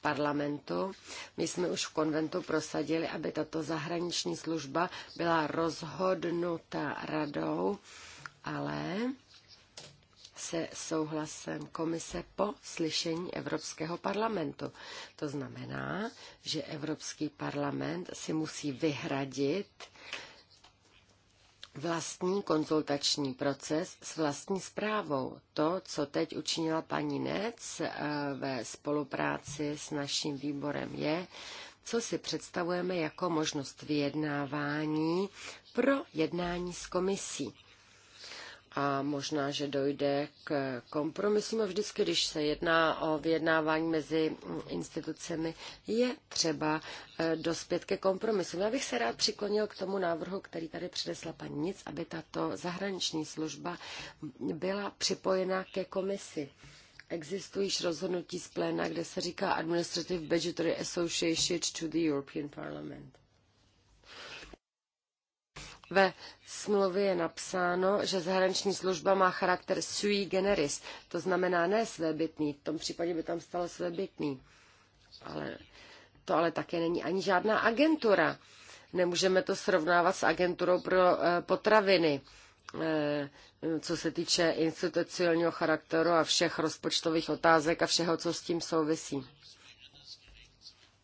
parlamentu. My jsme už v konventu prosadili, aby tato zahraniční služba byla rozhodnuta radou, ale se souhlasem komise po slyšení Evropského parlamentu. To znamená, že Evropský parlament si musí vyhradit vlastní konzultační proces s vlastní zprávou. To, co teď učinila paní Nec eh, ve spolupráci s naším výborem, je, co si představujeme jako možnost vyjednávání pro jednání s komisí a možná, že dojde k kompromisům. A vždycky, když se jedná o vyjednávání mezi institucemi, je třeba eh, dospět ke kompromisům. Já bych se rád přiklonil k tomu návrhu, který tady přinesla paní Nic, aby tato zahraniční služba byla připojena ke komisi. Existují rozhodnutí z pléna, kde se říká Administrative Budgetary Association to the European Parliament. Ve smlouvě je napsáno, že zahraniční služba má charakter sui generis, to znamená ne svébytný, v tom případě by tam stalo svébytný. Ale to ale také není ani žádná agentura. Nemůžeme to srovnávat s agenturou pro eh, potraviny eh, co se týče institucionálního charakteru a všech rozpočtových otázek a všeho, co s tím souvisí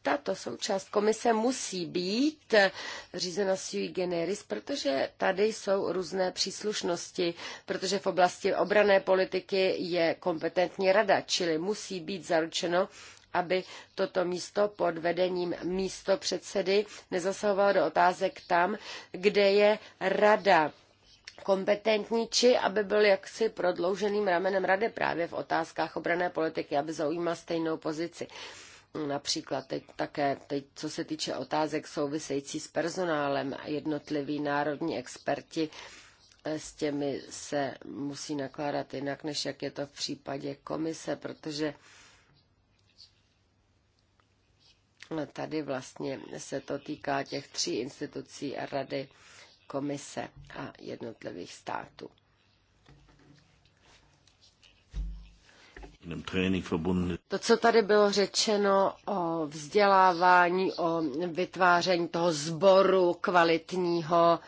tato součást komise musí být eh, řízena sui generis, protože tady jsou různé příslušnosti, protože v oblasti obrané politiky je kompetentní rada, čili musí být zaručeno, aby toto místo pod vedením místo předsedy nezasahovalo do otázek tam, kde je rada kompetentní, či aby byl jaksi prodlouženým ramenem rady právě v otázkách obrané politiky, aby zaujímal stejnou pozici například teď také, teď, co se týče otázek související s personálem, jednotliví národní experti eh, s těmi se musí nakládat jinak, než jak je to v případě komise, protože tady vlastně se to týká těch tří institucí a rady komise a jednotlivých států. To, co tady bylo řečeno o vzdělávání, o vytváření toho sboru kvalitního,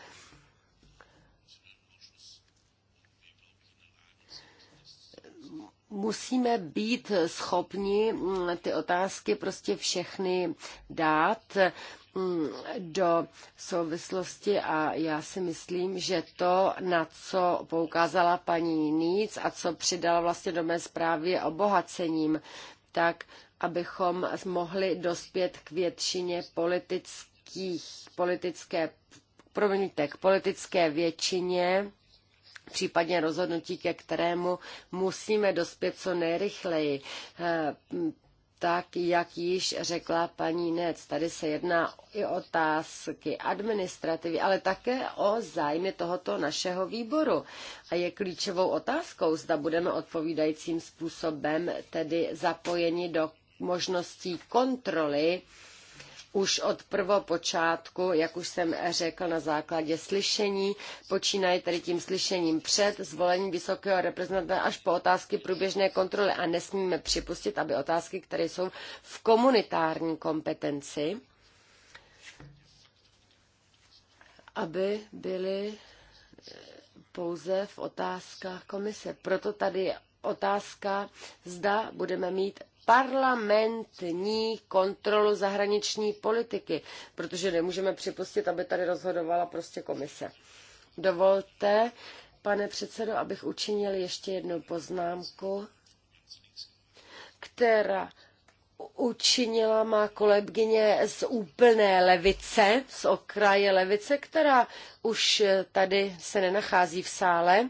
musíme být schopni mm, ty otázky prostě všechny dát mm, do souvislosti a já si myslím, že to, na co poukázala paní Nic a co přidala vlastně do mé zprávy obohacením, tak abychom mohli dospět k většině politických, politické, promiňte, k politické většině případně rozhodnutí, ke kterému musíme dospět co nejrychleji eh, tak, jak již řekla paní Nec, tady se jedná i o otázky administrativy, ale také o zájmy tohoto našeho výboru. A je klíčovou otázkou, zda budeme odpovídajícím způsobem tedy zapojeni do možností kontroly už od prvopočátku, jak už jsem řekl na základě slyšení, počínaje tedy tím slyšením před zvolením vysokého reprezentanta až po otázky průběžné kontroly a nesmíme připustit, aby otázky, které jsou v komunitární kompetenci, aby byly pouze v otázkách komise. Proto tady je otázka, zda budeme mít parlamentní kontrolu zahraniční politiky, protože nemůžeme připustit, aby tady rozhodovala prostě komise. Dovolte, pane předsedo, abych učinil ještě jednu poznámku, která učinila má kolegyně z úplné levice, z okraje levice, která už tady se nenachází v sále.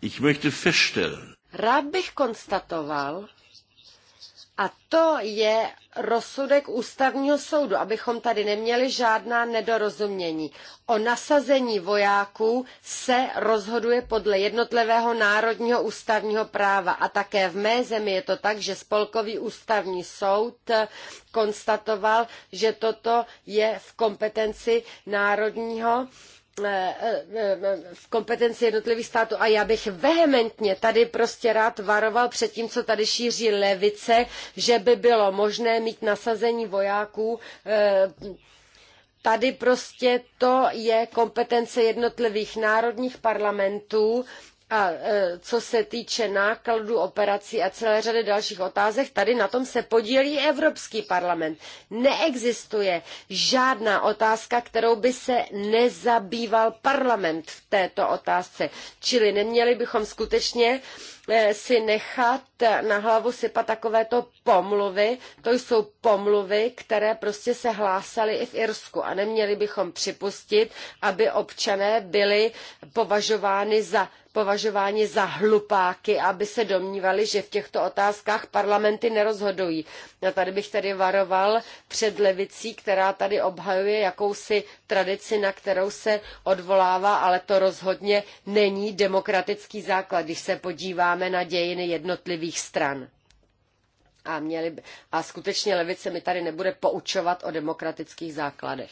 Ich möchte feststellen. Rád bych konstatoval, a to je rozsudek ústavního soudu, abychom tady neměli žádná nedorozumění. O nasazení vojáků se rozhoduje podle jednotlivého národního ústavního práva a také v mé zemi je to tak, že spolkový ústavní soud konstatoval, že toto je v kompetenci národního Eh, eh, eh, v kompetenci jednotlivých států. A já bych vehementně tady prostě rád varoval před tím, co tady šíří levice, že by bylo možné mít nasazení vojáků Tady prostě to je kompetence jednotlivých národních parlamentů a e, co se týče nákladů operací a celé řady dalších otázek, tady na tom se podílí Evropský parlament. Neexistuje žádná otázka, kterou by se nezabýval parlament v této otázce. Čili neměli bychom skutečně e, si nechat na hlavu sypat takovéto pomluvy. To jsou pomluvy, které prostě se hlásaly i v Irsku a neměli bychom připustit, aby občané byli považováni za považováni za hlupáky, aby se domnívali, že v těchto otázkách parlamenty nerozhodují. A tady bych tedy varoval před levicí, která tady obhajuje jakousi tradici, na kterou se odvolává, ale to rozhodně není demokratický základ, když se podíváme na dějiny jednotlivých stran. A, měli, a skutečně levice mi tady nebude poučovat o demokratických základech.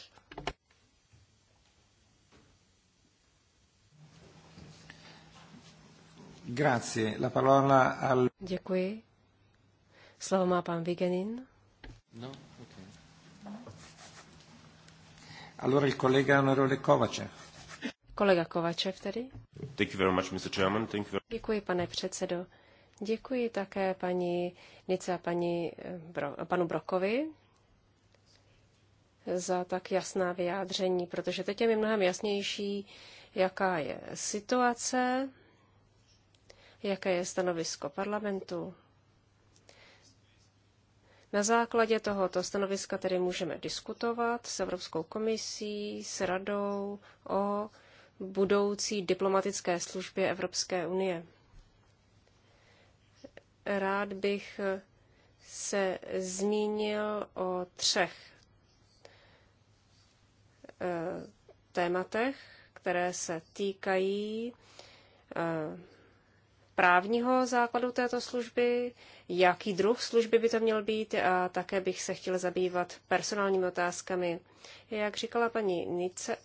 Děkuji. Slovo má pan Vigenin. No, okay. Allora il collega onorevole Kovacev. Kolega Kovacev tedy. Thank you very much, Mr. Chairman. Thank you very... Děkuji, pane předsedo. Děkuji také paní Nice a paní eh, Bro, panu Brokovi za tak jasná vyjádření, protože teď je mi mnohem jasnější, jaká je situace jaké je stanovisko parlamentu. Na základě tohoto stanoviska tedy můžeme diskutovat s Evropskou komisí, s radou o budoucí diplomatické službě Evropské unie. Rád bych se zmínil o třech eh, tématech, které se týkají eh, právního základu této služby, jaký druh služby by to měl být a také bych se chtěl zabývat personálními otázkami. Jak říkala paní Nice,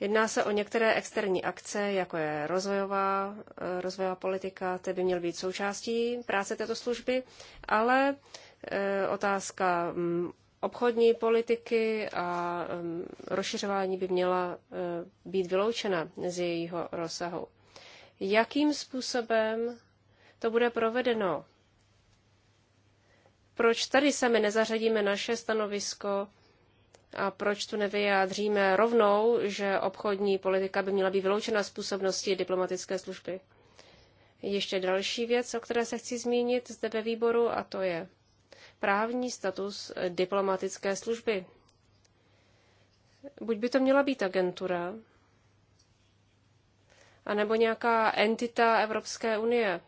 Jedná se o některé externí akce, jako je rozvojová, eh, rozvojová politika, ty by měl být součástí práce této služby, ale eh, otázka mm, obchodní politiky a rozšiřování by měla eh, být vyloučena z jejího rozsahu. Jakým způsobem to bude provedeno? Proč tady sami nezařadíme naše stanovisko a proč tu nevyjádříme rovnou, že obchodní politika by měla být vyloučena z působnosti diplomatické služby? Ještě další věc, o které se chci zmínit zde ve výboru, a to je právní status diplomatické služby. Buď by to měla být agentura, anebo nějaká entita Evropské unie,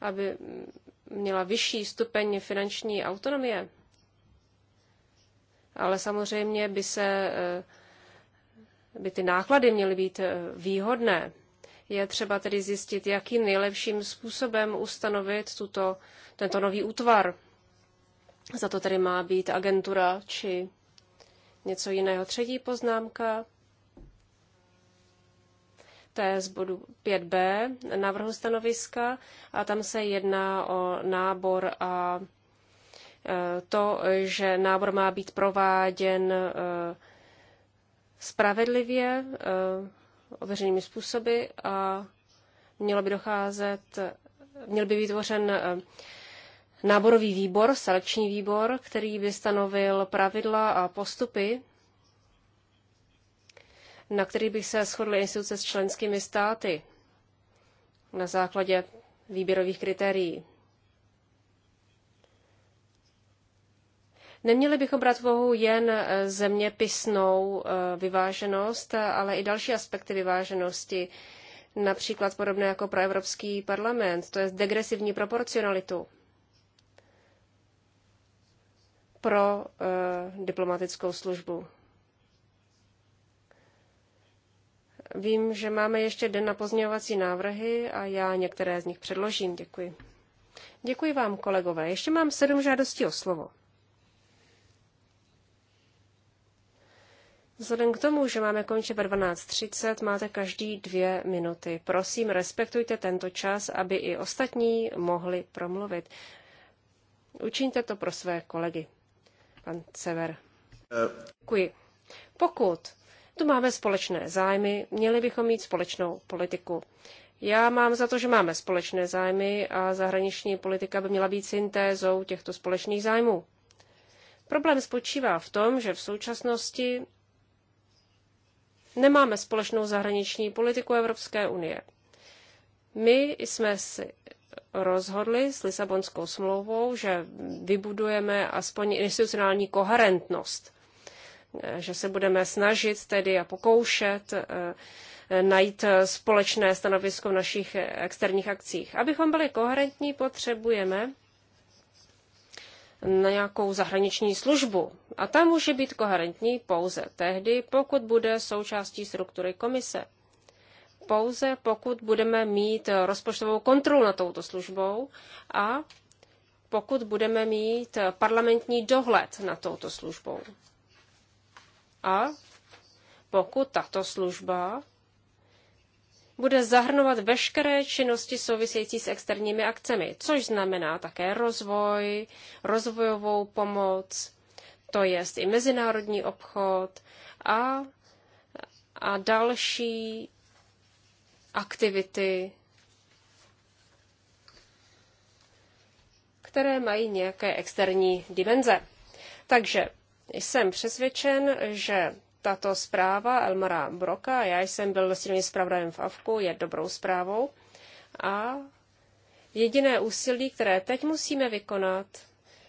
aby měla vyšší stupeň finanční autonomie. Ale samozřejmě by se eh, by ty náklady měly být eh, výhodné. Je třeba tedy zjistit, jakým nejlepším způsobem ustanovit tuto, tento nový útvar. Za to tedy má být agentura či něco jiného. Třetí poznámka, to je z bodu 5b návrhu stanoviska a tam se jedná o nábor a e, to, že nábor má být prováděn e, spravedlivě, e, veřejnými způsoby a mělo by docházet, měl by být vytvořen eh, náborový výbor, selekční výbor, který by stanovil pravidla a postupy, na který by se shodly instituce s členskými státy na základě výběrových kritérií. Neměli bychom brát vohu jen eh, zeměpisnou eh, vyváženost, ale i další aspekty vyváženosti, například podobné jako pro Evropský parlament, to je degresivní proporcionalitu pro uh, diplomatickou službu. Vím, že máme ještě den na pozměňovací návrhy a já některé z nich předložím. Děkuji. Děkuji vám, kolegové. Ještě mám sedm žádostí o slovo. Vzhledem k tomu, že máme končit ve 12.30, máte každý dvě minuty. Prosím, respektujte tento čas, aby i ostatní mohli promluvit. Učiňte to pro své kolegy. Pan Sever. Děkuji. Pokud tu máme společné zájmy, měli bychom mít společnou politiku. Já mám za to, že máme společné zájmy a zahraniční politika by měla být syntézou těchto společných zájmů. Problém spočívá v tom, že v současnosti Nemáme společnou zahraniční politiku Evropské unie. My jsme si rozhodli s Lisabonskou smlouvou, že vybudujeme aspoň institucionální koherentnost, že se budeme snažit tedy a pokoušet eh, najít společné stanovisko v našich externích akcích. Abychom byli koherentní, potřebujeme na nějakou zahraniční službu. A ta může být koherentní pouze tehdy, pokud bude součástí struktury komise. Pouze pokud budeme mít rozpočtovou kontrolu na touto službou a pokud budeme mít parlamentní dohled na touto službou. A pokud tato služba bude zahrnovat veškeré činnosti související s externími akcemi, což znamená také rozvoj, rozvojovou pomoc, to je i mezinárodní obchod a, a další aktivity, které mají nějaké externí dimenze. Takže jsem přesvědčen, že tato zpráva Elmara Broka, já jsem byl silným zpravodajem v AVKu, je dobrou zprávou. A jediné úsilí, které teď musíme vykonat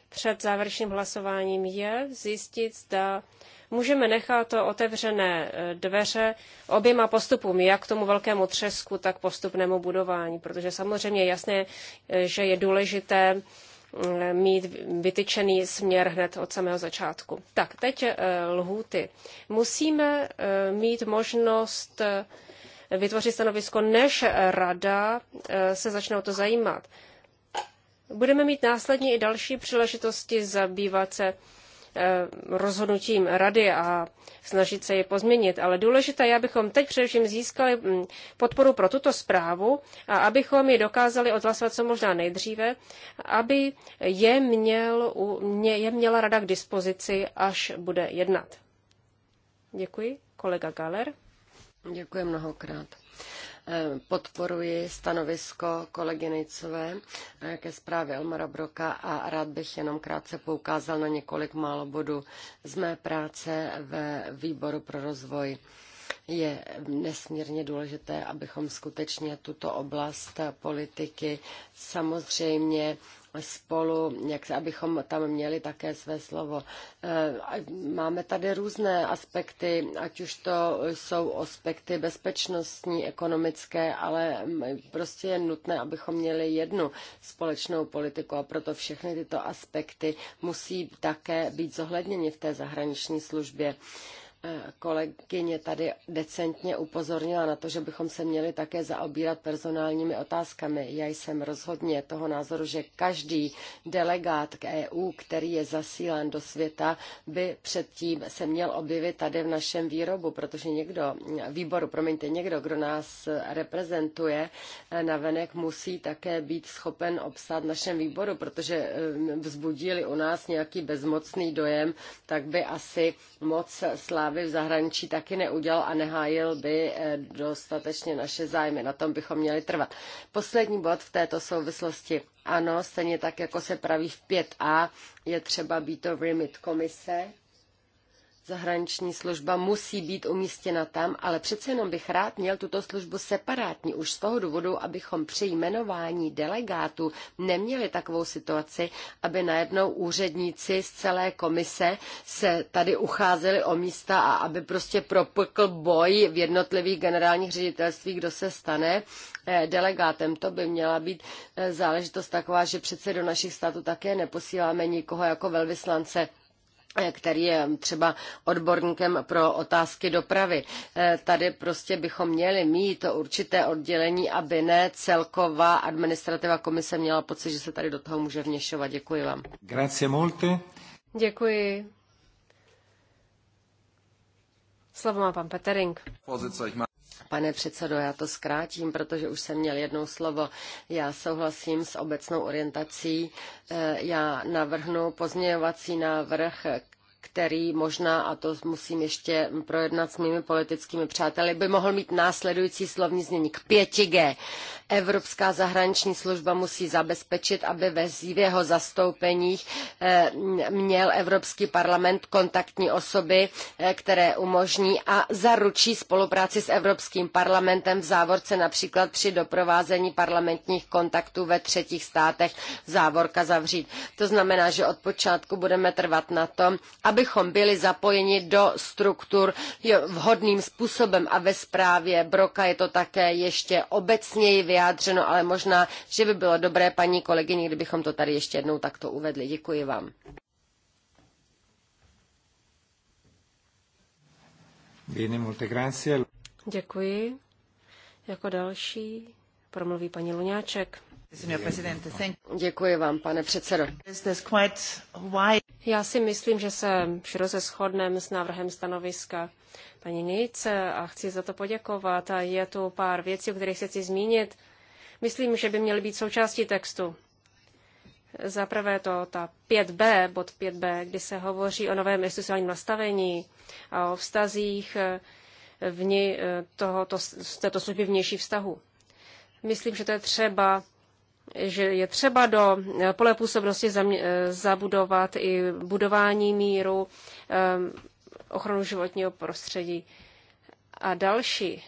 před závěrečným hlasováním, je zjistit, zda můžeme nechat to otevřené eh, dveře oběma postupům, jak tomu velkému třesku, tak postupnému budování, protože samozřejmě je jasné, eh, že je důležité Eh, mít vytyčený směr hned od samého začátku. Tak, teď eh, lhůty. Musíme eh, mít možnost vytvořit stanovisko, než rada se začne o to zajímat. Budeme mít následně i další příležitosti zabývat se Eh, rozhodnutím rady a snažit se je pozměnit. Ale důležité je, abychom teď především získali hm, podporu pro tuto zprávu a abychom ji dokázali odhlasovat co možná nejdříve, aby je, měl, je měla rada k dispozici, až bude jednat. Děkuji. Kolega Galer. Děkuji mnohokrát podporuji stanovisko kolegy Nejcové eh, ke zprávě Elmara Broka a rád bych jenom krátce poukázal na několik málo bodů z mé práce ve výboru pro rozvoj je nesmírně důležité, abychom skutečně tuto oblast politiky samozřejmě spolu, jak se, abychom tam měli také své slovo. Eh, máme tady různé aspekty, ať už to jsou aspekty bezpečnostní, ekonomické, ale mm, prostě je nutné, abychom měli jednu společnou politiku a proto všechny tyto aspekty musí také být zohledněny v té zahraniční službě kolegyně tady decentně upozornila na to, že bychom se měli také zaobírat personálními otázkami. Já jsem rozhodně toho názoru, že každý delegát k EU, který je zasílán do světa, by předtím se měl objevit tady v našem výrobu, protože někdo, výboru, promiňte, někdo, kdo nás reprezentuje navenek, musí také být schopen obsat v našem výboru, protože eh, vzbudili u nás nějaký bezmocný dojem, tak by asi moc slávy by v zahraničí taky neudělal a nehájil by eh, dostatečně naše zájmy. Na tom bychom měli trvat. Poslední bod v této souvislosti. Ano, stejně tak, jako se praví v 5a, je třeba být to v limit komise, zahraniční služba musí být umístěna tam, ale přece jenom bych rád měl tuto službu separátní už z toho důvodu, abychom při jmenování delegátů neměli takovou situaci, aby najednou úředníci z celé komise se tady ucházeli o místa a aby prostě propukl boj v jednotlivých generálních ředitelstvích, kdo se stane eh, delegátem. To by měla být eh, záležitost taková, že přece do našich států také neposíláme nikoho jako velvyslance který je třeba odborníkem pro otázky dopravy. Eh, tady prostě bychom měli mít určité oddělení, aby ne celková administrativa komise měla pocit, že se tady do toho může vněšovat. Děkuji vám. Grazie molte. Děkuji. Slovo má pan Petering. Pane předsedo, já to zkrátím, protože už jsem měl jednou slovo. Já souhlasím s obecnou orientací. Eh, já navrhnu pozměňovací návrh který možná, a to musím ještě projednat s mými politickými přáteli, by mohl mít následující slovní znění k 5G. Evropská zahraniční služba musí zabezpečit, aby ve v jeho zastoupeních eh, měl Evropský parlament kontaktní osoby, eh, které umožní a zaručí spolupráci s Evropským parlamentem v závorce například při doprovázení parlamentních kontaktů ve třetích státech závorka zavřít. To znamená, že od počátku budeme trvat na tom, aby abychom byli zapojeni do struktur vhodným způsobem a ve zprávě Broka je to také ještě obecněji vyjádřeno, ale možná, že by bylo dobré, paní kolegyně, kdybychom to tady ještě jednou takto uvedli. Děkuji vám. Děkuji. Jako další promluví paní Luňáček. Děkuji vám, pane předsedo. Já si myslím, že se široce shodneme s návrhem stanoviska paní Nice a chci za to poděkovat. A je tu pár věcí, o kterých se chci zmínit. Myslím, že by měly být součástí textu. Za prvé to ta 5b, bod 5b, kdy se hovoří o novém institucionálním nastavení a o vztazích eh, eh, této služby vnější vztahu. Myslím, že to je třeba že je třeba do eh, pole působnosti eh, zabudovat i budování míru, eh, ochranu životního prostředí a další.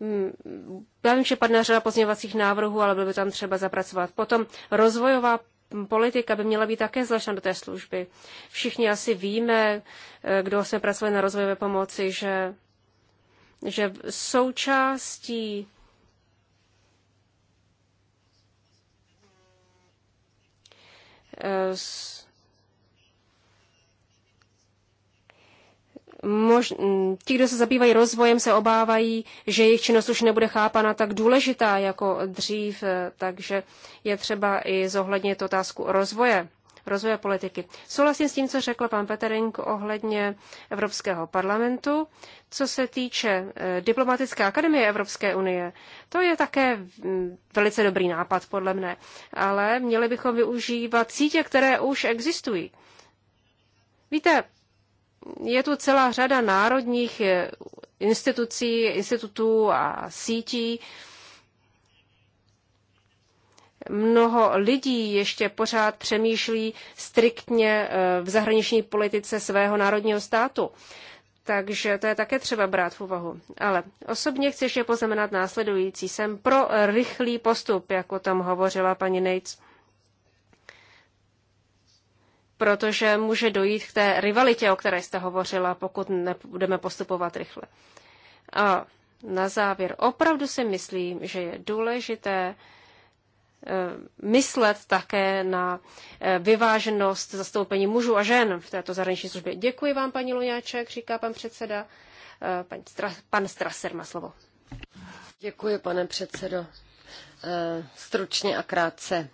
Hmm, já vím, že padne řada pozměňovacích návrhů, ale bylo by tam třeba zapracovat. Potom rozvojová politika by měla být také zlačena do té služby. Všichni asi víme, kdo jsme pracovali na rozvojové pomoci, že, že součástí mož, ti, kdo se zabývají rozvojem, se obávají, že jejich činnost už nebude chápana tak důležitá jako dřív, takže je třeba i zohlednit otázku rozvoje rozvoje politiky. Souhlasím s tím, co řekl pan Petering ohledně Evropského parlamentu. Co se týče eh, Diplomatické akademie Evropské unie, to je také mm, velice dobrý nápad, podle mne. Ale měli bychom využívat sítě, které už existují. Víte, je tu celá řada národních eh, institucí, institutů a sítí, mnoho lidí ještě pořád přemýšlí striktně eh, v zahraniční politice svého národního státu. Takže to je také třeba brát v úvahu. Ale osobně chci ještě poznamenat následující. Jsem pro rychlý postup, jako tam hovořila paní Nates. Protože může dojít k té rivalitě, o které jste hovořila, pokud nebudeme postupovat rychle. A na závěr, opravdu si myslím, že je důležité Eh, myslet také na eh, vyváženost zastoupení mužů a žen v této zahraniční službě. Děkuji vám, paní Luňáček, říká pan předseda. Eh, pan, Stra- pan Strasser má slovo. Děkuji, pane předsedo. Stručně a krátce.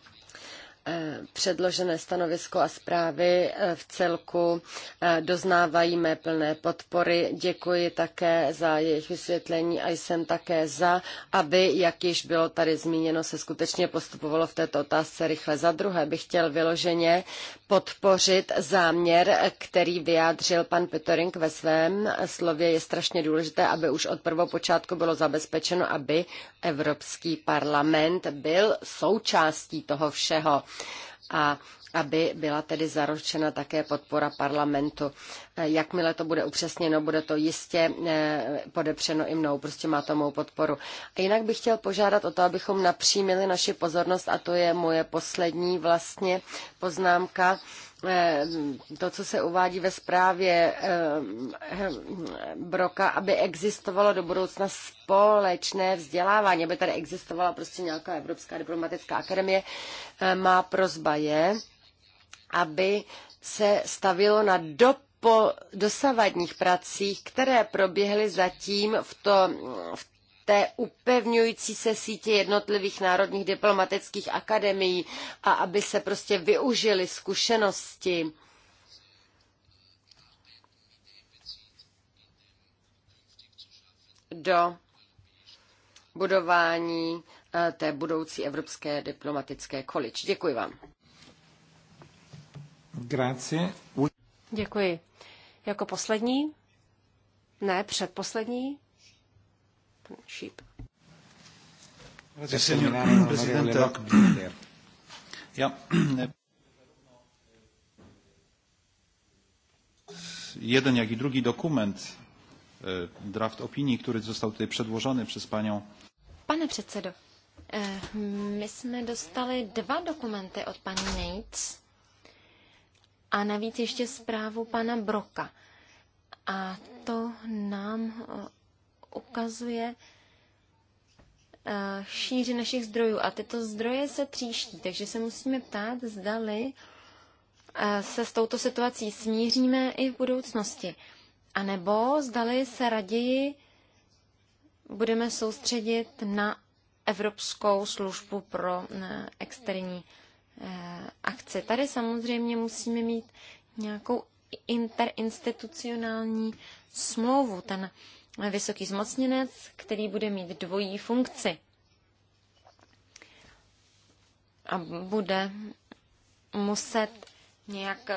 Eh, předložené stanovisko a zprávy eh, v celku eh, doznávají mé plné podpory. Děkuji také za jejich vysvětlení a jsem také za, aby, jak již bylo tady zmíněno, se skutečně postupovalo v této otázce rychle. Za druhé bych chtěl vyloženě podpořit záměr, který vyjádřil pan Petering ve svém slově. Je strašně důležité, aby už od prvopočátku bylo zabezpečeno, aby Evropský parlament byl součástí toho všeho a aby byla tedy zaručena také podpora parlamentu. Eh, jakmile to bude upřesněno, bude to jistě eh, podepřeno i mnou, prostě má to mou podporu. A jinak bych chtěl požádat o to, abychom napřímili naši pozornost, a to je moje poslední vlastně poznámka, Eh, to, co se uvádí ve zprávě eh, eh, Broka, aby existovalo do budoucna společné vzdělávání, aby tady existovala prostě nějaká Evropská diplomatická akademie, má prozba je, aby se stavilo na dop po dosavadních pracích, které proběhly zatím v, to, v té upevňující se sítě jednotlivých národních diplomatických akademií a aby se prostě využily zkušenosti. do budování eh, té budoucí Evropské diplomatické količ. Děkuji vám. Grazie. Děkuji. Jako poslední? Ne, předposlední partnership. Jeden, jak i drugi dokument, e, draft opinii, który został tutaj przedłożony przez panią. Pane předsedo, e, my jsme dostali dva dokumenty od paní Nates a navíc ještě zprávu pana Broka. A to nám ukazuje eh, šíři našich zdrojů. A tyto zdroje se tříští, takže se musíme ptát, zdali eh, se s touto situací smíříme i v budoucnosti. A nebo zdali se raději budeme soustředit na Evropskou službu pro eh, externí akce. Tady samozřejmě musíme mít nějakou interinstitucionální smlouvu. Ten vysoký zmocněnec, který bude mít dvojí funkci a bude muset nějak eh,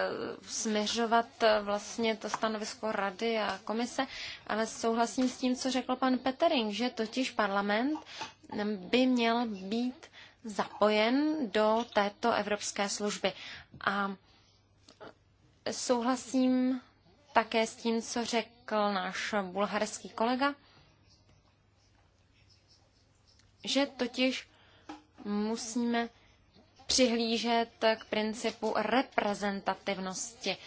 směřovat eh, vlastně to stanovisko rady a komise, ale souhlasím s tím, co řekl pan Petering, že totiž parlament by měl být zapojen do této evropské služby. A souhlasím také s tím, co řekl řekl náš bulharský kolega, že totiž musíme přihlížet k principu reprezentativnosti,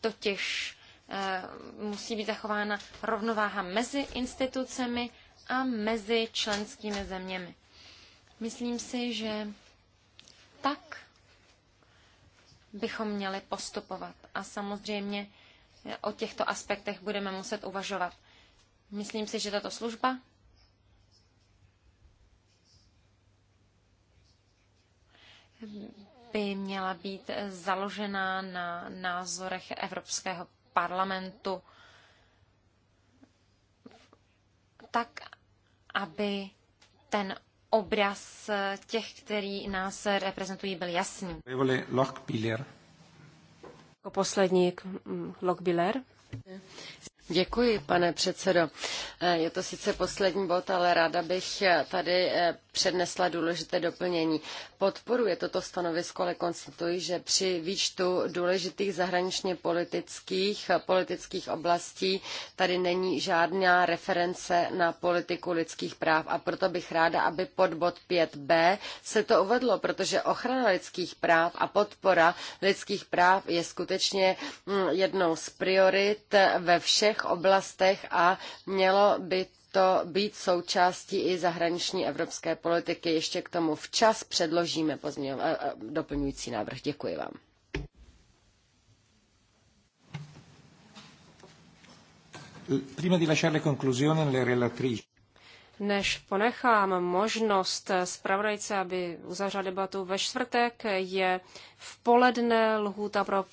totiž eh, musí být zachována rovnováha mezi institucemi a mezi členskými zeměmi. Myslím si, že tak bychom měli postupovat. A samozřejmě o těchto aspektech budeme muset uvažovat. Myslím si, že tato služba by měla být založena na názorech Evropského parlamentu tak, aby ten obraz těch, který nás reprezentují, byl jasný. Jako poslední Lokbiller. Děkuji, pane předsedo. Eh, je to sice poslední bod, ale ráda bych eh, tady eh, přednesla důležité doplnění. Podporuje toto stanovisko, ale konstatuji, že při výčtu důležitých zahraničně politických, politických oblastí tady není žádná reference na politiku lidských práv a proto bych ráda, aby pod bod 5b se to uvedlo, protože ochrana lidských práv a podpora lidských práv je skutečně mm, jednou z priorit ve všech všech oblastech a mělo by to být součástí i zahraniční evropské politiky. Ještě k tomu včas předložíme pozměňov, doplňující návrh. Děkuji vám. Prima di lasciare le conclusioni alle Než ponechám možnost zpravodajce, aby uzavřela debatu ve čtvrtek, je v poledne lhůta pro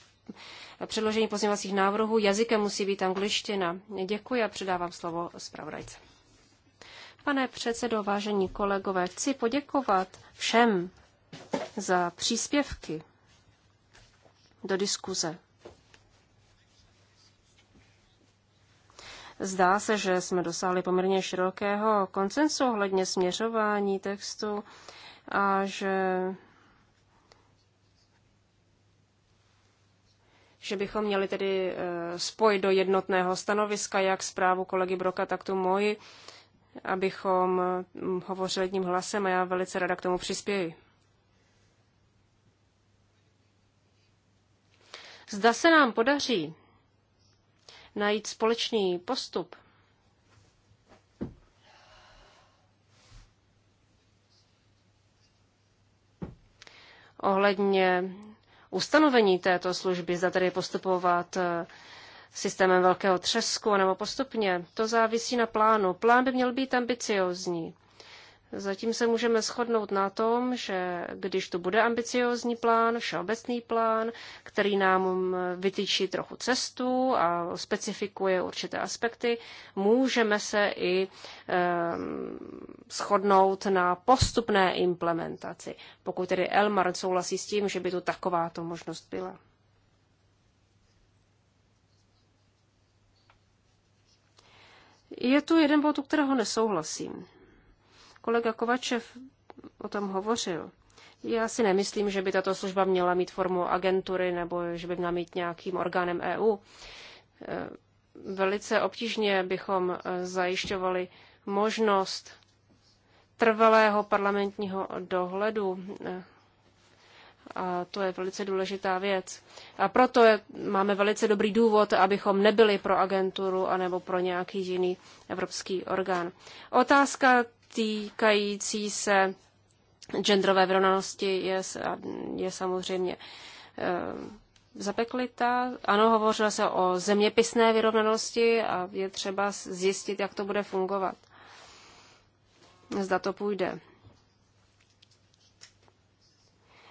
předložení pozměňovacích návrhů. Jazykem musí být angličtina. Děkuji a předávám slovo zpravodajce. Pane předsedo, vážení kolegové, chci poděkovat všem za příspěvky do diskuze. Zdá se, že jsme dosáhli poměrně širokého koncensu ohledně směřování textu a že že bychom měli tedy eh, spojit do jednotného stanoviska jak zprávu kolegy Broka, tak tu moji, abychom hm, hovořili jedním hlasem a já velice rada k tomu přispěji. Zda se nám podaří najít společný postup, ohledně ustanovení této služby, zda tedy postupovat eh, systémem velkého třesku nebo postupně, to závisí na plánu. Plán by měl být ambiciozní. Zatím se můžeme shodnout na tom, že když to bude ambiciózní plán, všeobecný plán, který nám vytyčí trochu cestu a specifikuje určité aspekty, můžeme se i eh, shodnout na postupné implementaci, pokud tedy Elmar souhlasí s tím, že by tu takováto možnost byla. Je tu jeden bod, u kterého nesouhlasím. Kolega Kovačev o tom hovořil. Já si nemyslím, že by tato služba měla mít formu agentury nebo že by měla mít nějakým orgánem EU. E, velice obtížně bychom e, zajišťovali možnost trvalého parlamentního dohledu. E, a to je velice důležitá věc. A proto je, máme velice dobrý důvod, abychom nebyli pro agenturu anebo pro nějaký jiný evropský orgán. Otázka týkající se genderové vyrovnanosti je, je samozřejmě eh, zapeklita. Ano, hovořilo se o zeměpisné vyrovnanosti a je třeba zjistit, jak to bude fungovat. Zda to půjde.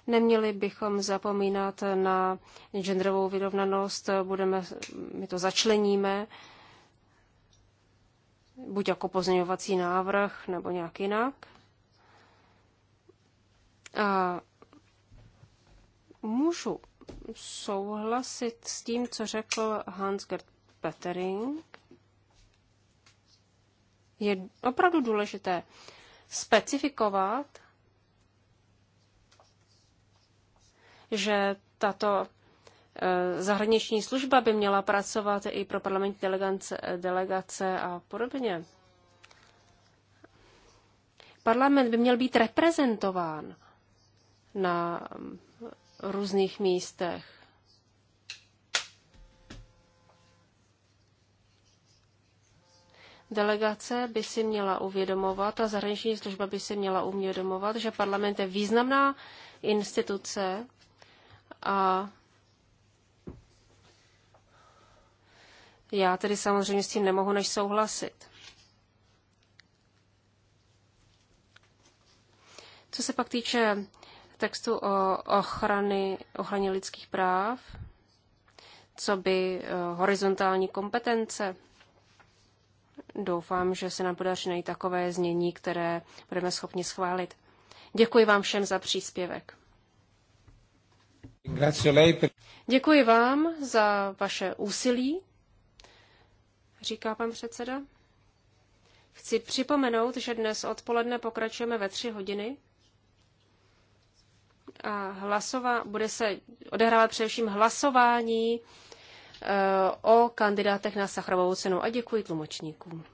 Neměli bychom zapomínat na genderovou vyrovnanost, budeme, my to začleníme buď jako pozměňovací návrh nebo nějak jinak. A můžu souhlasit s tím, co řekl Hans-Gerd Petering. Je opravdu důležité specifikovat, že tato Eh, zahraniční služba by měla pracovat i pro parlamentní delegace, delegace a podobně. Parlament by měl být reprezentován na mm, různých místech. Delegace by si měla uvědomovat a zahraniční služba by si měla uvědomovat, že parlament je významná instituce a Já tedy samozřejmě s tím nemohu než souhlasit. Co se pak týče textu o ochrany, ochraně lidských práv, co by eh, horizontální kompetence, doufám, že se nám podaří najít takové znění, které budeme schopni schválit. Děkuji vám všem za příspěvek. Děkuji vám za vaše úsilí říká pan předseda. Chci připomenout, že dnes odpoledne pokračujeme ve tři hodiny a hlasová, bude se odehrávat především hlasování eh, o kandidátech na Sacharovou cenu a děkuji tlumočníkům.